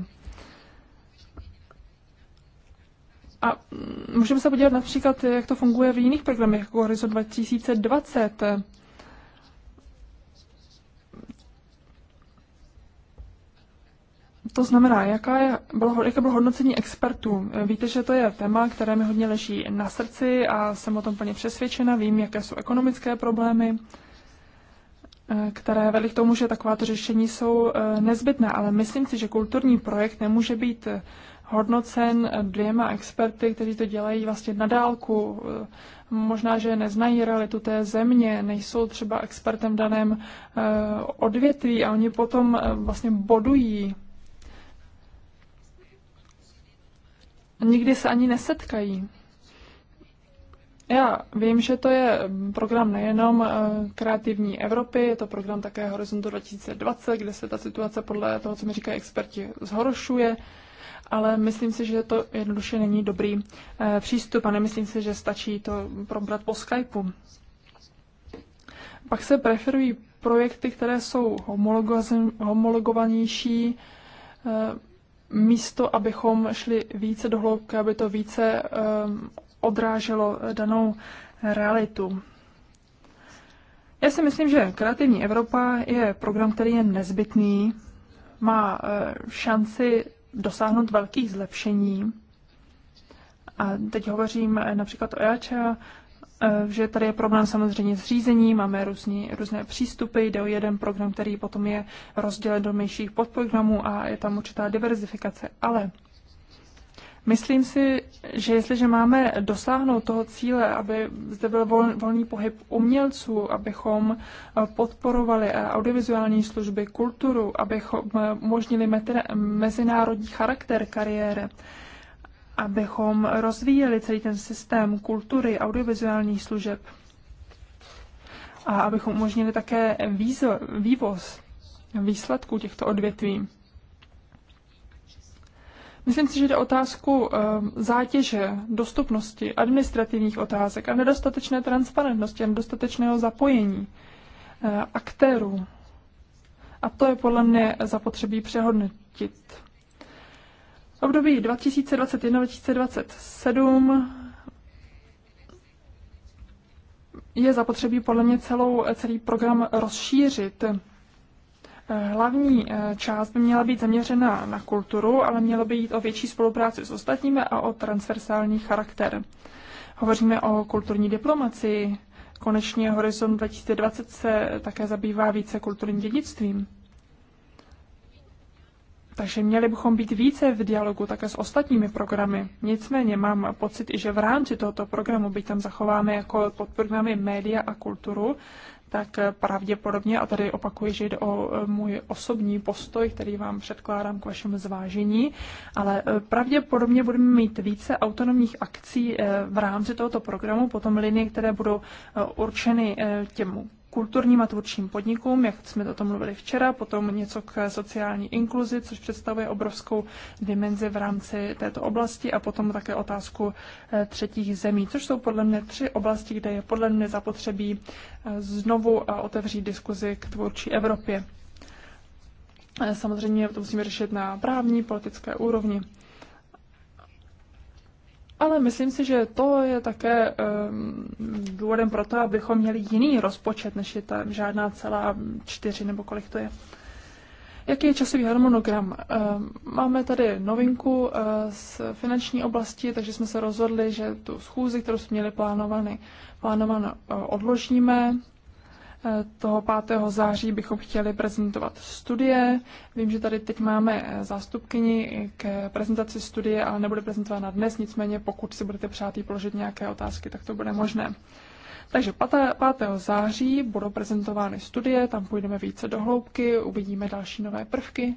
A můžeme se podívat například, jak to funguje v jiných programech, jako Horizon 2020. To znamená, jaká je, bylo, jaké bylo hodnocení expertů? Víte, že to je téma, které mi hodně leží na srdci a jsem o tom plně přesvědčena. Vím, jaké jsou ekonomické problémy, které vedly k tomu, že takováto řešení jsou eh, nezbytné, ale myslím si, že kulturní projekt nemůže být hodnocen dvěma experty, kteří to dělají vlastně na dálku. Možná, že neznají realitu té země, nejsou třeba expertem v daném eh, odvětví a oni potom eh, vlastně bodují. Nikdy se ani nesetkají. Já vím, že to je program nejenom eh, kreativní Evropy, je to program také Horizontu 2020, kde se ta situace podle toho, co mi říkají experti, zhoršuje ale myslím si, že to jednoduše není dobrý eh, přístup a nemyslím si, že stačí to probrat po Skypeu. Pak se preferují projekty, které jsou homologovanější, eh, místo abychom šli více do hloubky, aby to více eh, odráželo danou realitu. Já si myslím, že Kreativní Evropa je program, který je nezbytný, má šanci dosáhnout velkých zlepšení. A teď hovořím například o EAČA, eh, že tady je problém samozřejmě s řízením, máme různí různé přístupy, jde o jeden program, který potom je rozdělen do menších podprogramů a je tam určitá diverzifikace. Ale Myslím si, že jestliže máme dosáhnout toho cíle, aby zde byl volný pohyb umělců, abychom eh, podporovali eh, audiovizuální služby, kulturu, abychom eh, umožnili mezinárodní charakter kariéry, abychom rozvíjeli celý ten systém kultury, audiovizuálních služeb a abychom umožnili také vývoz výsledků těchto odvětví. Myslím si, že jde otázku eh, zátěže, dostupnosti, administrativních otázek a nedostatečné transparentnosti a nedostatečného zapojení eh, aktérů. A to je podle mě zapotřebí přehodnotit. Období 2021-2027 je zapotřebí podle mě celou, celý program rozšířit Hlavní eh, část by měla být zaměřena na kulturu, ale mělo by jít o větší spolupráci s ostatními a o transversální charakter. Hovoříme o kulturní diplomaci. Konečně Horizont 2020 se také zabývá více kulturním dědictvím. Takže měli bychom být více v dialogu také s ostatními programy. Nicméně mám pocit, že v rámci tohoto programu byť tam zachováme jako podprogramy média a kulturu, tak pravděpodobně, a tady opakuji, že jde o e, můj osobní postoj, který vám předkládám k vašemu zvážení, ale e, pravděpodobně budeme mít více autonomních akcí e, v rámci tohoto programu, potom linie, které budou určeny těmu kulturním a tvůrčím podnikům, jak jsme o tom mluvili včera, potom něco k sociální inkluzi, což představuje obrovskou dimenzi v rámci této oblasti a potom také otázku eh, třetích zemí, což jsou podle mě tři oblasti, kde je podle mě zapotřebí eh, znovu eh, otevřít diskuzi k tvůrčí Evropě. Samozřejmě to musíme řešit na právní, politické úrovni. Ale myslím si, že to je také um, důvodem pro to, abychom měli jiný rozpočet, než je tam žádná celá čtyři nebo kolik to je. Jaký je časový harmonogram? Máme tady novinku eh, z finanční oblasti, takže jsme se rozhodli, že tu schůzi, kterou jsme měli plánovanou, eh, odložíme toho 5. září bychom chtěli prezentovat studie. Vím, že tady teď máme eh, zástupkyni k prezentaci studie, ale nebude prezentována dnes, nicméně pokud si budete přát položit nějaké otázky, tak to bude možné. Takže 5. září budou prezentovány studie, tam půjdeme více do hloubky, uvidíme další nové prvky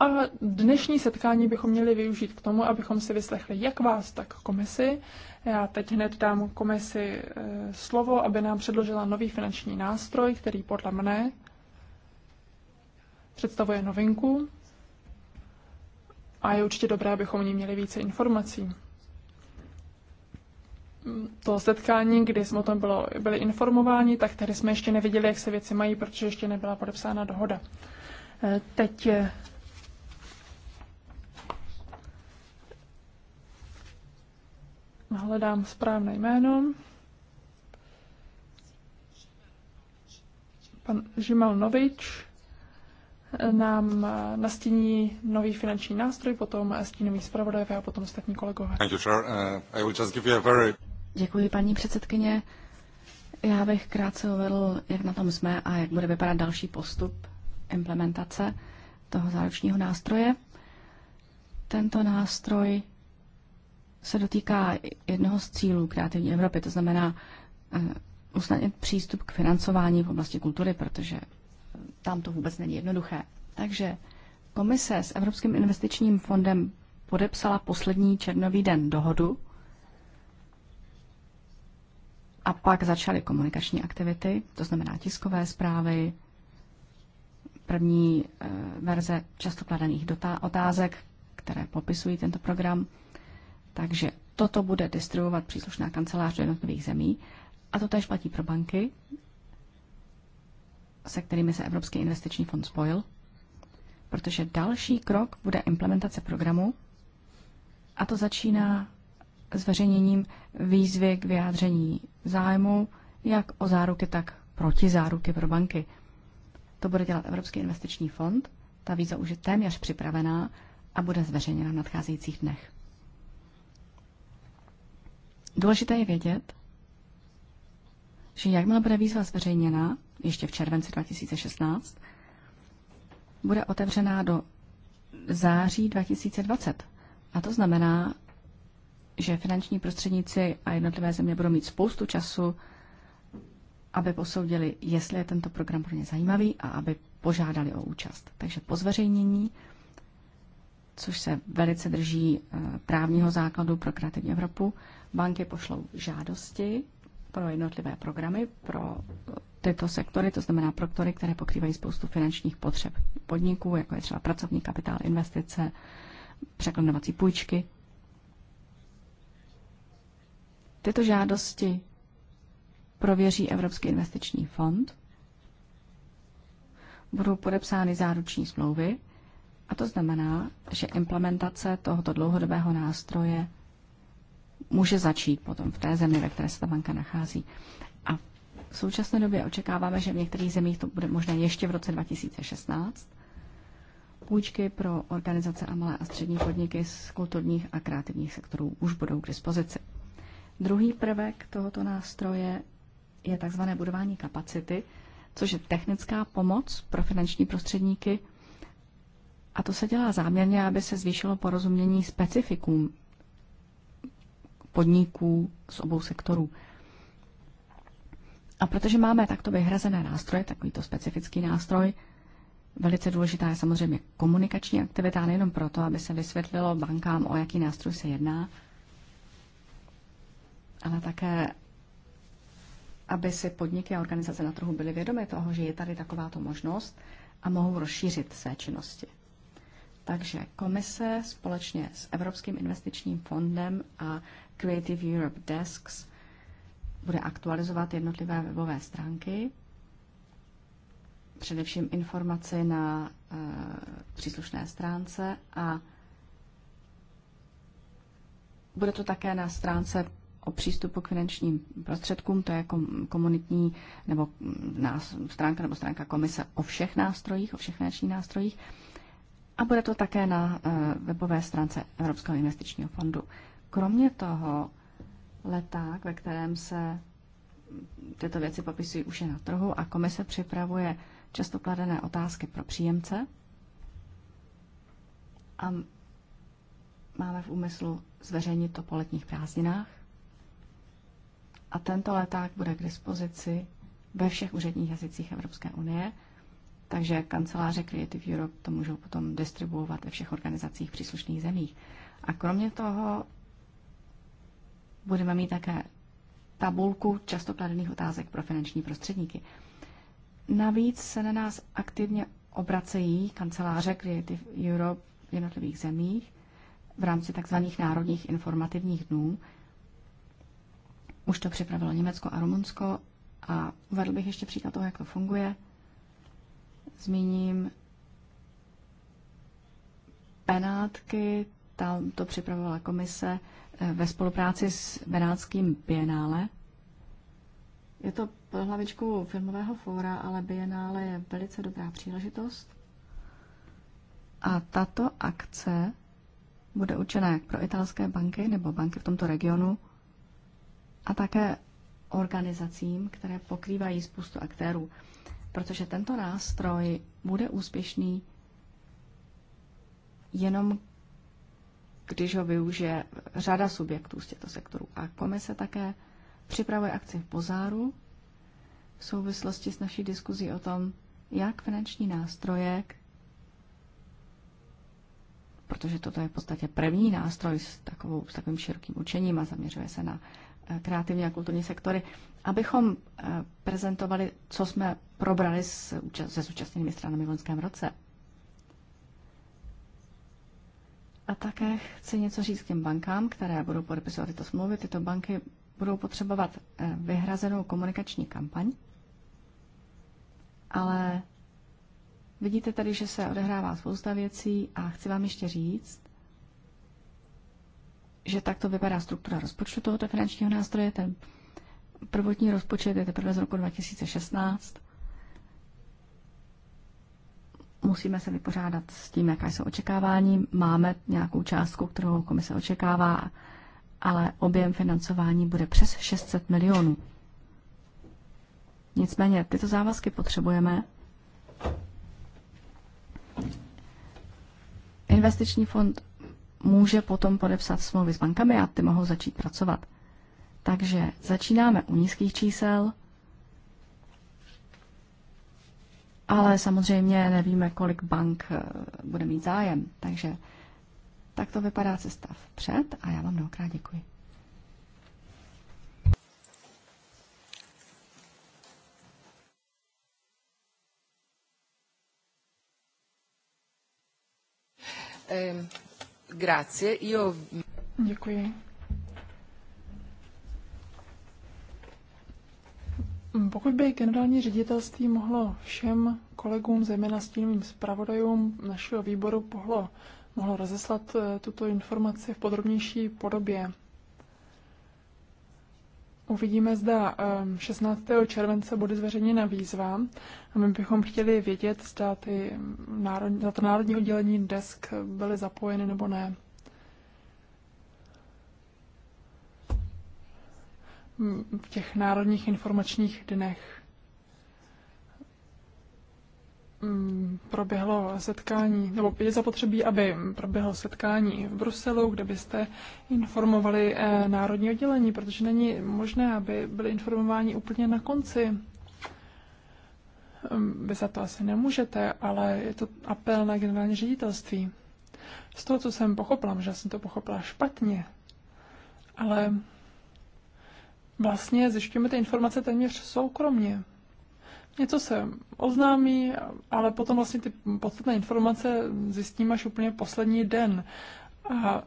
A dnešní setkání bychom měli využít k tomu, abychom si vyslechli jak vás, tak komisi. Já teď hned dám komisi eh, slovo, aby nám předložila nový finanční nástroj, který podle mne představuje novinku a je určitě dobré, abychom o ní měli více informací. To setkání, kdy jsme o tom bylo, byli informováni, tak tady jsme ještě neviděli, jak se věci mají, protože ještě nebyla podepsána dohoda. Eh, teď eh, hledám správné jméno. Pan Žimal Novič nám nastíní nový finanční nástroj, potom stínový zpravodajové a potom ostatní kolegové. Uh, Děkuji, paní předsedkyně. Já bych krátce uvedl, jak na tom jsme a jak bude vypadat další postup implementace toho záručního nástroje. Tento nástroj se dotýká jednoho z cílů kreativní Evropy, to znamená eh, usnadnit přístup k financování v oblasti kultury, protože eh, tam to vůbec není jednoduché. Takže komise s Evropským investičním fondem podepsala poslední černový den dohodu a pak začaly komunikační aktivity, to znamená tiskové zprávy, první eh, verze často kladených otázek, které popisují tento program – takže toto bude distribuovat příslušná kancelář do jednotlivých zemí a to tež platí pro banky, se kterými se Evropský investiční fond spojil, protože další krok bude implementace programu a to začíná zveřejněním výzvy k vyjádření zájmu, jak o záruky, tak proti záruky pro banky. To bude dělat Evropský investiční fond, ta víza už je téměř připravená a bude zveřejněna v nadcházejících dnech. Důležité je vědět, že jakmile bude výzva zveřejněna, ještě v červenci 2016, bude otevřená do září 2020. A to znamená, že finanční prostředníci a jednotlivé země budou mít spoustu času, aby posoudili, jestli je tento program pro ně zajímavý a aby požádali o účast. Takže po zveřejnění, což se velice drží eh, právního základu pro kreativní Evropu, Banky pošlou žádosti pro jednotlivé programy, pro tyto sektory, to znamená proktory, které pokrývají spoustu finančních potřeb podniků, jako je třeba pracovní kapitál, investice, překlenovací půjčky. Tyto žádosti prověří Evropský investiční fond, budou podepsány záruční smlouvy a to znamená, že implementace tohoto dlouhodobého nástroje může začít potom v té zemi, ve které se ta banka nachází. A v současné době očekáváme, že v některých zemích to bude možné ještě v roce 2016. Půjčky pro organizace a malé a střední podniky z kulturních a kreativních sektorů už budou k dispozici. Druhý prvek tohoto nástroje je tzv. budování kapacity, což je technická pomoc pro finanční prostředníky. A to se dělá záměrně, aby se zvýšilo porozumění specifikům podniků z obou sektorů. A protože máme takto vyhrazené nástroje, takovýto specifický nástroj, velice důležitá je samozřejmě komunikační aktivita, nejenom proto, aby se vysvětlilo bankám, o jaký nástroj se jedná, ale také, aby si podniky a organizace na trhu byly vědomé toho, že je tady takováto možnost a mohou rozšířit své činnosti. Takže komise společně s Evropským investičním fondem a Creative Europe Desks bude aktualizovat jednotlivé webové stránky, především informaci na e, příslušné stránce a bude to také na stránce o přístupu k finančním prostředkům, to je komunitní nebo mm, stránka nebo stránka komise o všech nástrojích, o všech finančních nástrojích. A bude to také na eh, webové stránce Evropského investičního fondu. Kromě toho, leták, ve kterém se tyto věci popisují už je na trhu a komise připravuje často kladené otázky pro příjemce. A máme v úmyslu zveřejnit to po letních prázdninách. A tento leták bude k dispozici ve všech úředních jazycích Evropské unie takže kanceláře Creative Europe to můžou potom distribuovat ve všech organizacích v příslušných zemích. A kromě toho budeme mít také tabulku často kladených otázek pro finanční prostředníky. Navíc se na nás aktivně obracejí kanceláře Creative Europe v jednotlivých zemích v rámci tzv. národních informativních dnů. Už to připravilo Německo a Rumunsko a uvedl bych ještě příklad toho, jak to funguje – zmíním penátky. tam to připravovala komise eh, ve spolupráci s Benátským bienále. Je to pod hlavičku filmového fóra, ale bienále je velice dobrá příležitost. A tato akce bude určena jak pro italské banky nebo banky v tomto regionu a také organizacím, které pokrývají spoustu aktérů protože tento nástroj bude úspěšný jenom když ho využije řada subjektů z těchto sektorů. A komise také připravuje akci v Pozáru v souvislosti s naší diskuzí o tom, jak finanční nástroje, protože toto je v podstatě první nástroj s, takovou, s takovým širokým učením a zaměřuje se na eh, kreativní a kulturní sektory, abychom eh, prezentovali, co jsme probrali se zúčastněnými stranami v loňském roce. A také chci něco říct k těm bankám, které budou podepisovat tyto smlouvy. Tyto banky budou potřebovat eh, vyhrazenou komunikační kampaň, ale vidíte tady, že se odehrává spousta věcí a chci vám ještě říct, že takto vypadá struktura rozpočtu tohoto finančního nástroje. Ten prvotní rozpočet je teprve z roku 2016 musíme se vypořádat s tím, jaká jsou očekávání. Máme nějakou částku, kterou komise očekává, ale objem financování bude přes 600 milionů. Nicméně tyto závazky potřebujeme. Investiční fond může potom podepsat smlouvy s bankami a ty mohou začít pracovat. Takže začínáme u nízkých čísel, ale samozřejmě nevíme, kolik bank eh, bude mít zájem. Takže tak to vypadá cesta vpřed a já vám mnohokrát děkuji. Ehm, grazie. Io... Děkuji. Pokud by generální ředitelství mohlo všem kolegům, zejména stínovým zpravodajům našeho výboru, pohlo, mohlo rozeslat eh, tuto informaci v podrobnější podobě. Uvidíme, zda 16. Eh, července bude zveřejněna výzva a my bychom chtěli vědět, zda ty mm, národní, za to národní oddělení desk byly zapojeny nebo ne. v těch národních informačních dnech. Mm, proběhlo setkání, nebo je zapotřebí, aby proběhlo setkání v Bruselu, kde byste informovali eh, národní oddělení, protože není možné, aby byli informováni úplně na konci. Mm, vy za to asi nemůžete, ale je to apel na generální ředitelství. Z toho, co jsem pochopila, možná jsem to pochopila špatně, ale vlastně zjišťujeme ty informace téměř soukromně. Něco se oznámí, ale potom vlastně ty podstatné informace zjistíme až úplně poslední den. A e,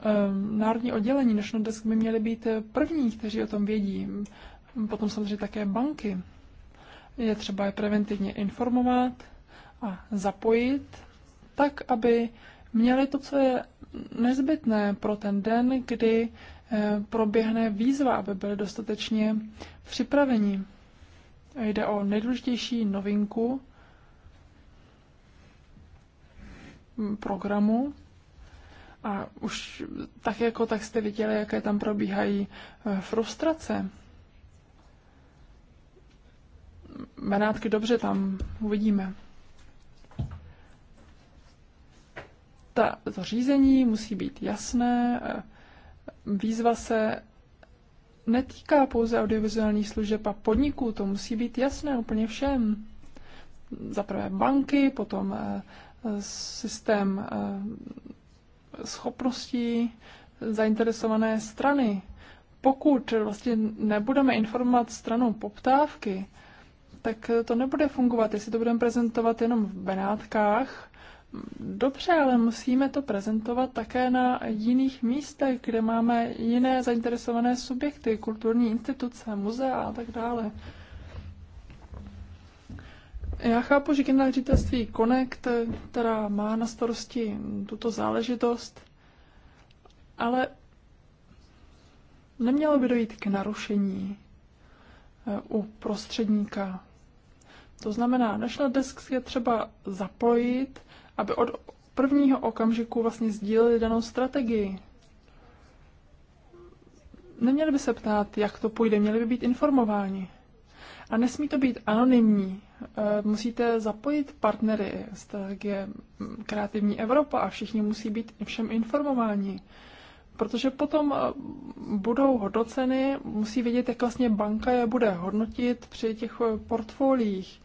národní oddělení National Desk by měly být první, kteří o tom vědí. Potom samozřejmě také banky. Je třeba je preventivně informovat a zapojit, tak, aby měli to, co je nezbytné pro ten den, kdy eh, proběhne výzva, aby byli dostatečně připraveni. Jde o nejdůležitější novinku programu. A už tak jako tak jste viděli, jaké tam probíhají eh, frustrace. Benátky dobře tam uvidíme. ta, to řízení musí být jasné. Výzva se netýká pouze audiovizuálních služeb a podniků, to musí být jasné úplně všem. Za prvé banky, potom eh, systém eh, schopností zainteresované strany. Pokud vlastně nebudeme informovat stranu poptávky, tak to nebude fungovat. Jestli to budeme prezentovat jenom v Benátkách, Dobře, ale musíme to prezentovat také na jiných místech, kde máme jiné zainteresované subjekty, kulturní instituce, muzea a tak dále. Já chápu, že generální ředitelství Connect, která má na starosti tuto záležitost, ale nemělo by dojít k narušení eh, u prostředníka. To znamená, National Desk je třeba zapojit, aby od prvního okamžiku vlastně sdíleli danou strategii. Neměli by se ptát, jak to půjde, měli by být informováni. A nesmí to být anonymní. Eh, musíte zapojit partnery, strategie mm, Kreativní Evropa a všichni musí být všem informováni. Protože potom eh, budou hodnoceny, musí vědět, jak vlastně banka je bude hodnotit při těch eh, portfoliích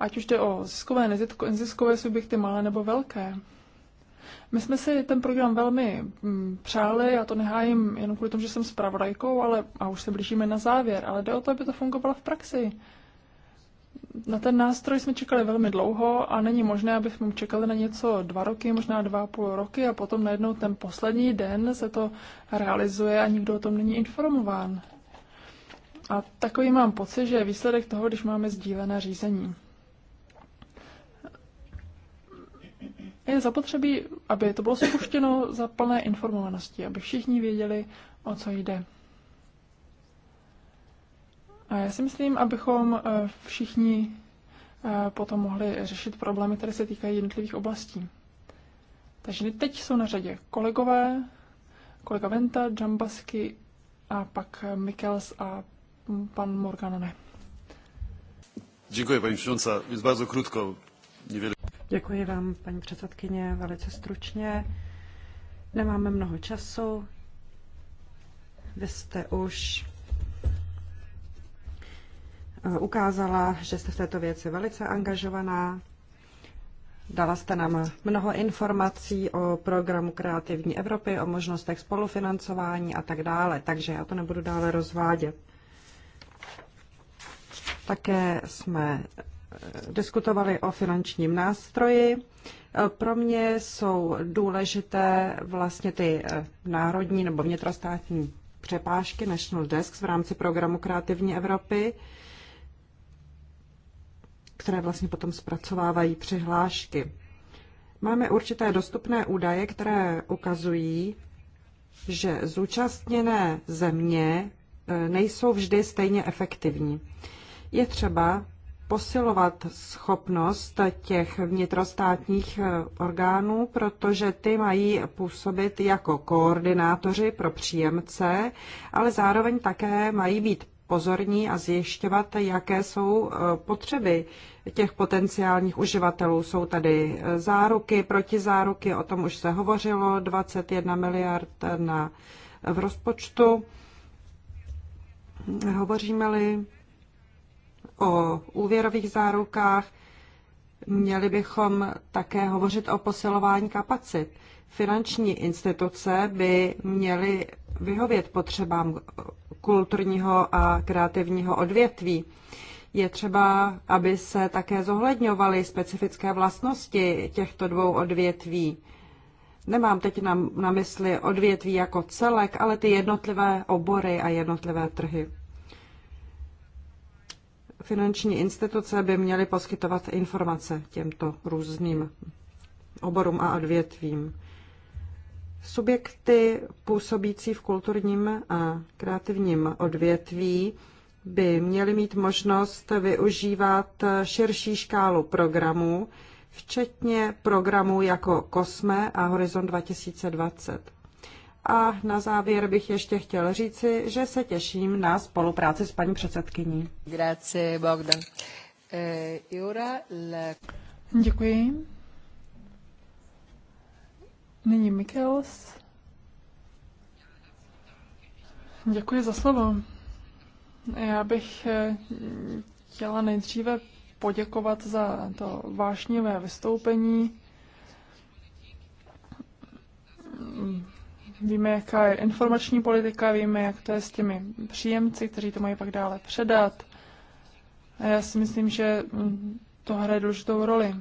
ať už jde o ziskové, neziskové subjekty, malé nebo velké. My jsme si ten program velmi mm, přáli, já to nehájím jenom kvůli tomu, že jsem zpravodajkou, ale a už se blížíme na závěr, ale jde o to, aby to fungovalo v praxi. Na ten nástroj jsme čekali velmi dlouho a není možné, abychom čekali na něco dva roky, možná dva a půl roky a potom najednou ten poslední den se to realizuje a nikdo o tom není informován. A takový mám pocit, že je výsledek toho, když máme sdílené řízení. je zapotřebí, aby to bylo spuštěno za plné informovanosti, aby všichni věděli, o co jde. A já si myslím, abychom eh, všichni eh, potom mohli řešit problémy, které se týkají jednotlivých oblastí. Takže teď jsou na řadě kolegové, kolega Venta, Džambasky a pak Mikels a pan Morganone. Děkuji, paní Przewodnicząca. Więc bardzo krótko, niewiele. Děkuji vám, paní předsedkyně, velice stručně. Nemáme mnoho času. Vy jste už eh, ukázala, že jste v této věci velice angažovaná. Dala jste nám mnoho informací o programu Kreativní Evropy, o možnostech spolufinancování a tak dále, takže já to nebudu dále rozvádět. Také jsme diskutovali o finančním nástroji. Pro mě jsou důležité vlastně ty eh, národní nebo vnitrostátní přepážky National Desks v rámci programu Kreativní Evropy, které vlastně potom zpracovávají přihlášky. Máme určité dostupné údaje, které ukazují, že zúčastněné země eh, nejsou vždy stejně efektivní. Je třeba posilovat schopnost těch vnitrostátních eh, orgánů, protože ty mají působit jako koordinátoři pro příjemce, ale zároveň také mají být pozorní a zjišťovat, jaké jsou eh, potřeby těch potenciálních uživatelů. Jsou tady eh, záruky, protizáruky, o tom už se hovořilo, 21 miliard na, v rozpočtu. Hovoříme-li o úvěrových zárukách, měli bychom také hovořit o posilování kapacit. Finanční instituce by měly vyhovět potřebám kulturního a kreativního odvětví. Je třeba, aby se také zohledňovaly specifické vlastnosti těchto dvou odvětví. Nemám teď na, na mysli odvětví jako celek, ale ty jednotlivé obory a jednotlivé trhy finanční instituce by měly poskytovat informace těmto různým oborům a odvětvím. Subjekty působící v kulturním a kreativním odvětví by měly mít možnost využívat širší škálu programů, včetně programů jako COSME a Horizon 2020. A na závěr bych ještě chtěl říci, že se těším na spolupráci s paní předsedkyní. Grazie, Bogdan. E, eh, Jura, le... Děkuji. Nyní Mikels. Děkuji za slovo. Já bych eh, chtěla nejdříve poděkovat za to vášnivé vystoupení. Víme, jaká je informační politika, víme, jak to je s těmi příjemci, kteří to mají pak dále předat. A já si myslím, že to hraje důležitou roli.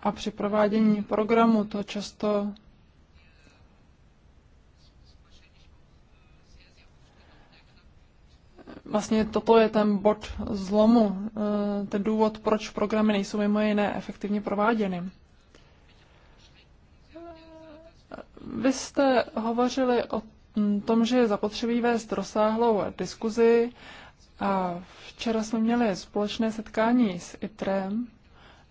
A při provádění programu to často vlastně toto je ten bod zlomu, eh, ten důvod, proč programy nejsou mimo jiné efektivně prováděny. Vy jste hovořili o tom, že je zapotřebí vést rozsáhlou diskuzi. A včera jsme měli společné setkání s ITREM,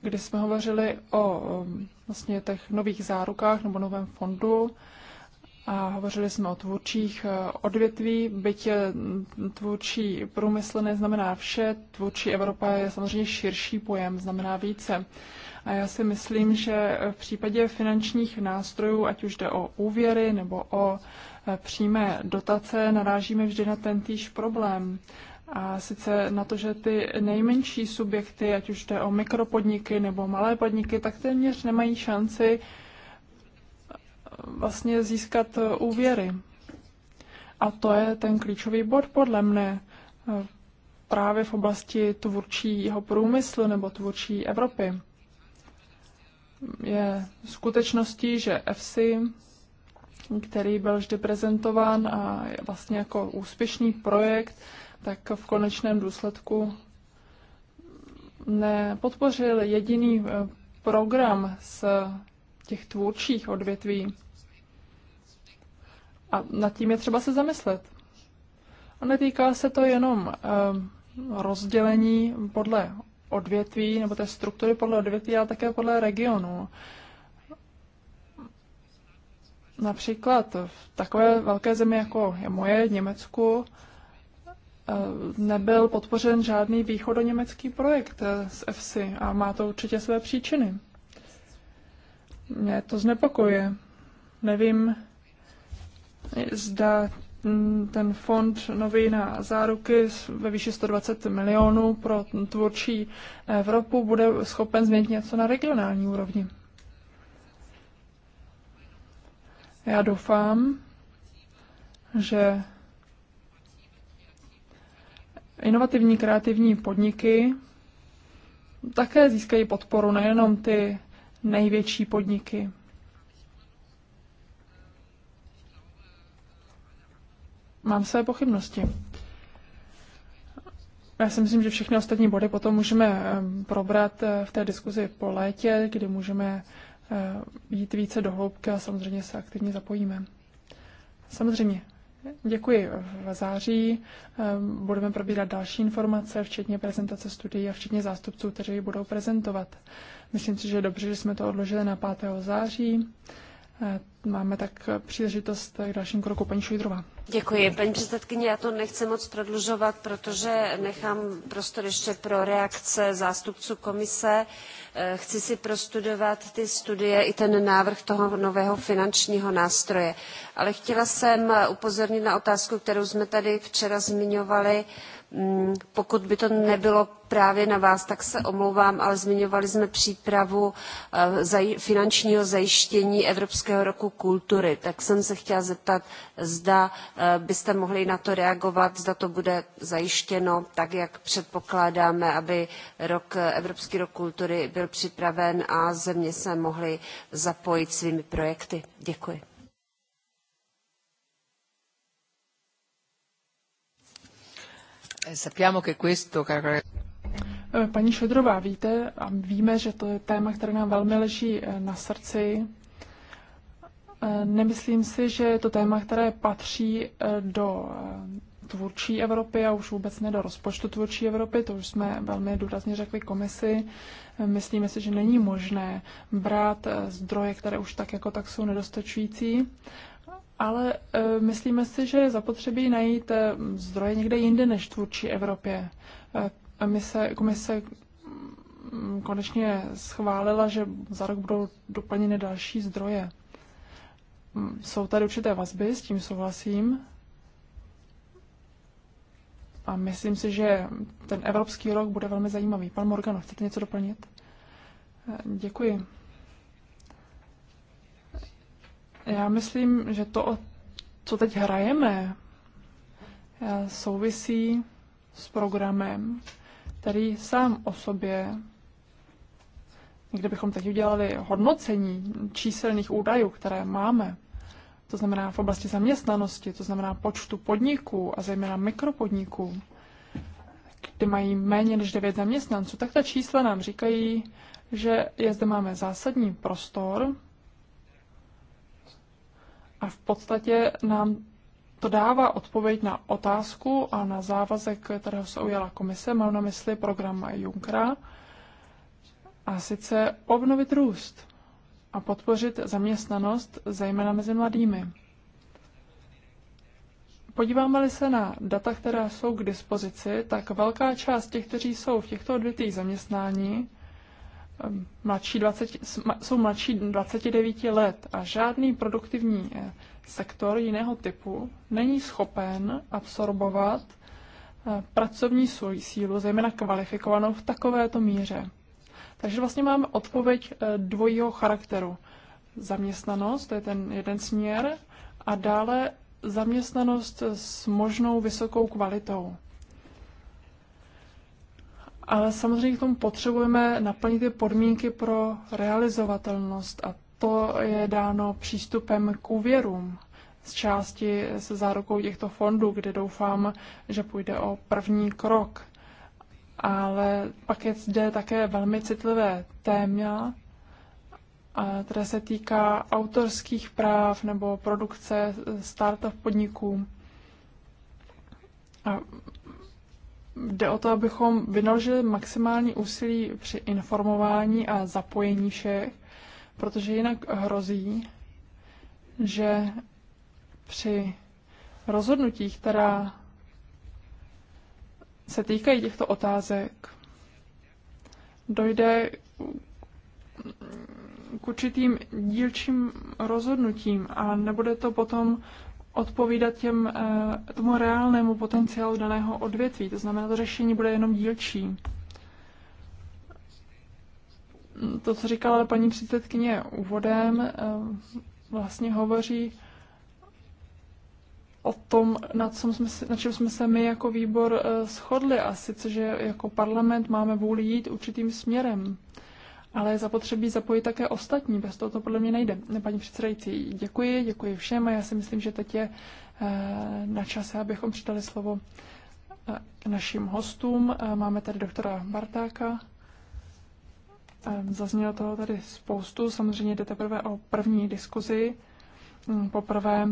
kdy jsme hovořili o um, vlastně těch nových zárukách nebo novém fondu a hovořili jsme o tvůrčích eh, odvětví, byť je mm, tvůrčí průmysl neznamená vše, tvůrčí Evropa je samozřejmě širší pojem, znamená více. A já si myslím, že v případě finančních nástrojů, ať už jde o úvěry nebo o e, přímé dotace, narážíme vždy na ten týž problém. A sice na to, že ty nejmenší subjekty, ať už jde o mikropodniky nebo malé podniky, tak téměř nemají šanci e, vlastně získat úvěry. A to je ten klíčový bod podle mne e, právě v oblasti tvůrčího průmyslu nebo tvůrčí Evropy je skutečností, že EFSI, který byl vždy prezentován a je vlastně jako úspěšný projekt, tak v konečném důsledku nepodpořil jediný eh, program z těch tvůrčích odvětví. A nad tím je třeba se zamyslet. A netýká se to jenom eh, rozdělení podle odvětví nebo té struktury podle odvětví, ale také podle regionu. Například v takové velké zemi, jako je moje, Německu, eh, nebyl podpořen žádný východoněmecký projekt eh, z EFSI a má to určitě své příčiny. Mě to znepokoje. Nevím, zda Mm, ten fond nový na záruky ve výši 120 milionů pro tvůrčí Evropu bude schopen změnit něco na regionální úrovni. Já doufám, že inovativní kreativní podniky také získají podporu, nejenom ty největší podniky. mám své pochybnosti. Já si myslím, že všechny ostatní body potom můžeme eh, probrat eh, v té diskuzi po létě, kdy můžeme eh, jít více do hloubky a samozřejmě se aktivně zapojíme. Samozřejmě, děkuji v září. Budeme probírat další informace, včetně prezentace studií a včetně zástupců, kteří ji budou prezentovat. Myslím si, že je dobře, že jsme to odložili na 5. září. Máme tak příležitost k dalším kroku. Paní Šujdrova. Děkuji. Paní předsedkyně, já to nechci moc prodlužovat, protože nechám prostor ještě pro reakce zástupců komise. Eh, chci si prostudovat ty studie i ten návrh toho nového finančního nástroje. Ale chtěla jsem upozornit na otázku, kterou jsme tady včera zmiňovali. Mm, pokud by to nebylo právě na vás, tak se omlouvám, ale zmiňovali jsme přípravu eh, finančního zajištění Evropského roku kultury. Tak jsem se chtěla zeptat, zda Eh, byste mohli na to reagovat, zda to bude zajištěno tak, jak předpokládáme, aby rok, eh, Evropský rok kultury byl připraven a země se mohly zapojit svými projekty. Děkuji. Eh, sappiamo che questo Paní Šodrová, víte a víme, že to je téma, které nám velmi leží na srdci. Eh, nemyslím si, že je to téma, které patří eh, do eh, tvůrčí Evropy a už vůbec ne do rozpočtu tvůrčí Evropy, to už jsme velmi důrazně řekli komisi. Myslíme si, že není možné brát zdroje, které už tak jako tak jsou nedostačující, ale myslíme si, že je zapotřebí najít zdroje někde jinde než tvůrčí Evropě. Komise, komise mm, konečně schválila, že za rok budou doplněny další zdroje jsou tady určité vazby, s tím souhlasím. A myslím si, že ten evropský rok bude velmi zajímavý. Pan Morgano, chcete něco doplnit? Děkuji. Já myslím, že to, co teď hrajeme, souvisí s programem, který sám o sobě, kdybychom teď udělali hodnocení číselných údajů, které máme, to znamená v oblasti zaměstnanosti, to znamená počtu podniků a zejména mikropodniků, kdy mají méně než 9 zaměstnanců, tak ta čísla nám říkají, že je zde máme zásadní prostor a v podstatě nám to dává odpověď na otázku a na závazek, kterého se ujala komise, mám na mysli program Junkra, a sice obnovit růst a podpořit zaměstnanost, zejména mezi mladými. Podíváme-li se na data, která jsou k dispozici, tak velká část těch, kteří jsou v těchto odvětvích zaměstnání, ehm, mladší 20, jsou mladší 29 let a žádný produktivní eh, sektor jiného typu není schopen absorbovat eh, pracovní sílu, zejména kvalifikovanou v takovéto míře. Takže vlastně mám odpověď eh, dvojího charakteru. Zaměstnanost, to je ten jeden směr, a dále zaměstnanost s možnou vysokou kvalitou. Ale samozřejmě k tomu potřebujeme naplnit ty podmínky pro realizovatelnost a to je dáno přístupem k úvěrům z části se zárukou těchto fondů, kde doufám, že půjde o první krok ale pak je zde také velmi citlivé téma, které se týká autorských práv nebo produkce startup podniků. A jde o to, abychom vynaložili maximální úsilí při informování a zapojení všech, protože jinak hrozí, že při rozhodnutích, která se týkají těchto otázek, dojde k určitým dílčím rozhodnutím a nebude to potom odpovídat těm, eh, tomu reálnému potenciálu daného odvětví. To znamená, to řešení bude jenom dílčí. To, co říkala paní předsedkyně úvodem, eh, vlastně hovoří o tom, na, co jsme se, na čem jsme se my jako výbor eh, shodli, a sice, že jako parlament máme vůli jít určitým směrem. Ale je zapotřebí zapojit také ostatní, bez toho to podle mě nejde. Paní předsedající, děkuji, děkuji všem a já si myslím, že teď je eh, na čase, abychom přidali slovo eh, našim hostům. Máme tady doktora Bartáka. Zaznělo toho tady spoustu, samozřejmě jde teprve o první diskuzi. Mm, poprvé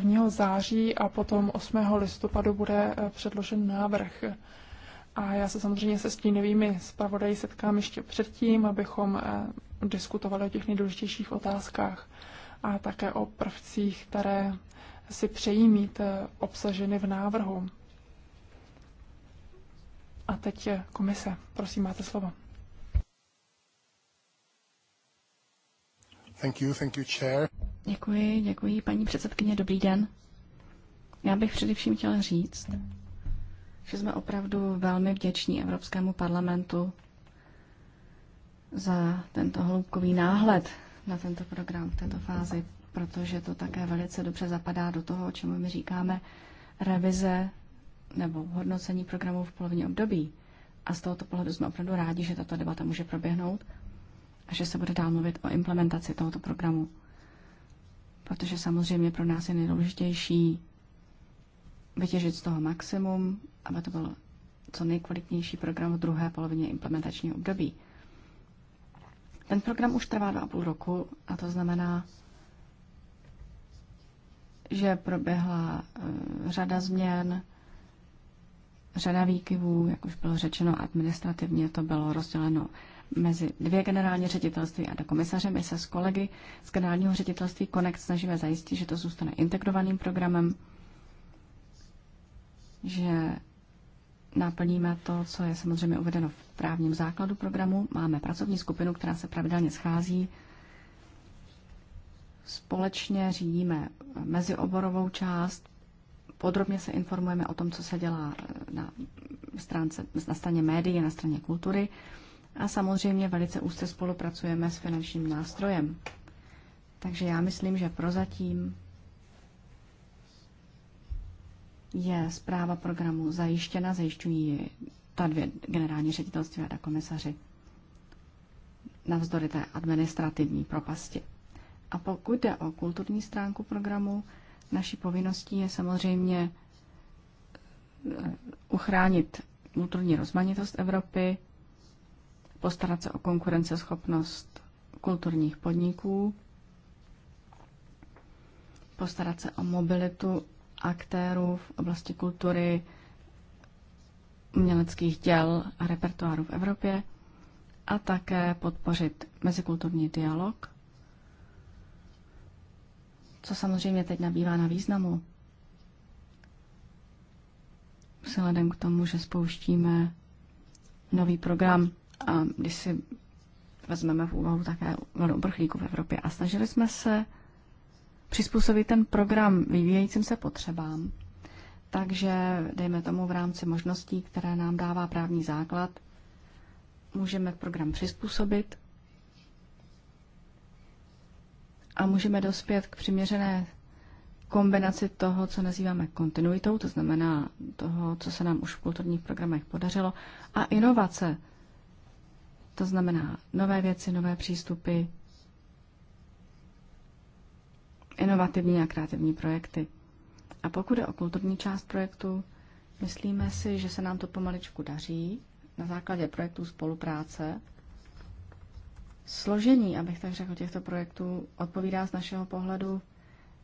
1. září a potom 8. listopadu bude eh, předložen návrh. A já se samozřejmě se stínovými zpravodají setkám ještě předtím, abychom eh, diskutovali o těch nejdůležitějších otázkách a také o prvcích, které si přejí mít eh, obsaženy v návrhu. A teď komise. Prosím, máte slovo. Thank you, thank you, chair. Děkuji, děkuji, paní předsedkyně, dobrý den. Já bych především chtěla říct, že jsme opravdu velmi vděční Evropskému parlamentu za tento hloubkový náhled na tento program v této fázi, protože to také velice dobře zapadá do toho, čemu my říkáme revize nebo hodnocení programů v polovině období. A z tohoto pohledu jsme opravdu rádi, že tato debata může proběhnout a že se bude dál mluvit o implementaci tohoto programu. Protože samozřejmě pro nás je nejdůležitější vytěžit z toho maximum, aby to byl co nejkvalitnější program v druhé polovině implementačního období. Ten program už trvá dva a půl roku a to znamená, že proběhla eh, řada změn, řada výkyvů, jak už bylo řečeno, administrativně to bylo rozděleno mezi dvě generální ředitelství a do komisaře. My se s kolegy z generálního ředitelství Connect snažíme zajistit, že to zůstane integrovaným programem, že naplníme to, co je samozřejmě uvedeno v právním základu programu. Máme pracovní skupinu, která se pravidelně schází. Společně řídíme mezioborovou část, podrobně se informujeme o tom, co se dělá na, stránce, na straně médií, na straně kultury a samozřejmě velice úzce spolupracujeme s finančním nástrojem. Takže já myslím, že prozatím je zpráva programu zajištěna, zajišťují ta dvě generální ředitelství a komisaři navzdory té administrativní propasti. A pokud jde o kulturní stránku programu, naší povinností je samozřejmě uchránit kulturní rozmanitost Evropy, postarat se o konkurenceschopnost kulturních podniků, postarat se o mobilitu aktérů v oblasti kultury, uměleckých děl a repertoáru v Evropě a také podpořit mezikulturní dialog, co samozřejmě teď nabývá na významu. Vzhledem k tomu, že spouštíme nový program a když si vezmeme v úvahu také vlnu uprchlíků v Evropě a snažili jsme se přizpůsobit ten program vyvíjejícím se potřebám. Takže, dejme tomu, v rámci možností, které nám dává právní základ, můžeme program přizpůsobit a můžeme dospět k přiměřené kombinaci toho, co nazýváme kontinuitou, to znamená toho, co se nám už v kulturních programech podařilo, a inovace, to znamená nové věci, nové přístupy, inovativní a kreativní projekty. A pokud je o kulturní část projektu, myslíme si, že se nám to pomaličku daří na základě projektů spolupráce. Složení, abych tak řekl, těchto projektů odpovídá z našeho pohledu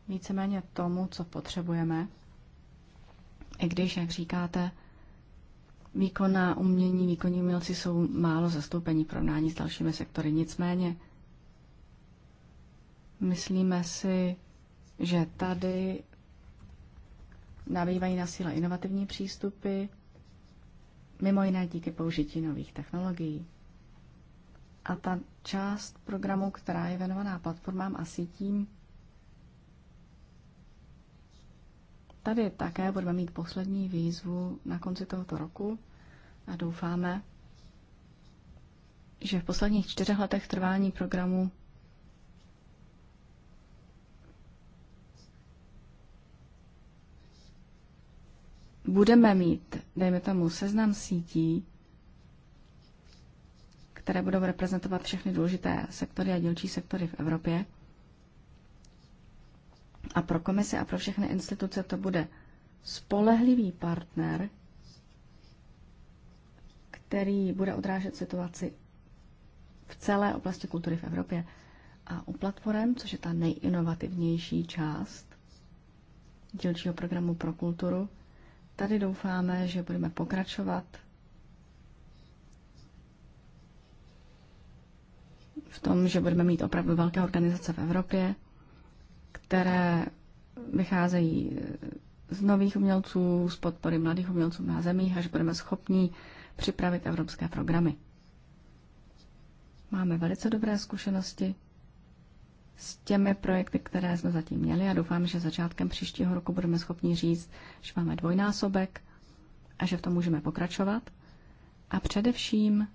víceméně tomu, co potřebujeme. I když, jak říkáte, Výkonná umění, výkonní umělci jsou málo zastoupení v porovnání s dalšími sektory. Nicméně myslíme si, že tady nabývají na síle inovativní přístupy, mimo jiné díky použití nových technologií. A ta část programu, která je věnovaná platformám a sítím, Tady také budeme mít poslední výzvu na konci tohoto roku a doufáme, že v posledních čtyřech letech trvání programu budeme mít, dejme tomu, seznam sítí, které budou reprezentovat všechny důležité sektory a dílčí sektory v Evropě. A pro komisi a pro všechny instituce to bude spolehlivý partner, který bude odrážet situaci v celé oblasti kultury v Evropě. A u platform, což je ta nejinovativnější část dílčího programu pro kulturu, tady doufáme, že budeme pokračovat v tom, že budeme mít opravdu velké organizace v Evropě, které vycházejí eh, z nových umělců, z podpory mladých umělců na zemích, až budeme schopni připravit evropské programy. Máme velice dobré zkušenosti s těmi projekty, které jsme zatím měli a doufám, že začátkem příštího roku budeme schopni říct, že máme dvojnásobek a že v tom můžeme pokračovat. A především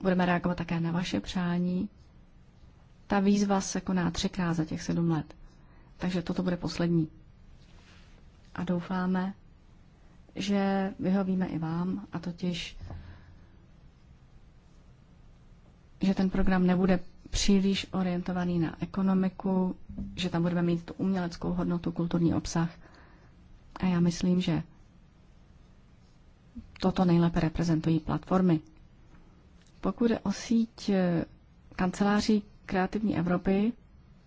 budeme reagovat také na vaše přání, ta výzva se koná třikrát za těch sedm let. Takže toto bude poslední. A doufáme, že vyhovíme i vám, a totiž, že ten program nebude příliš orientovaný na ekonomiku, že tam budeme mít tu uměleckou hodnotu, kulturní obsah. A já myslím, že toto nejlépe reprezentují platformy. Pokud je o síť eh, kanceláří, kreativní Evropy,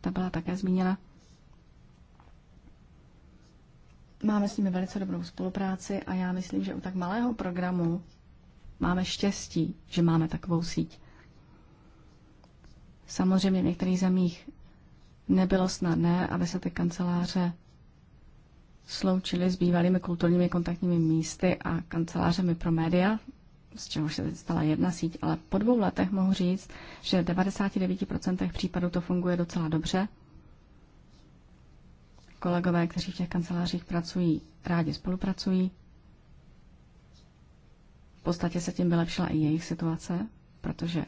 ta byla také zmíněna. Máme s nimi velice dobrou spolupráci a já myslím, že u tak malého programu máme štěstí, že máme takovou síť. Samozřejmě v některých zemích nebylo snadné, aby se ty kanceláře sloučily s bývalými kulturními kontaktními místy a kancelářemi pro média z čeho se stala jedna síť, ale po dvou letech mohu říct, že v 99% případů to funguje docela dobře. Kolegové, kteří v těch kancelářích pracují, rádi spolupracují. V podstatě se tím vylepšila i jejich situace, protože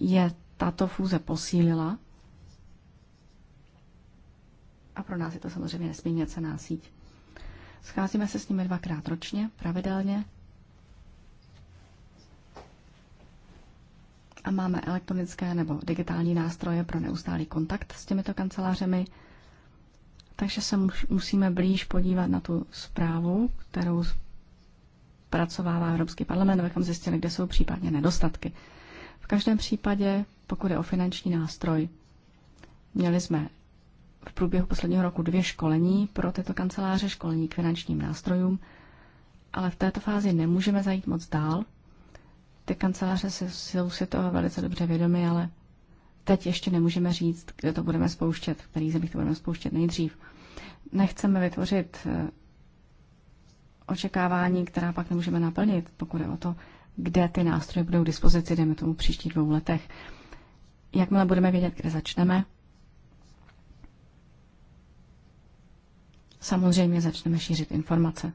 je tato fůze posílila. A pro nás je to samozřejmě nesmírně cená síť. Scházíme se s nimi dvakrát ročně, pravidelně, a máme elektronické nebo digitální nástroje pro neustálý kontakt s těmito kancelářemi. Takže se musíme blíž podívat na tu zprávu, kterou pracovává Evropský parlament, abychom zjistili, kde jsou případně nedostatky. V každém případě, pokud je o finanční nástroj, měli jsme v průběhu posledního roku dvě školení pro tyto kanceláře, školení k finančním nástrojům, ale v této fázi nemůžeme zajít moc dál, ty kanceláře jsou si toho velice dobře vědomi, ale teď ještě nemůžeme říct, kde to budeme spouštět, v kterých zemích to budeme spouštět nejdřív. Nechceme vytvořit eh, očekávání, která pak nemůžeme naplnit, pokud je o to, kde ty nástroje budou k dispozici, dejme tomu příští dvou letech. Jakmile budeme vědět, kde začneme, samozřejmě začneme šířit informace.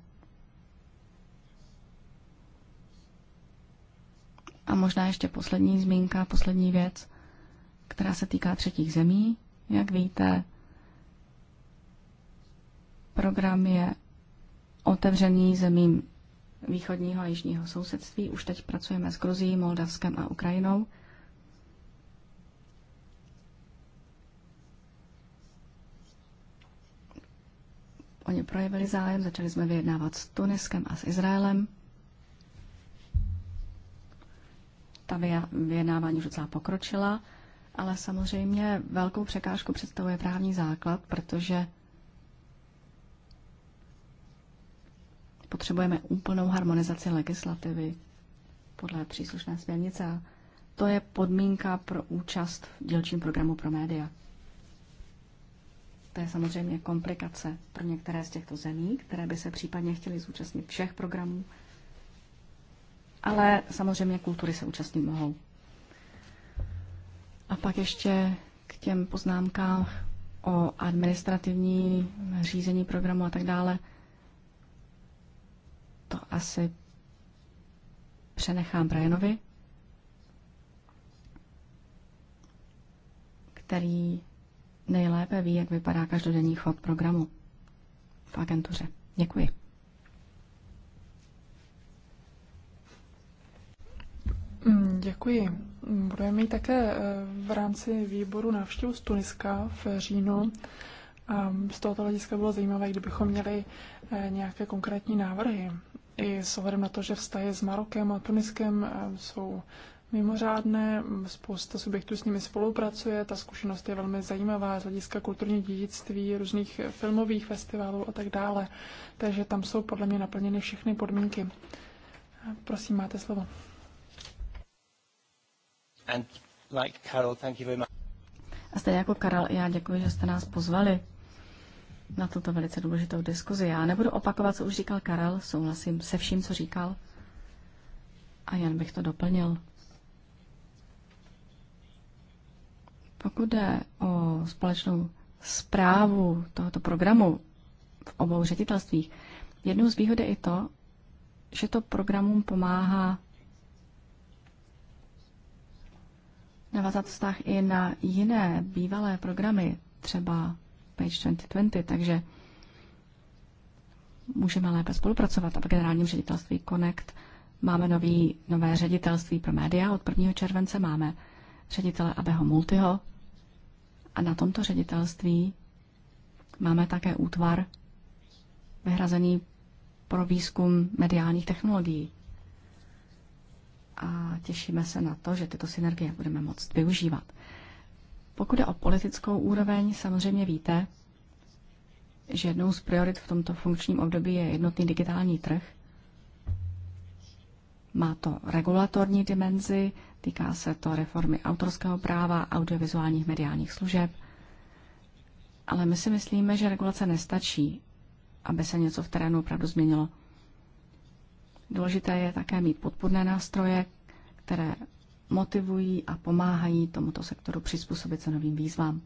A možná ještě poslední zmínka, poslední věc, která se týká třetích zemí. Jak víte, program je otevřený zemím východního a jižního sousedství. Už teď pracujeme s Gruzií, Moldavskem a Ukrajinou. Oni projevili zájem, začali jsme vyjednávat s Tuniskem a s Izraelem. Ta vyjednávání už docela pokročila, ale samozřejmě velkou překážku představuje právní základ, protože potřebujeme úplnou harmonizaci legislativy podle příslušné směrnice a to je podmínka pro účast v dělčím programu pro média. To je samozřejmě komplikace pro některé z těchto zemí, které by se případně chtěly zúčastnit všech programů ale samozřejmě kultury se účastnit mohou. A pak ještě k těm poznámkám o administrativní řízení programu a tak dále. To asi přenechám Brianovi, který nejlépe ví, jak vypadá každodenní chod programu v agentuře. Děkuji. Mm, děkuji. Budeme mít také eh, v rámci výboru návštěvu z Tuniska v říjnu. A z tohoto hlediska bylo zajímavé, kdybychom měli eh, nějaké konkrétní návrhy. I s ohledem na to, že vztahy s Marokem a Tuniskem eh, jsou mimořádné, spousta subjektů s nimi spolupracuje, ta zkušenost je velmi zajímavá z hlediska kulturní dědictví, různých filmových festivalů a tak dále. Takže tam jsou podle mě naplněny všechny podmínky. Prosím, máte slovo. And like Carol, thank you very much. A stejně jako Karel, já děkuji, že jste nás pozvali na tuto velice důležitou diskuzi. Já nebudu opakovat, co už říkal Karel, souhlasím se vším, co říkal. A jen bych to doplnil. Pokud jde o společnou zprávu tohoto programu v obou ředitelstvích, jednou z výhod je i to, že to programům pomáhá navazat vztah i na jiné bývalé programy, třeba Page 2020, takže můžeme lépe spolupracovat. A v generálním ředitelství Connect máme nový, nové ředitelství pro média. Od 1. července máme ředitele Abeho Multiho a na tomto ředitelství máme také útvar vyhrazený pro výzkum mediálních technologií a těšíme se na to, že tyto synergie budeme moct využívat. Pokud je o politickou úroveň, samozřejmě víte, že jednou z priorit v tomto funkčním období je jednotný digitální trh. Má to regulatorní dimenzi, týká se to reformy autorského práva, audiovizuálních mediálních služeb, ale my si myslíme, že regulace nestačí, aby se něco v terénu opravdu změnilo. Důležité je také mít podpůrné nástroje, které motivují a pomáhají tomuto sektoru přizpůsobit se novým výzvám.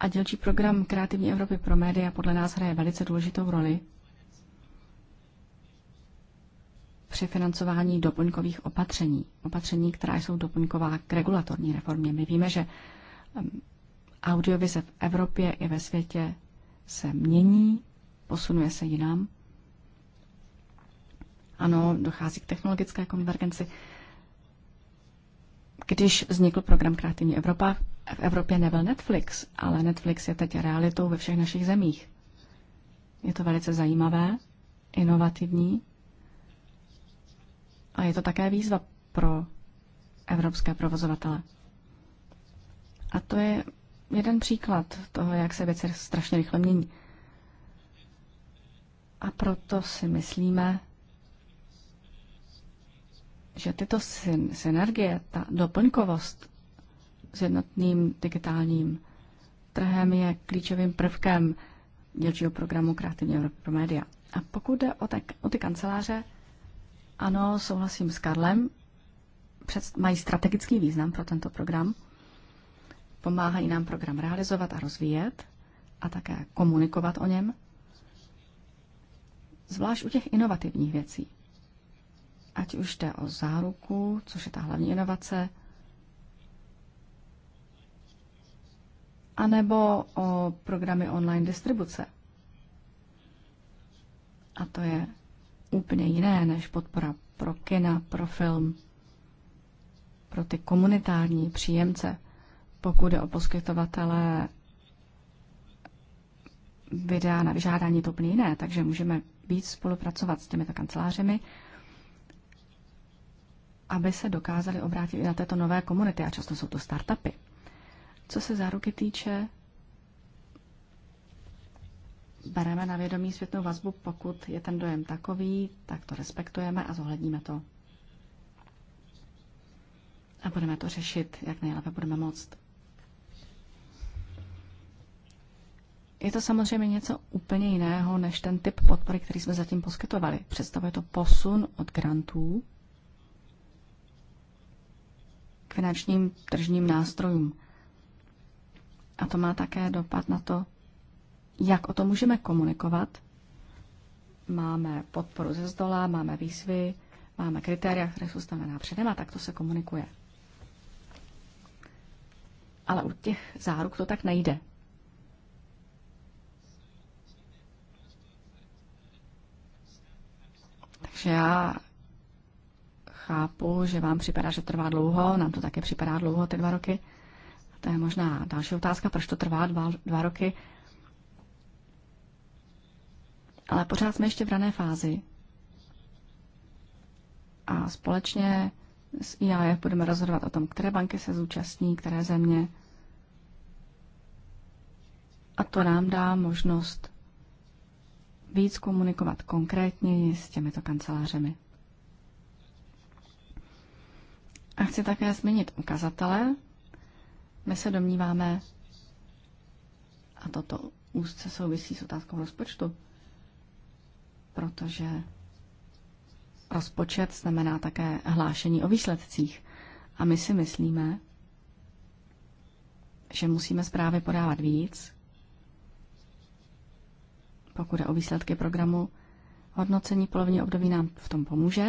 A dělčí program Kreativní Evropy pro média podle nás hraje velice důležitou roli při financování doplňkových opatření. Opatření, která jsou doplňková k regulatorní reformě. My víme, že audiovize v Evropě i ve světě se mění, posunuje se jinam. Ano, dochází k technologické konvergenci. Když vznikl program Kreativní Evropa, v Evropě nebyl Netflix, ale Netflix je teď realitou ve všech našich zemích. Je to velice zajímavé, inovativní a je to také výzva pro evropské provozovatele. A to je jeden příklad toho, jak se věci strašně rychle mění. A proto si myslíme, že tyto synergie, ta doplňkovost s jednotným digitálním trhem je klíčovým prvkem dělčího programu Kreativní Evropy pro média. A pokud jde o, tak, o ty kanceláře, ano, souhlasím s Karlem, před, mají strategický význam pro tento program, pomáhají nám program realizovat a rozvíjet a také komunikovat o něm, zvlášť u těch inovativních věcí. Ať už jde o záruku, což je ta hlavní inovace, anebo o programy online distribuce. A to je úplně jiné než podpora pro kina, pro film, pro ty komunitární příjemce, pokud je o poskytovatele videa na vyžádání, to úplně jiné, takže můžeme víc spolupracovat s těmito kancelářemi aby se dokázali obrátit i na této nové komunity, a často jsou to startupy. Co se záruky týče, bereme na vědomí světnou vazbu, pokud je ten dojem takový, tak to respektujeme a zohledníme to. A budeme to řešit, jak nejlépe budeme moct. Je to samozřejmě něco úplně jiného než ten typ podpory, který jsme zatím poskytovali. Představuje to posun od grantů k finančním tržním nástrojům. A to má také dopad na to, jak o tom můžeme komunikovat. Máme podporu ze zdola, máme výzvy, máme kritéria, které jsou stanovená předem a tak to se komunikuje. Ale u těch záruk to tak nejde. Takže já chápu, že vám připadá, že trvá dlouho, nám to také připadá dlouho, ty dva roky. To je možná další otázka, proč to trvá dva, dva roky. Ale pořád jsme ještě v rané fázi. A společně s IAF budeme rozhodovat o tom, které banky se zúčastní, které země. A to nám dá možnost víc komunikovat konkrétně s těmito kancelářemi. A chci také zmínit ukazatele. My se domníváme, a toto úzce souvisí s otázkou rozpočtu, protože rozpočet znamená také hlášení o výsledcích. A my si myslíme, že musíme zprávy podávat víc, pokud je o výsledky programu. Hodnocení polovní období nám v tom pomůže,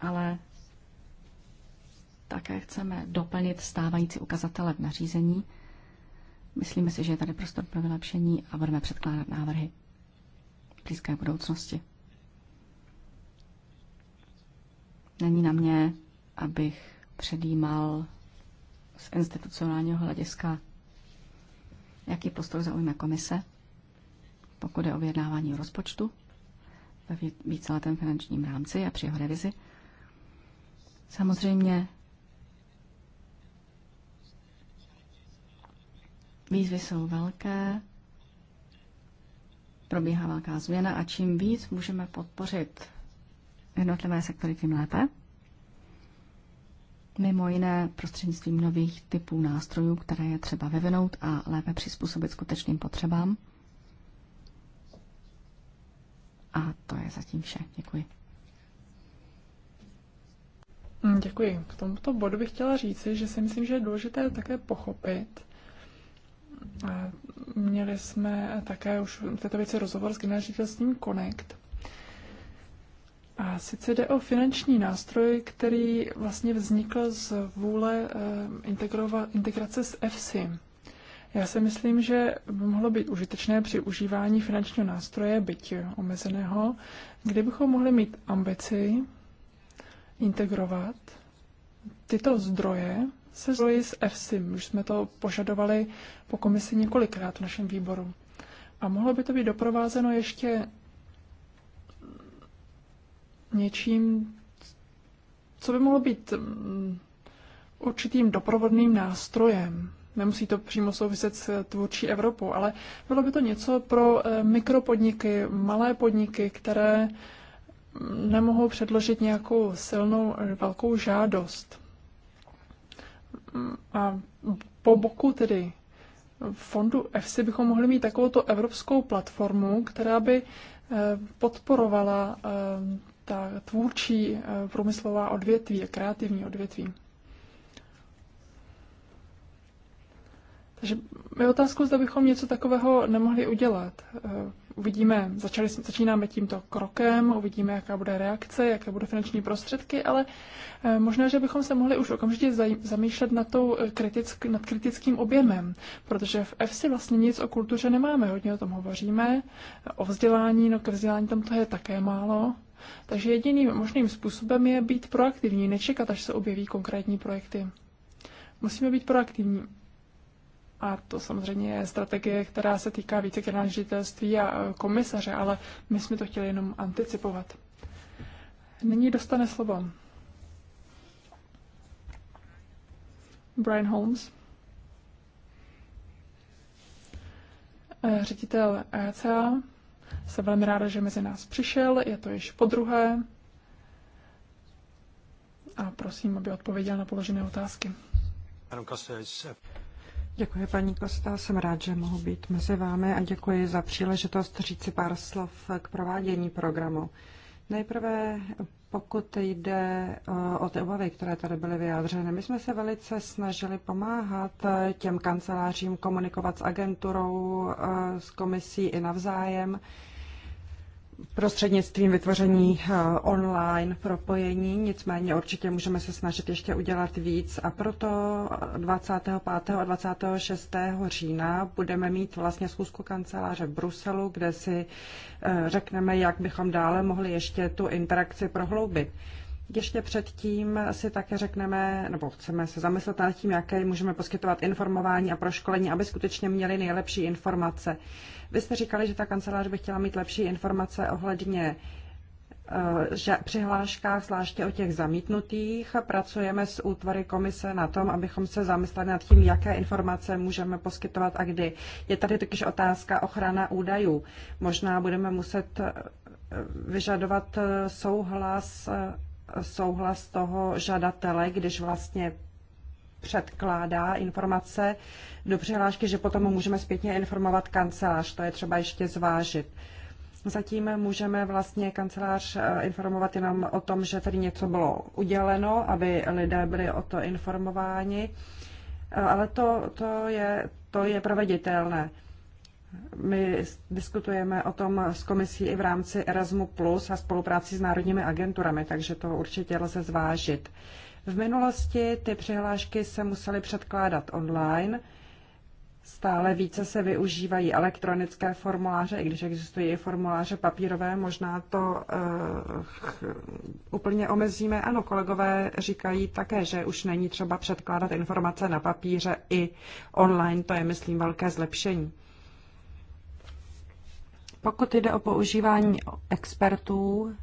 ale také chceme doplnit stávající ukazatele v nařízení. Myslíme si, že je tady prostor pro vylepšení a budeme předkládat návrhy v blízké budoucnosti. Není na mě, abych předjímal z institucionálního hlediska, jaký postoj zaujme komise, pokud je o vyjednávání rozpočtu ve víceletém finančním rámci a při jeho revizi. Samozřejmě Výzvy jsou velké, probíhá velká změna a čím víc můžeme podpořit jednotlivé sektory, tím lépe. Mimo jiné prostřednictvím nových typů nástrojů, které je třeba vyvinout a lépe přizpůsobit skutečným potřebám. A to je zatím vše. Děkuji. Děkuji. K tomuto bodu bych chtěla říci, že si myslím, že je důležité také pochopit, Eh, měli jsme také už v této věci rozhovor s generálním Connect. A sice jde o finanční nástroj, který vlastně vznikl z vůle eh, integrace s EFSI. Já si myslím, že by mohlo být užitečné při užívání finančního nástroje, byť omezeného, kdybychom mohli mít ambici integrovat tyto zdroje se zdroji s EFSIM. Už jsme to požadovali po komisi několikrát v našem výboru. A mohlo by to být doprovázeno ještě něčím, co by mohlo být mm, určitým doprovodným nástrojem. Nemusí to přímo souviset s tvůrčí Evropou, ale bylo by to něco pro eh, mikropodniky, malé podniky, které mm, nemohou předložit nějakou silnou eh, velkou žádost a po boku tedy fondu EFSI bychom mohli mít takovou evropskou platformu, která by eh, podporovala eh, ta tvůrčí eh, průmyslová odvětví, kreativní odvětví. Takže je otázku, zda bychom něco takového nemohli udělat. Uvidíme, začali, začínáme tímto krokem, uvidíme, jaká bude reakce, jaké budou finanční prostředky, ale eh, možná, že bychom se mohli už okamžitě zamýšlet nad, tou eh, kritick, nad kritickým objemem, protože v EFSI vlastně nic o kultuře nemáme, hodně o tom hovoříme, o vzdělání, no ke vzdělání tam to je také málo, takže jediným možným způsobem je být proaktivní, nečekat, až se objeví konkrétní projekty. Musíme být proaktivní. A to samozřejmě je strategie, která se týká více ředitelství a e, komisaře, ale my jsme to chtěli jenom anticipovat. Nyní dostane slovo Brian Holmes, e, ředitel ECA. Jsem velmi ráda, že mezi nás přišel, je to již po druhé. A prosím, aby odpověděl na položené otázky. Děkuji, paní Kosta. Jsem rád, že mohu být mezi vámi a děkuji za příležitost říci pár slov k provádění programu. Nejprve, pokud jde o ty obavy, které tady byly vyjádřeny, my jsme se velice snažili pomáhat e, těm kancelářím komunikovat s agenturou, e, s komisí i navzájem prostřednictvím vytvoření eh, online propojení, nicméně určitě můžeme se snažit ještě udělat víc a proto 25. a 26. října budeme mít vlastně schůzku kanceláře v Bruselu, kde si eh, řekneme, jak bychom dále mohli ještě tu interakci prohloubit. Ještě předtím si také řekneme, nebo chceme se zamyslet nad tím, jaké můžeme poskytovat informování a proškolení, aby skutečně měli nejlepší informace. Vy jste říkali, že ta kancelář by chtěla mít lepší informace ohledně eh, že přihláškách, zvláště o těch zamítnutých. Pracujeme s útvary komise na tom, abychom se zamysleli nad tím, jaké informace můžeme poskytovat a kdy. Je tady totiž otázka ochrana údajů. Možná budeme muset eh, vyžadovat eh, souhlas souhlas toho žadatele, když vlastně předkládá informace do přihlášky, že potom můžeme zpětně informovat kancelář. To je třeba ještě zvážit. Zatím můžeme vlastně kancelář eh, informovat jenom o tom, že tady něco bylo uděleno, aby lidé byli o to informováni, eh, ale to, to, je, to je proveditelné. My diskutujeme o tom s komisí i v rámci Erasmu Plus a spolupráci s národními agenturami, takže to určitě lze zvážit. V minulosti ty přihlášky se musely předkládat online, stále více se využívají elektronické formuláře, i když existují i formuláře papírové, možná to uh, úplně omezíme. Ano, kolegové říkají také, že už není třeba předkládat informace na papíře i online, to je, myslím, velké zlepšení. Pokud jde o používání expertů,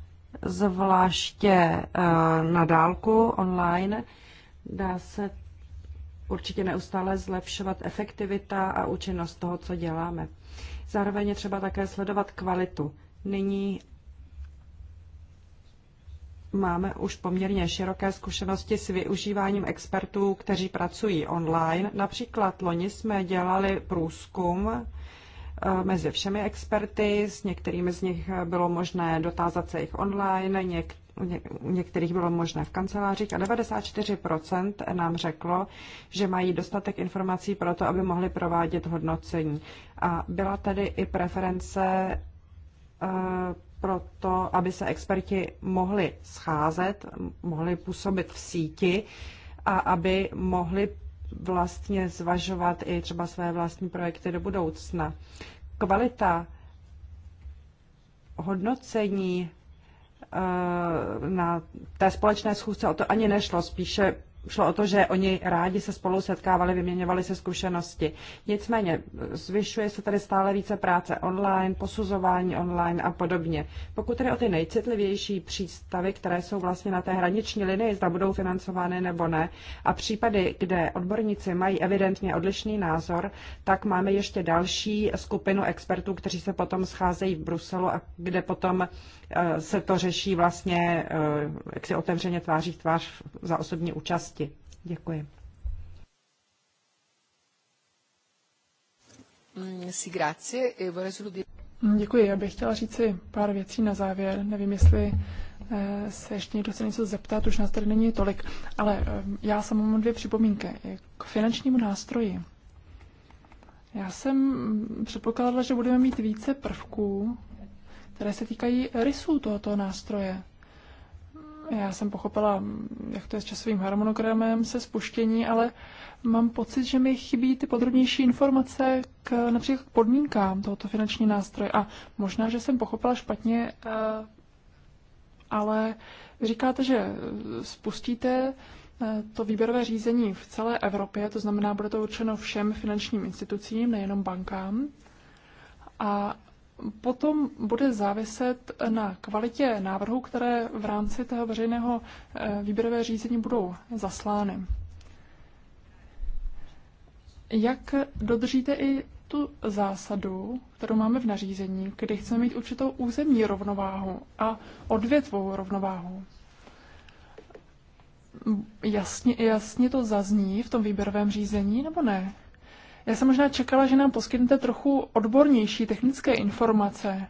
zvláště eh, na dálku online, dá se určitě neustále zlepšovat efektivita a účinnost toho, co děláme. Zároveň je třeba také sledovat kvalitu. Nyní máme už poměrně široké zkušenosti s využíváním expertů, kteří pracují online. Například loni jsme dělali průzkum Eh, mezi všemi experty, s některými z nich eh, bylo možné dotázat se jich online, něk, ně, některých bylo možné v kancelářích a 94% nám řeklo, že mají dostatek informací pro to, aby mohli provádět hodnocení. A byla tedy i preference eh, pro to, aby se experti mohli scházet, mohli působit v síti a aby mohli vlastně zvažovat i třeba své vlastní projekty do budoucna. Kvalita hodnocení eh, na té společné schůzce o to ani nešlo, spíše šlo o to, že oni rádi se spolu setkávali, vyměňovali se zkušenosti. Nicméně zvyšuje se tady stále více práce online, posuzování online a podobně. Pokud tedy o ty nejcitlivější přístavy, které jsou vlastně na té hraniční linii, zda budou financovány nebo ne, a případy, kde odborníci mají evidentně odlišný názor, tak máme ještě další skupinu expertů, kteří se potom scházejí v Bruselu a kde potom Eh, se to řeší vlastně eh, si otevřeně tváří v tvář za osobní účasti. Děkuji. Mm, e mm, děkuji, já bych chtěla říci pár věcí na závěr. Nevím, jestli eh, se ještě někdo chce něco zeptat, už nás tady není tolik, ale já sama mám dvě připomínky. K finančnímu nástroji. Já jsem mm, předpokládala, že budeme mít více prvků, které se týkají rysů tohoto nástroje. Já jsem pochopila, jak to je s časovým harmonogramem, se spuštění, ale mám pocit, že mi chybí ty podrobnější informace k například podmínkám tohoto finanční nástroje. A možná, že jsem pochopila špatně, eh, ale říkáte, že spustíte eh, to výběrové řízení v celé Evropě, to znamená, bude to určeno všem finančním institucím, nejenom bankám. A potom bude záviset na kvalitě návrhu, které v rámci toho veřejného eh, výběrové řízení budou zaslány. Jak dodržíte i tu zásadu, kterou máme v nařízení, kdy chceme mít určitou územní rovnováhu a odvětvou rovnováhu? Jasně, jasně to zazní v tom výběrovém řízení, nebo ne? Já jsem možná čekala, že nám poskytnete trochu odbornější technické informace.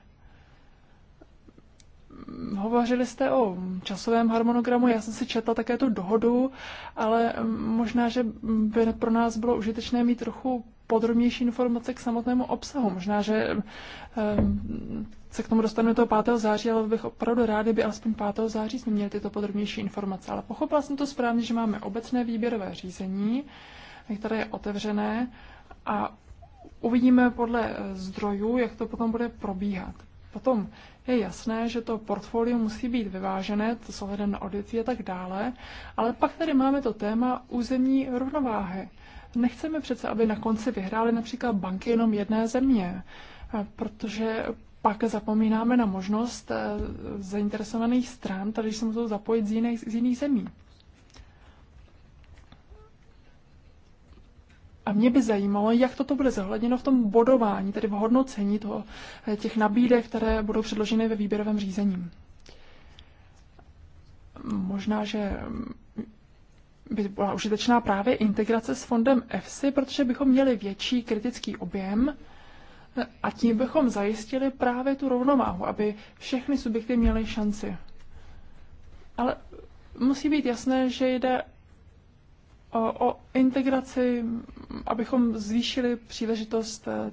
Hovořili jste o časovém harmonogramu, já jsem si četla také tu dohodu, ale možná, že by pro nás bylo užitečné mít trochu podrobnější informace k samotnému obsahu. Možná, že ehm, se k tomu dostaneme toho 5. září, ale bych opravdu ráda, by alespoň 5. září jsme měli tyto podrobnější informace. Ale pochopila jsem to správně, že máme obecné výběrové řízení, které je otevřené a uvidíme podle eh, zdrojů, jak to potom bude probíhat. Potom je jasné, že to portfolio musí být vyvážené, to s ohledem na odvětví a tak dále, ale pak tady máme to téma územní rovnováhy. Nechceme přece, aby na konci vyhrály například banky jenom jedné země, eh, protože pak zapomínáme na možnost eh, zainteresovaných stran, tady se můžou zapojit z jiných, z jiných zemí. A mě by zajímalo, jak toto bude zohledněno v tom bodování, tedy v hodnocení toho, eh, těch nabídek, které budou předloženy ve výběrovém řízení. Možná, že mm, by byla užitečná právě integrace s fondem EFSI, protože bychom měli větší kritický objem eh, a tím bychom zajistili právě tu rovnováhu, aby všechny subjekty měly šanci. Ale musí být jasné, že jde o integraci, abychom zvýšili příležitost eh,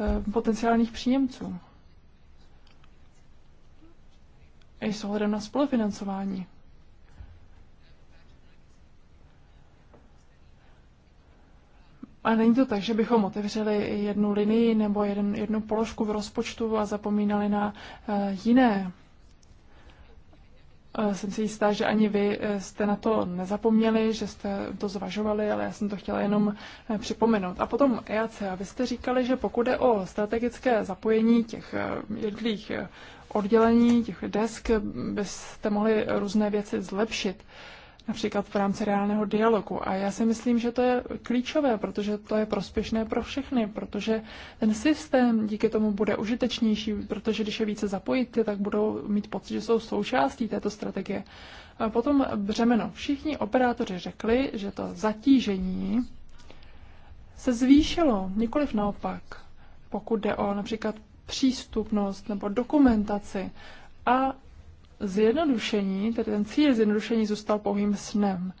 eh, potenciálních příjemců. I s ohledem na spolufinancování. A není to tak, že bychom otevřeli jednu linii nebo jeden, jednu položku v rozpočtu a zapomínali na eh, jiné jsem si jistá, že ani vy eh, jste na to nezapomněli, že jste to zvažovali, ale já jsem to chtěla jenom eh, připomenout. A potom EAC, a vy jste říkali, že pokud je o strategické zapojení těch eh, jedlých oddělení, těch desk, byste mohli různé věci zlepšit například v rámci reálného dialogu. A já si myslím, že to je klíčové, protože to je prospěšné pro všechny, protože ten systém díky tomu bude užitečnější, protože když je více zapojíte, tak budou mít pocit, že jsou součástí této strategie. A potom břemeno. Všichni operátoři řekli, že to zatížení se zvýšilo, nikoliv naopak, pokud jde o například přístupnost nebo dokumentaci a zjednodušení, tedy ten cíl zjednodušení zůstal pouhým snem.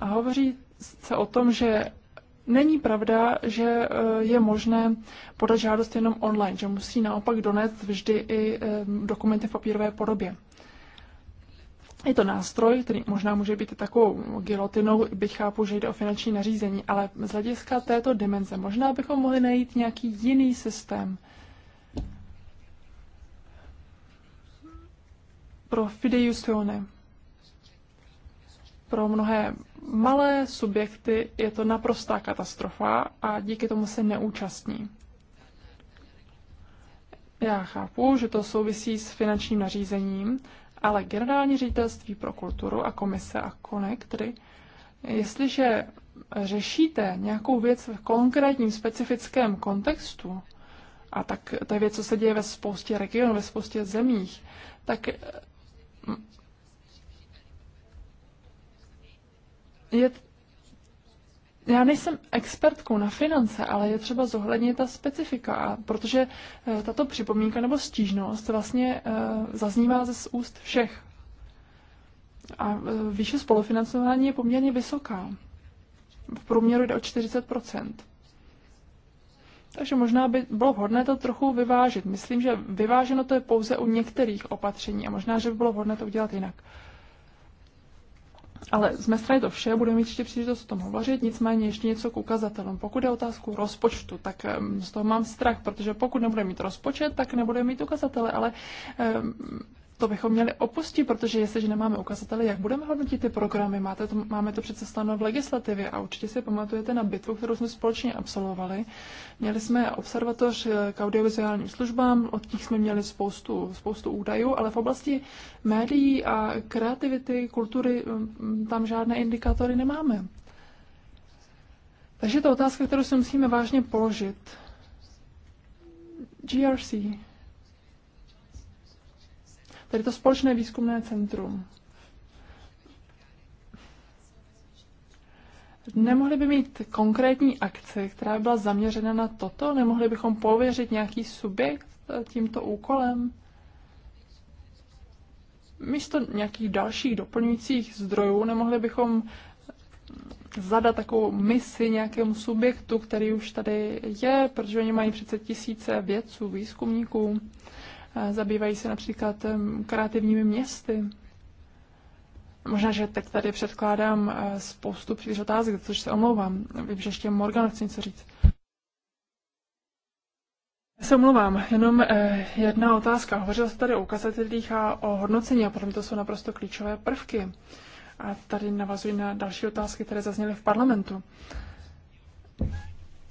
A hovoří se o tom, že není pravda, že eh, je možné podat žádost jenom online, že musí naopak donést vždy i eh, dokumenty v papírové podobě. Je to nástroj, který možná může být takovou gilotinou, byť chápu, že jde o finanční nařízení, ale z hlediska této dimenze možná bychom mohli najít nějaký jiný systém, pro fideiusione. Pro mnohé malé subjekty je to naprostá katastrofa a díky tomu se neúčastní. Já chápu, že to souvisí s finančním nařízením, ale generální ředitelství pro kulturu a komise a konektry, jestliže řešíte nějakou věc v konkrétním specifickém kontextu, a tak to je věc, co se děje ve spoustě regionů, ve spoustě zemích, tak je, já nejsem expertkou na finance, ale je třeba zohlednit ta specifika, protože eh, tato připomínka nebo stížnost vlastně eh, zaznívá ze úst všech. A eh, výše spolufinancování je poměrně vysoká. V průměru jde o 40 takže možná by bylo vhodné to trochu vyvážit. Myslím, že vyváženo to je pouze u některých opatření a možná, že by bylo vhodné to udělat jinak. Ale z mé strany to vše, budeme mít ještě příležitost o tom hovořit, nicméně ještě něco k ukazatelům. Pokud je otázku rozpočtu, tak ehm, z toho mám strach, protože pokud nebudeme mít rozpočet, tak nebudeme mít ukazatele, ale ehm, to bychom měli opustit, protože jestliže nemáme ukazatele, jak budeme hodnotit ty programy, máte to, máme to přece stanoveno v legislativě a určitě si pamatujete na bitvu, kterou jsme společně absolvovali. Měli jsme observatoř eh, k audiovizuálním službám, od těch jsme měli spoustu, spoustu údajů, ale v oblasti médií a kreativity, kultury, mm, mm, tam žádné indikátory nemáme. Takže to otázka, kterou si musíme vážně položit. GRC tedy to společné výzkumné centrum. Nemohli by mít konkrétní akce, která by byla zaměřena na toto? Nemohli bychom pověřit nějaký subjekt eh, tímto úkolem? Místo nějakých dalších doplňujících zdrojů nemohli bychom eh, zadat takovou misi nějakému subjektu, který už tady je, protože oni mají přece tisíce vědců, výzkumníků zabývají se například kreativními městy. Možná, že teď tady předkládám e, spoustu příliš otázek, což se omlouvám. Vím, že ještě Morgan chce něco říct. Já se omlouvám, jenom e, jedna otázka. Hovořil jste tady o ukazatelích a o hodnocení a potom to jsou naprosto klíčové prvky. A tady navazuji na další otázky, které zazněly v parlamentu.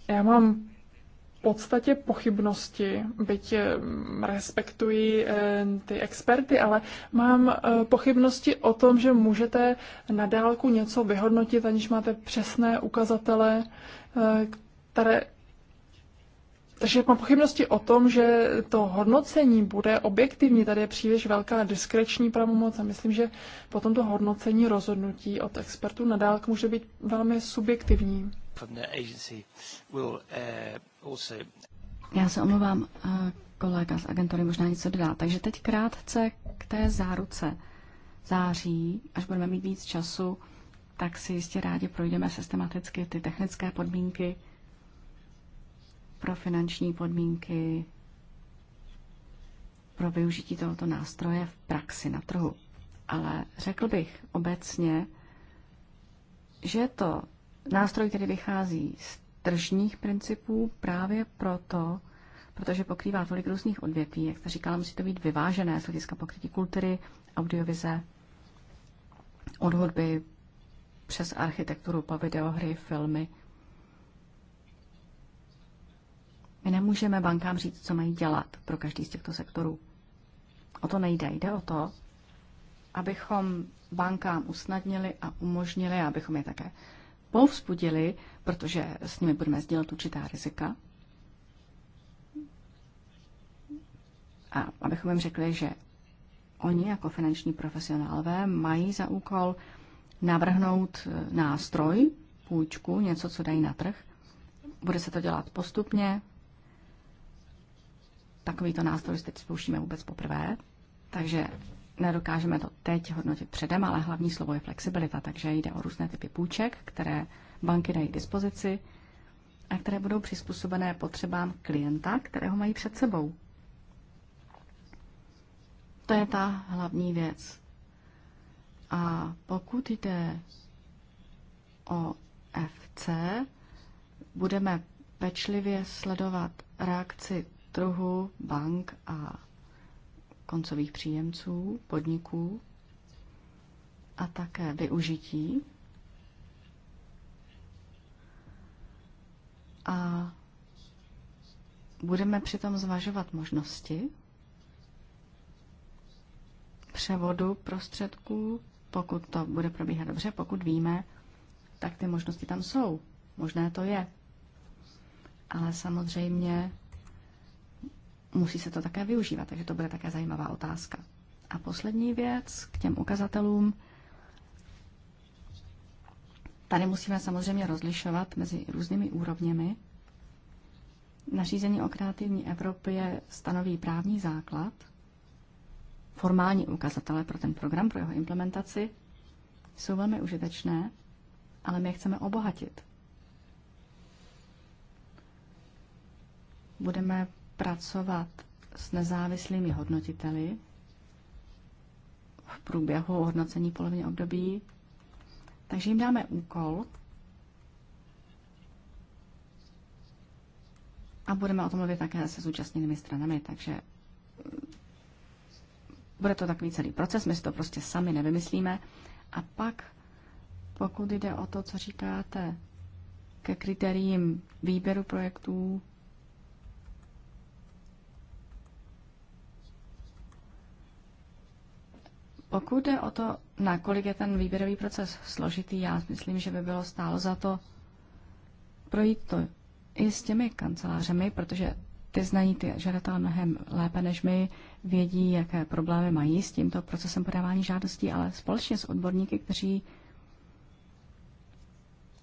Já mám podstatě pochybnosti, byť eh, respektuji eh, ty experty, ale mám eh, pochybnosti o tom, že můžete na dálku něco vyhodnotit, aniž máte přesné ukazatele, které takže mám pochybnosti o tom, že to hodnocení bude objektivní. Tady je příliš velká diskreční pravomoc a myslím, že potom to hodnocení rozhodnutí od expertů nadálk může být velmi subjektivní. Will, uh, já se omlouvám, eh, kolega z agentury možná něco dodá. Takže teď krátce k té záruce září, až budeme mít víc času, tak si jistě rádi projdeme systematicky ty technické podmínky pro finanční podmínky pro využití tohoto nástroje v praxi na trhu. Ale řekl bych obecně, že je to nástroj, který vychází z tržních principů právě proto, protože pokrývá tolik různých odvětví, jak jste říkala, musí to být vyvážené z hlediska pokrytí kultury, audiovize, od hudby přes architekturu po videohry, filmy. My nemůžeme bankám říct, co mají dělat pro každý z těchto sektorů. O to nejde. Jde o to, abychom bankám usnadnili a umožnili, abychom je také povzbudili, protože s nimi budeme sdělat určitá rizika. A abychom jim řekli, že oni jako finanční profesionálové mají za úkol navrhnout eh, nástroj, půjčku, něco, co dají na trh. Bude se to dělat postupně. Takovýto nástroj teď spouštíme vůbec poprvé. Takže Nedokážeme to teď hodnotit předem, ale hlavní slovo je flexibilita, takže jde o různé typy půjček, které banky dají k dispozici a které budou přizpůsobené potřebám klienta, kterého mají před sebou. To je ta hlavní věc. A pokud jde o FC, budeme pečlivě sledovat reakci trhu, bank a koncových příjemců, podniků a také využití. A budeme přitom zvažovat možnosti převodu prostředků, pokud to bude probíhat dobře, pokud víme, tak ty možnosti tam jsou. Možné to je. Ale samozřejmě musí se to také využívat, takže to bude také zajímavá otázka. A poslední věc k těm ukazatelům. Tady musíme samozřejmě rozlišovat mezi různými úrovněmi. Nařízení o kreativní Evropě stanoví právní základ, formální ukazatele pro ten program, pro jeho implementaci, jsou velmi užitečné, ale my je chceme obohatit. Budeme pracovat s nezávislými hodnotiteli v průběhu hodnocení poloviny období. Takže jim dáme úkol a budeme o tom mluvit také se zúčastněnými stranami. Takže mm, bude to takový celý proces, my si to prostě sami nevymyslíme. A pak, pokud jde o to, co říkáte ke kritériím výběru projektů, Pokud jde o to, nakolik je ten výběrový proces složitý, já myslím, že by bylo stálo za to projít to i s těmi kancelářemi, protože ty znají ty žadatelé mnohem lépe než my, vědí, jaké problémy mají s tímto procesem podávání žádostí, ale společně s odborníky, kteří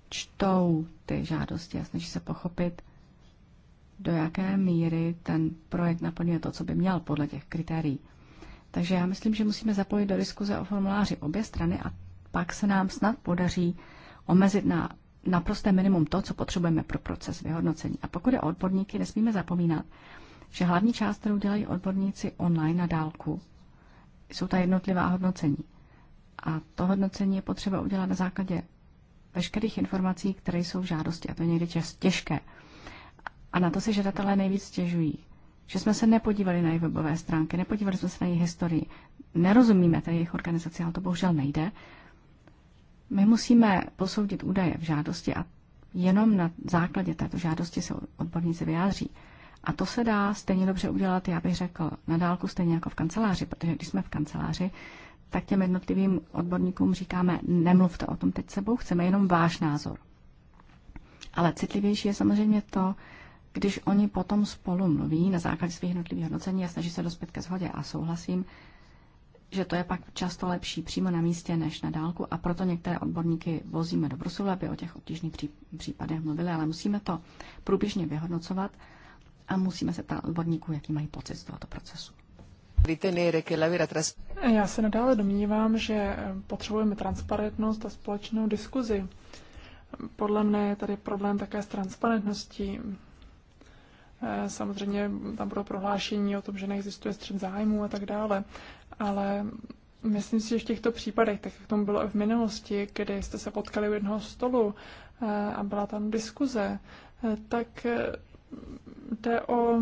čtou ty žádosti a snaží se pochopit, do jaké míry ten projekt naplňuje to, co by měl podle těch kritérií. Takže já myslím, že musíme zapojit do diskuze o formuláři obě strany a pak se nám snad podaří omezit na naprosté minimum to, co potřebujeme pro proces vyhodnocení. A pokud je o odborníky, nesmíme zapomínat, že hlavní část, kterou dělají odborníci online na dálku, jsou ta jednotlivá hodnocení. A to hodnocení je potřeba udělat na základě veškerých informací, které jsou v žádosti. A to je někdy těžké. A na to si žadatelé nejvíc stěžují že jsme se nepodívali na jejich webové stránky, nepodívali jsme se na jejich historii. Nerozumíme té jejich organizaci, ale to bohužel nejde. My musíme posoudit údaje v žádosti a jenom na základě této žádosti se odborníci vyjádří. A to se dá stejně dobře udělat, já bych řekl, na dálku stejně jako v kanceláři, protože když jsme v kanceláři, tak těm jednotlivým odborníkům říkáme, nemluvte o tom teď sebou, chceme jenom váš názor. Ale citlivější je samozřejmě to, když oni potom spolu mluví na základě svých jednotlivých hodnocení a snaží se dospět ke shodě a souhlasím, že to je pak často lepší přímo na místě než na dálku a proto některé odborníky vozíme do Bruselu, aby o těch obtížných případech mluvili, ale musíme to průběžně vyhodnocovat a musíme se ptát odborníků, jaký mají pocit z tohoto procesu. Já se nadále domnívám, že potřebujeme transparentnost a společnou diskuzi. Podle mne je tady problém také s transparentností. Eh, samozřejmě tam bylo prohlášení o tom, že neexistuje střed zájmu a tak dále, ale myslím si, že v těchto případech, tak jak tomu bylo i v minulosti, kdy jste se potkali u jednoho stolu eh, a byla tam diskuze, eh, tak jde o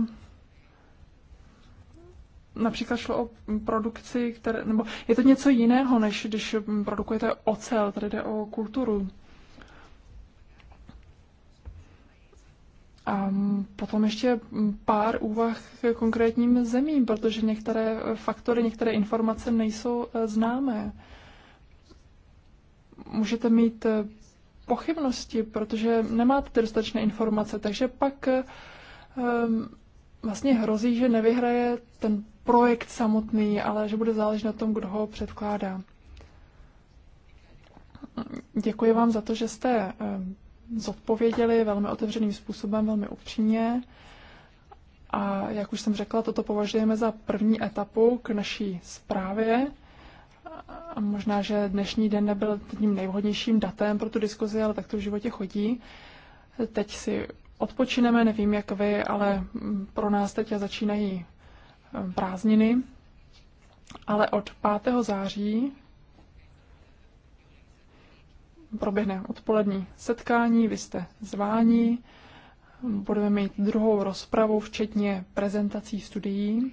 například šlo o produkci, které, nebo je to něco jiného, než když produkujete ocel, tady jde o kulturu. A potom ještě pár úvah k konkrétním zemím, protože některé faktory, některé informace nejsou eh, známé. Můžete mít eh, pochybnosti, protože nemáte dostatečné informace, takže pak eh, vlastně hrozí, že nevyhraje ten projekt samotný, ale že bude záležet na tom, kdo ho předkládá. Děkuji vám za to, že jste zodpověděli velmi otevřeným způsobem, velmi upřímně. A jak už jsem řekla, toto považujeme za první etapu k naší zprávě. A možná, že dnešní den nebyl tím nejvhodnějším datem pro tu diskuzi, ale tak to v životě chodí. Teď si odpočineme, nevím jak vy, ale pro nás teď začínají prázdniny. Ale od 5. září proběhne odpolední setkání, vy jste zváni. Budeme mít druhou rozpravu, včetně prezentací studií.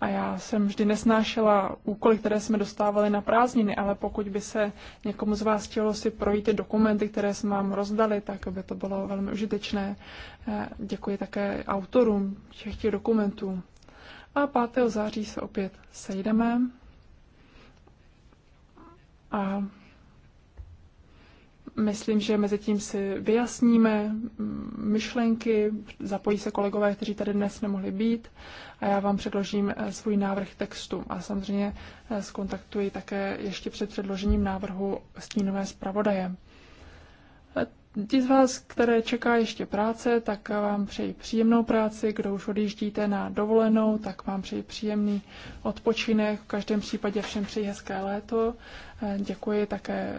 A já jsem vždy nesnášela úkoly, které jsme dostávali na prázdniny, ale pokud by se někomu z vás chtělo si projít ty dokumenty, které jsme vám rozdali, tak by to bylo velmi užitečné. Eh, děkuji také autorům všech těch dokumentů. A 5. září se opět sejdeme. A myslím, že mezi tím si vyjasníme myšlenky, zapojí se kolegové, kteří tady dnes nemohli být a já vám předložím eh, svůj návrh textu. A samozřejmě eh, skontaktuji také ještě před předložením návrhu stínové zpravodaje. Ti z vás, které čeká ještě práce, tak vám přeji příjemnou práci. Kdo už odjíždíte na dovolenou, tak vám přeji příjemný odpočinek. V každém případě všem přeji hezké léto. Eh, děkuji také eh,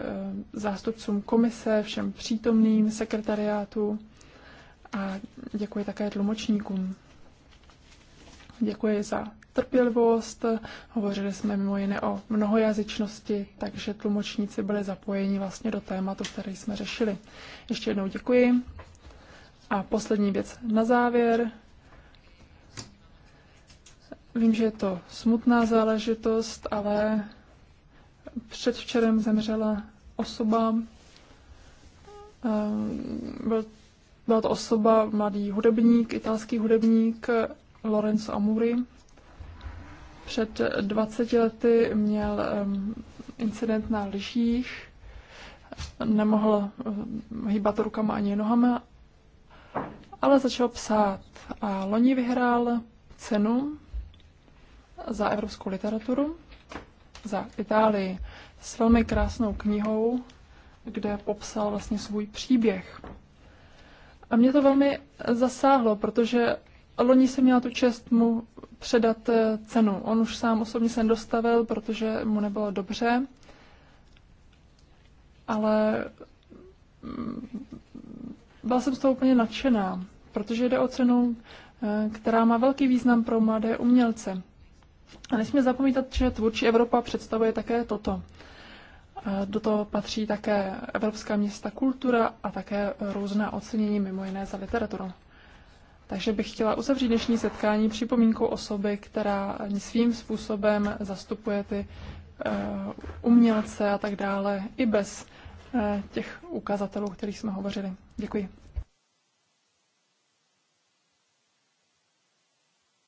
zástupcům komise, všem přítomným, sekretariátu a děkuji také tlumočníkům. Děkuji za trpělivost. Hovořili jsme mimo jiné o mnohojazyčnosti, takže tlumočníci byli zapojeni vlastně do tématu, který jsme řešili. Ještě jednou děkuji. A poslední věc na závěr. Vím, že je to smutná záležitost, ale předvčerem zemřela osoba, ehm, byla to osoba, mladý hudebník, italský hudebník Lorenzo Amuri, před 20 lety měl incident na lyžích, nemohl hýbat rukama ani nohama, ale začal psát. A loni vyhrál cenu za evropskou literaturu, za Itálii, s velmi krásnou knihou, kde popsal vlastně svůj příběh. A mě to velmi zasáhlo, protože loni jsem měla tu čest mu předat eh, cenu. On už sám osobně se nedostavil, protože mu nebylo dobře, ale mm, byla jsem z toho úplně nadšená, protože jde o cenu, eh, která má velký význam pro mladé umělce. A nesmíme zapomínat, že Tvůrčí Evropa představuje také toto. Do toho patří také Evropská města kultura a také různá ocenění, mimo jiné za literaturu. Takže bych chtěla uzavřít dnešní setkání připomínkou osoby, která svým způsobem zastupuje ty eh, umělce a tak dále, i bez eh, těch ukazatelů, o kterých jsme hovořili. Děkuji.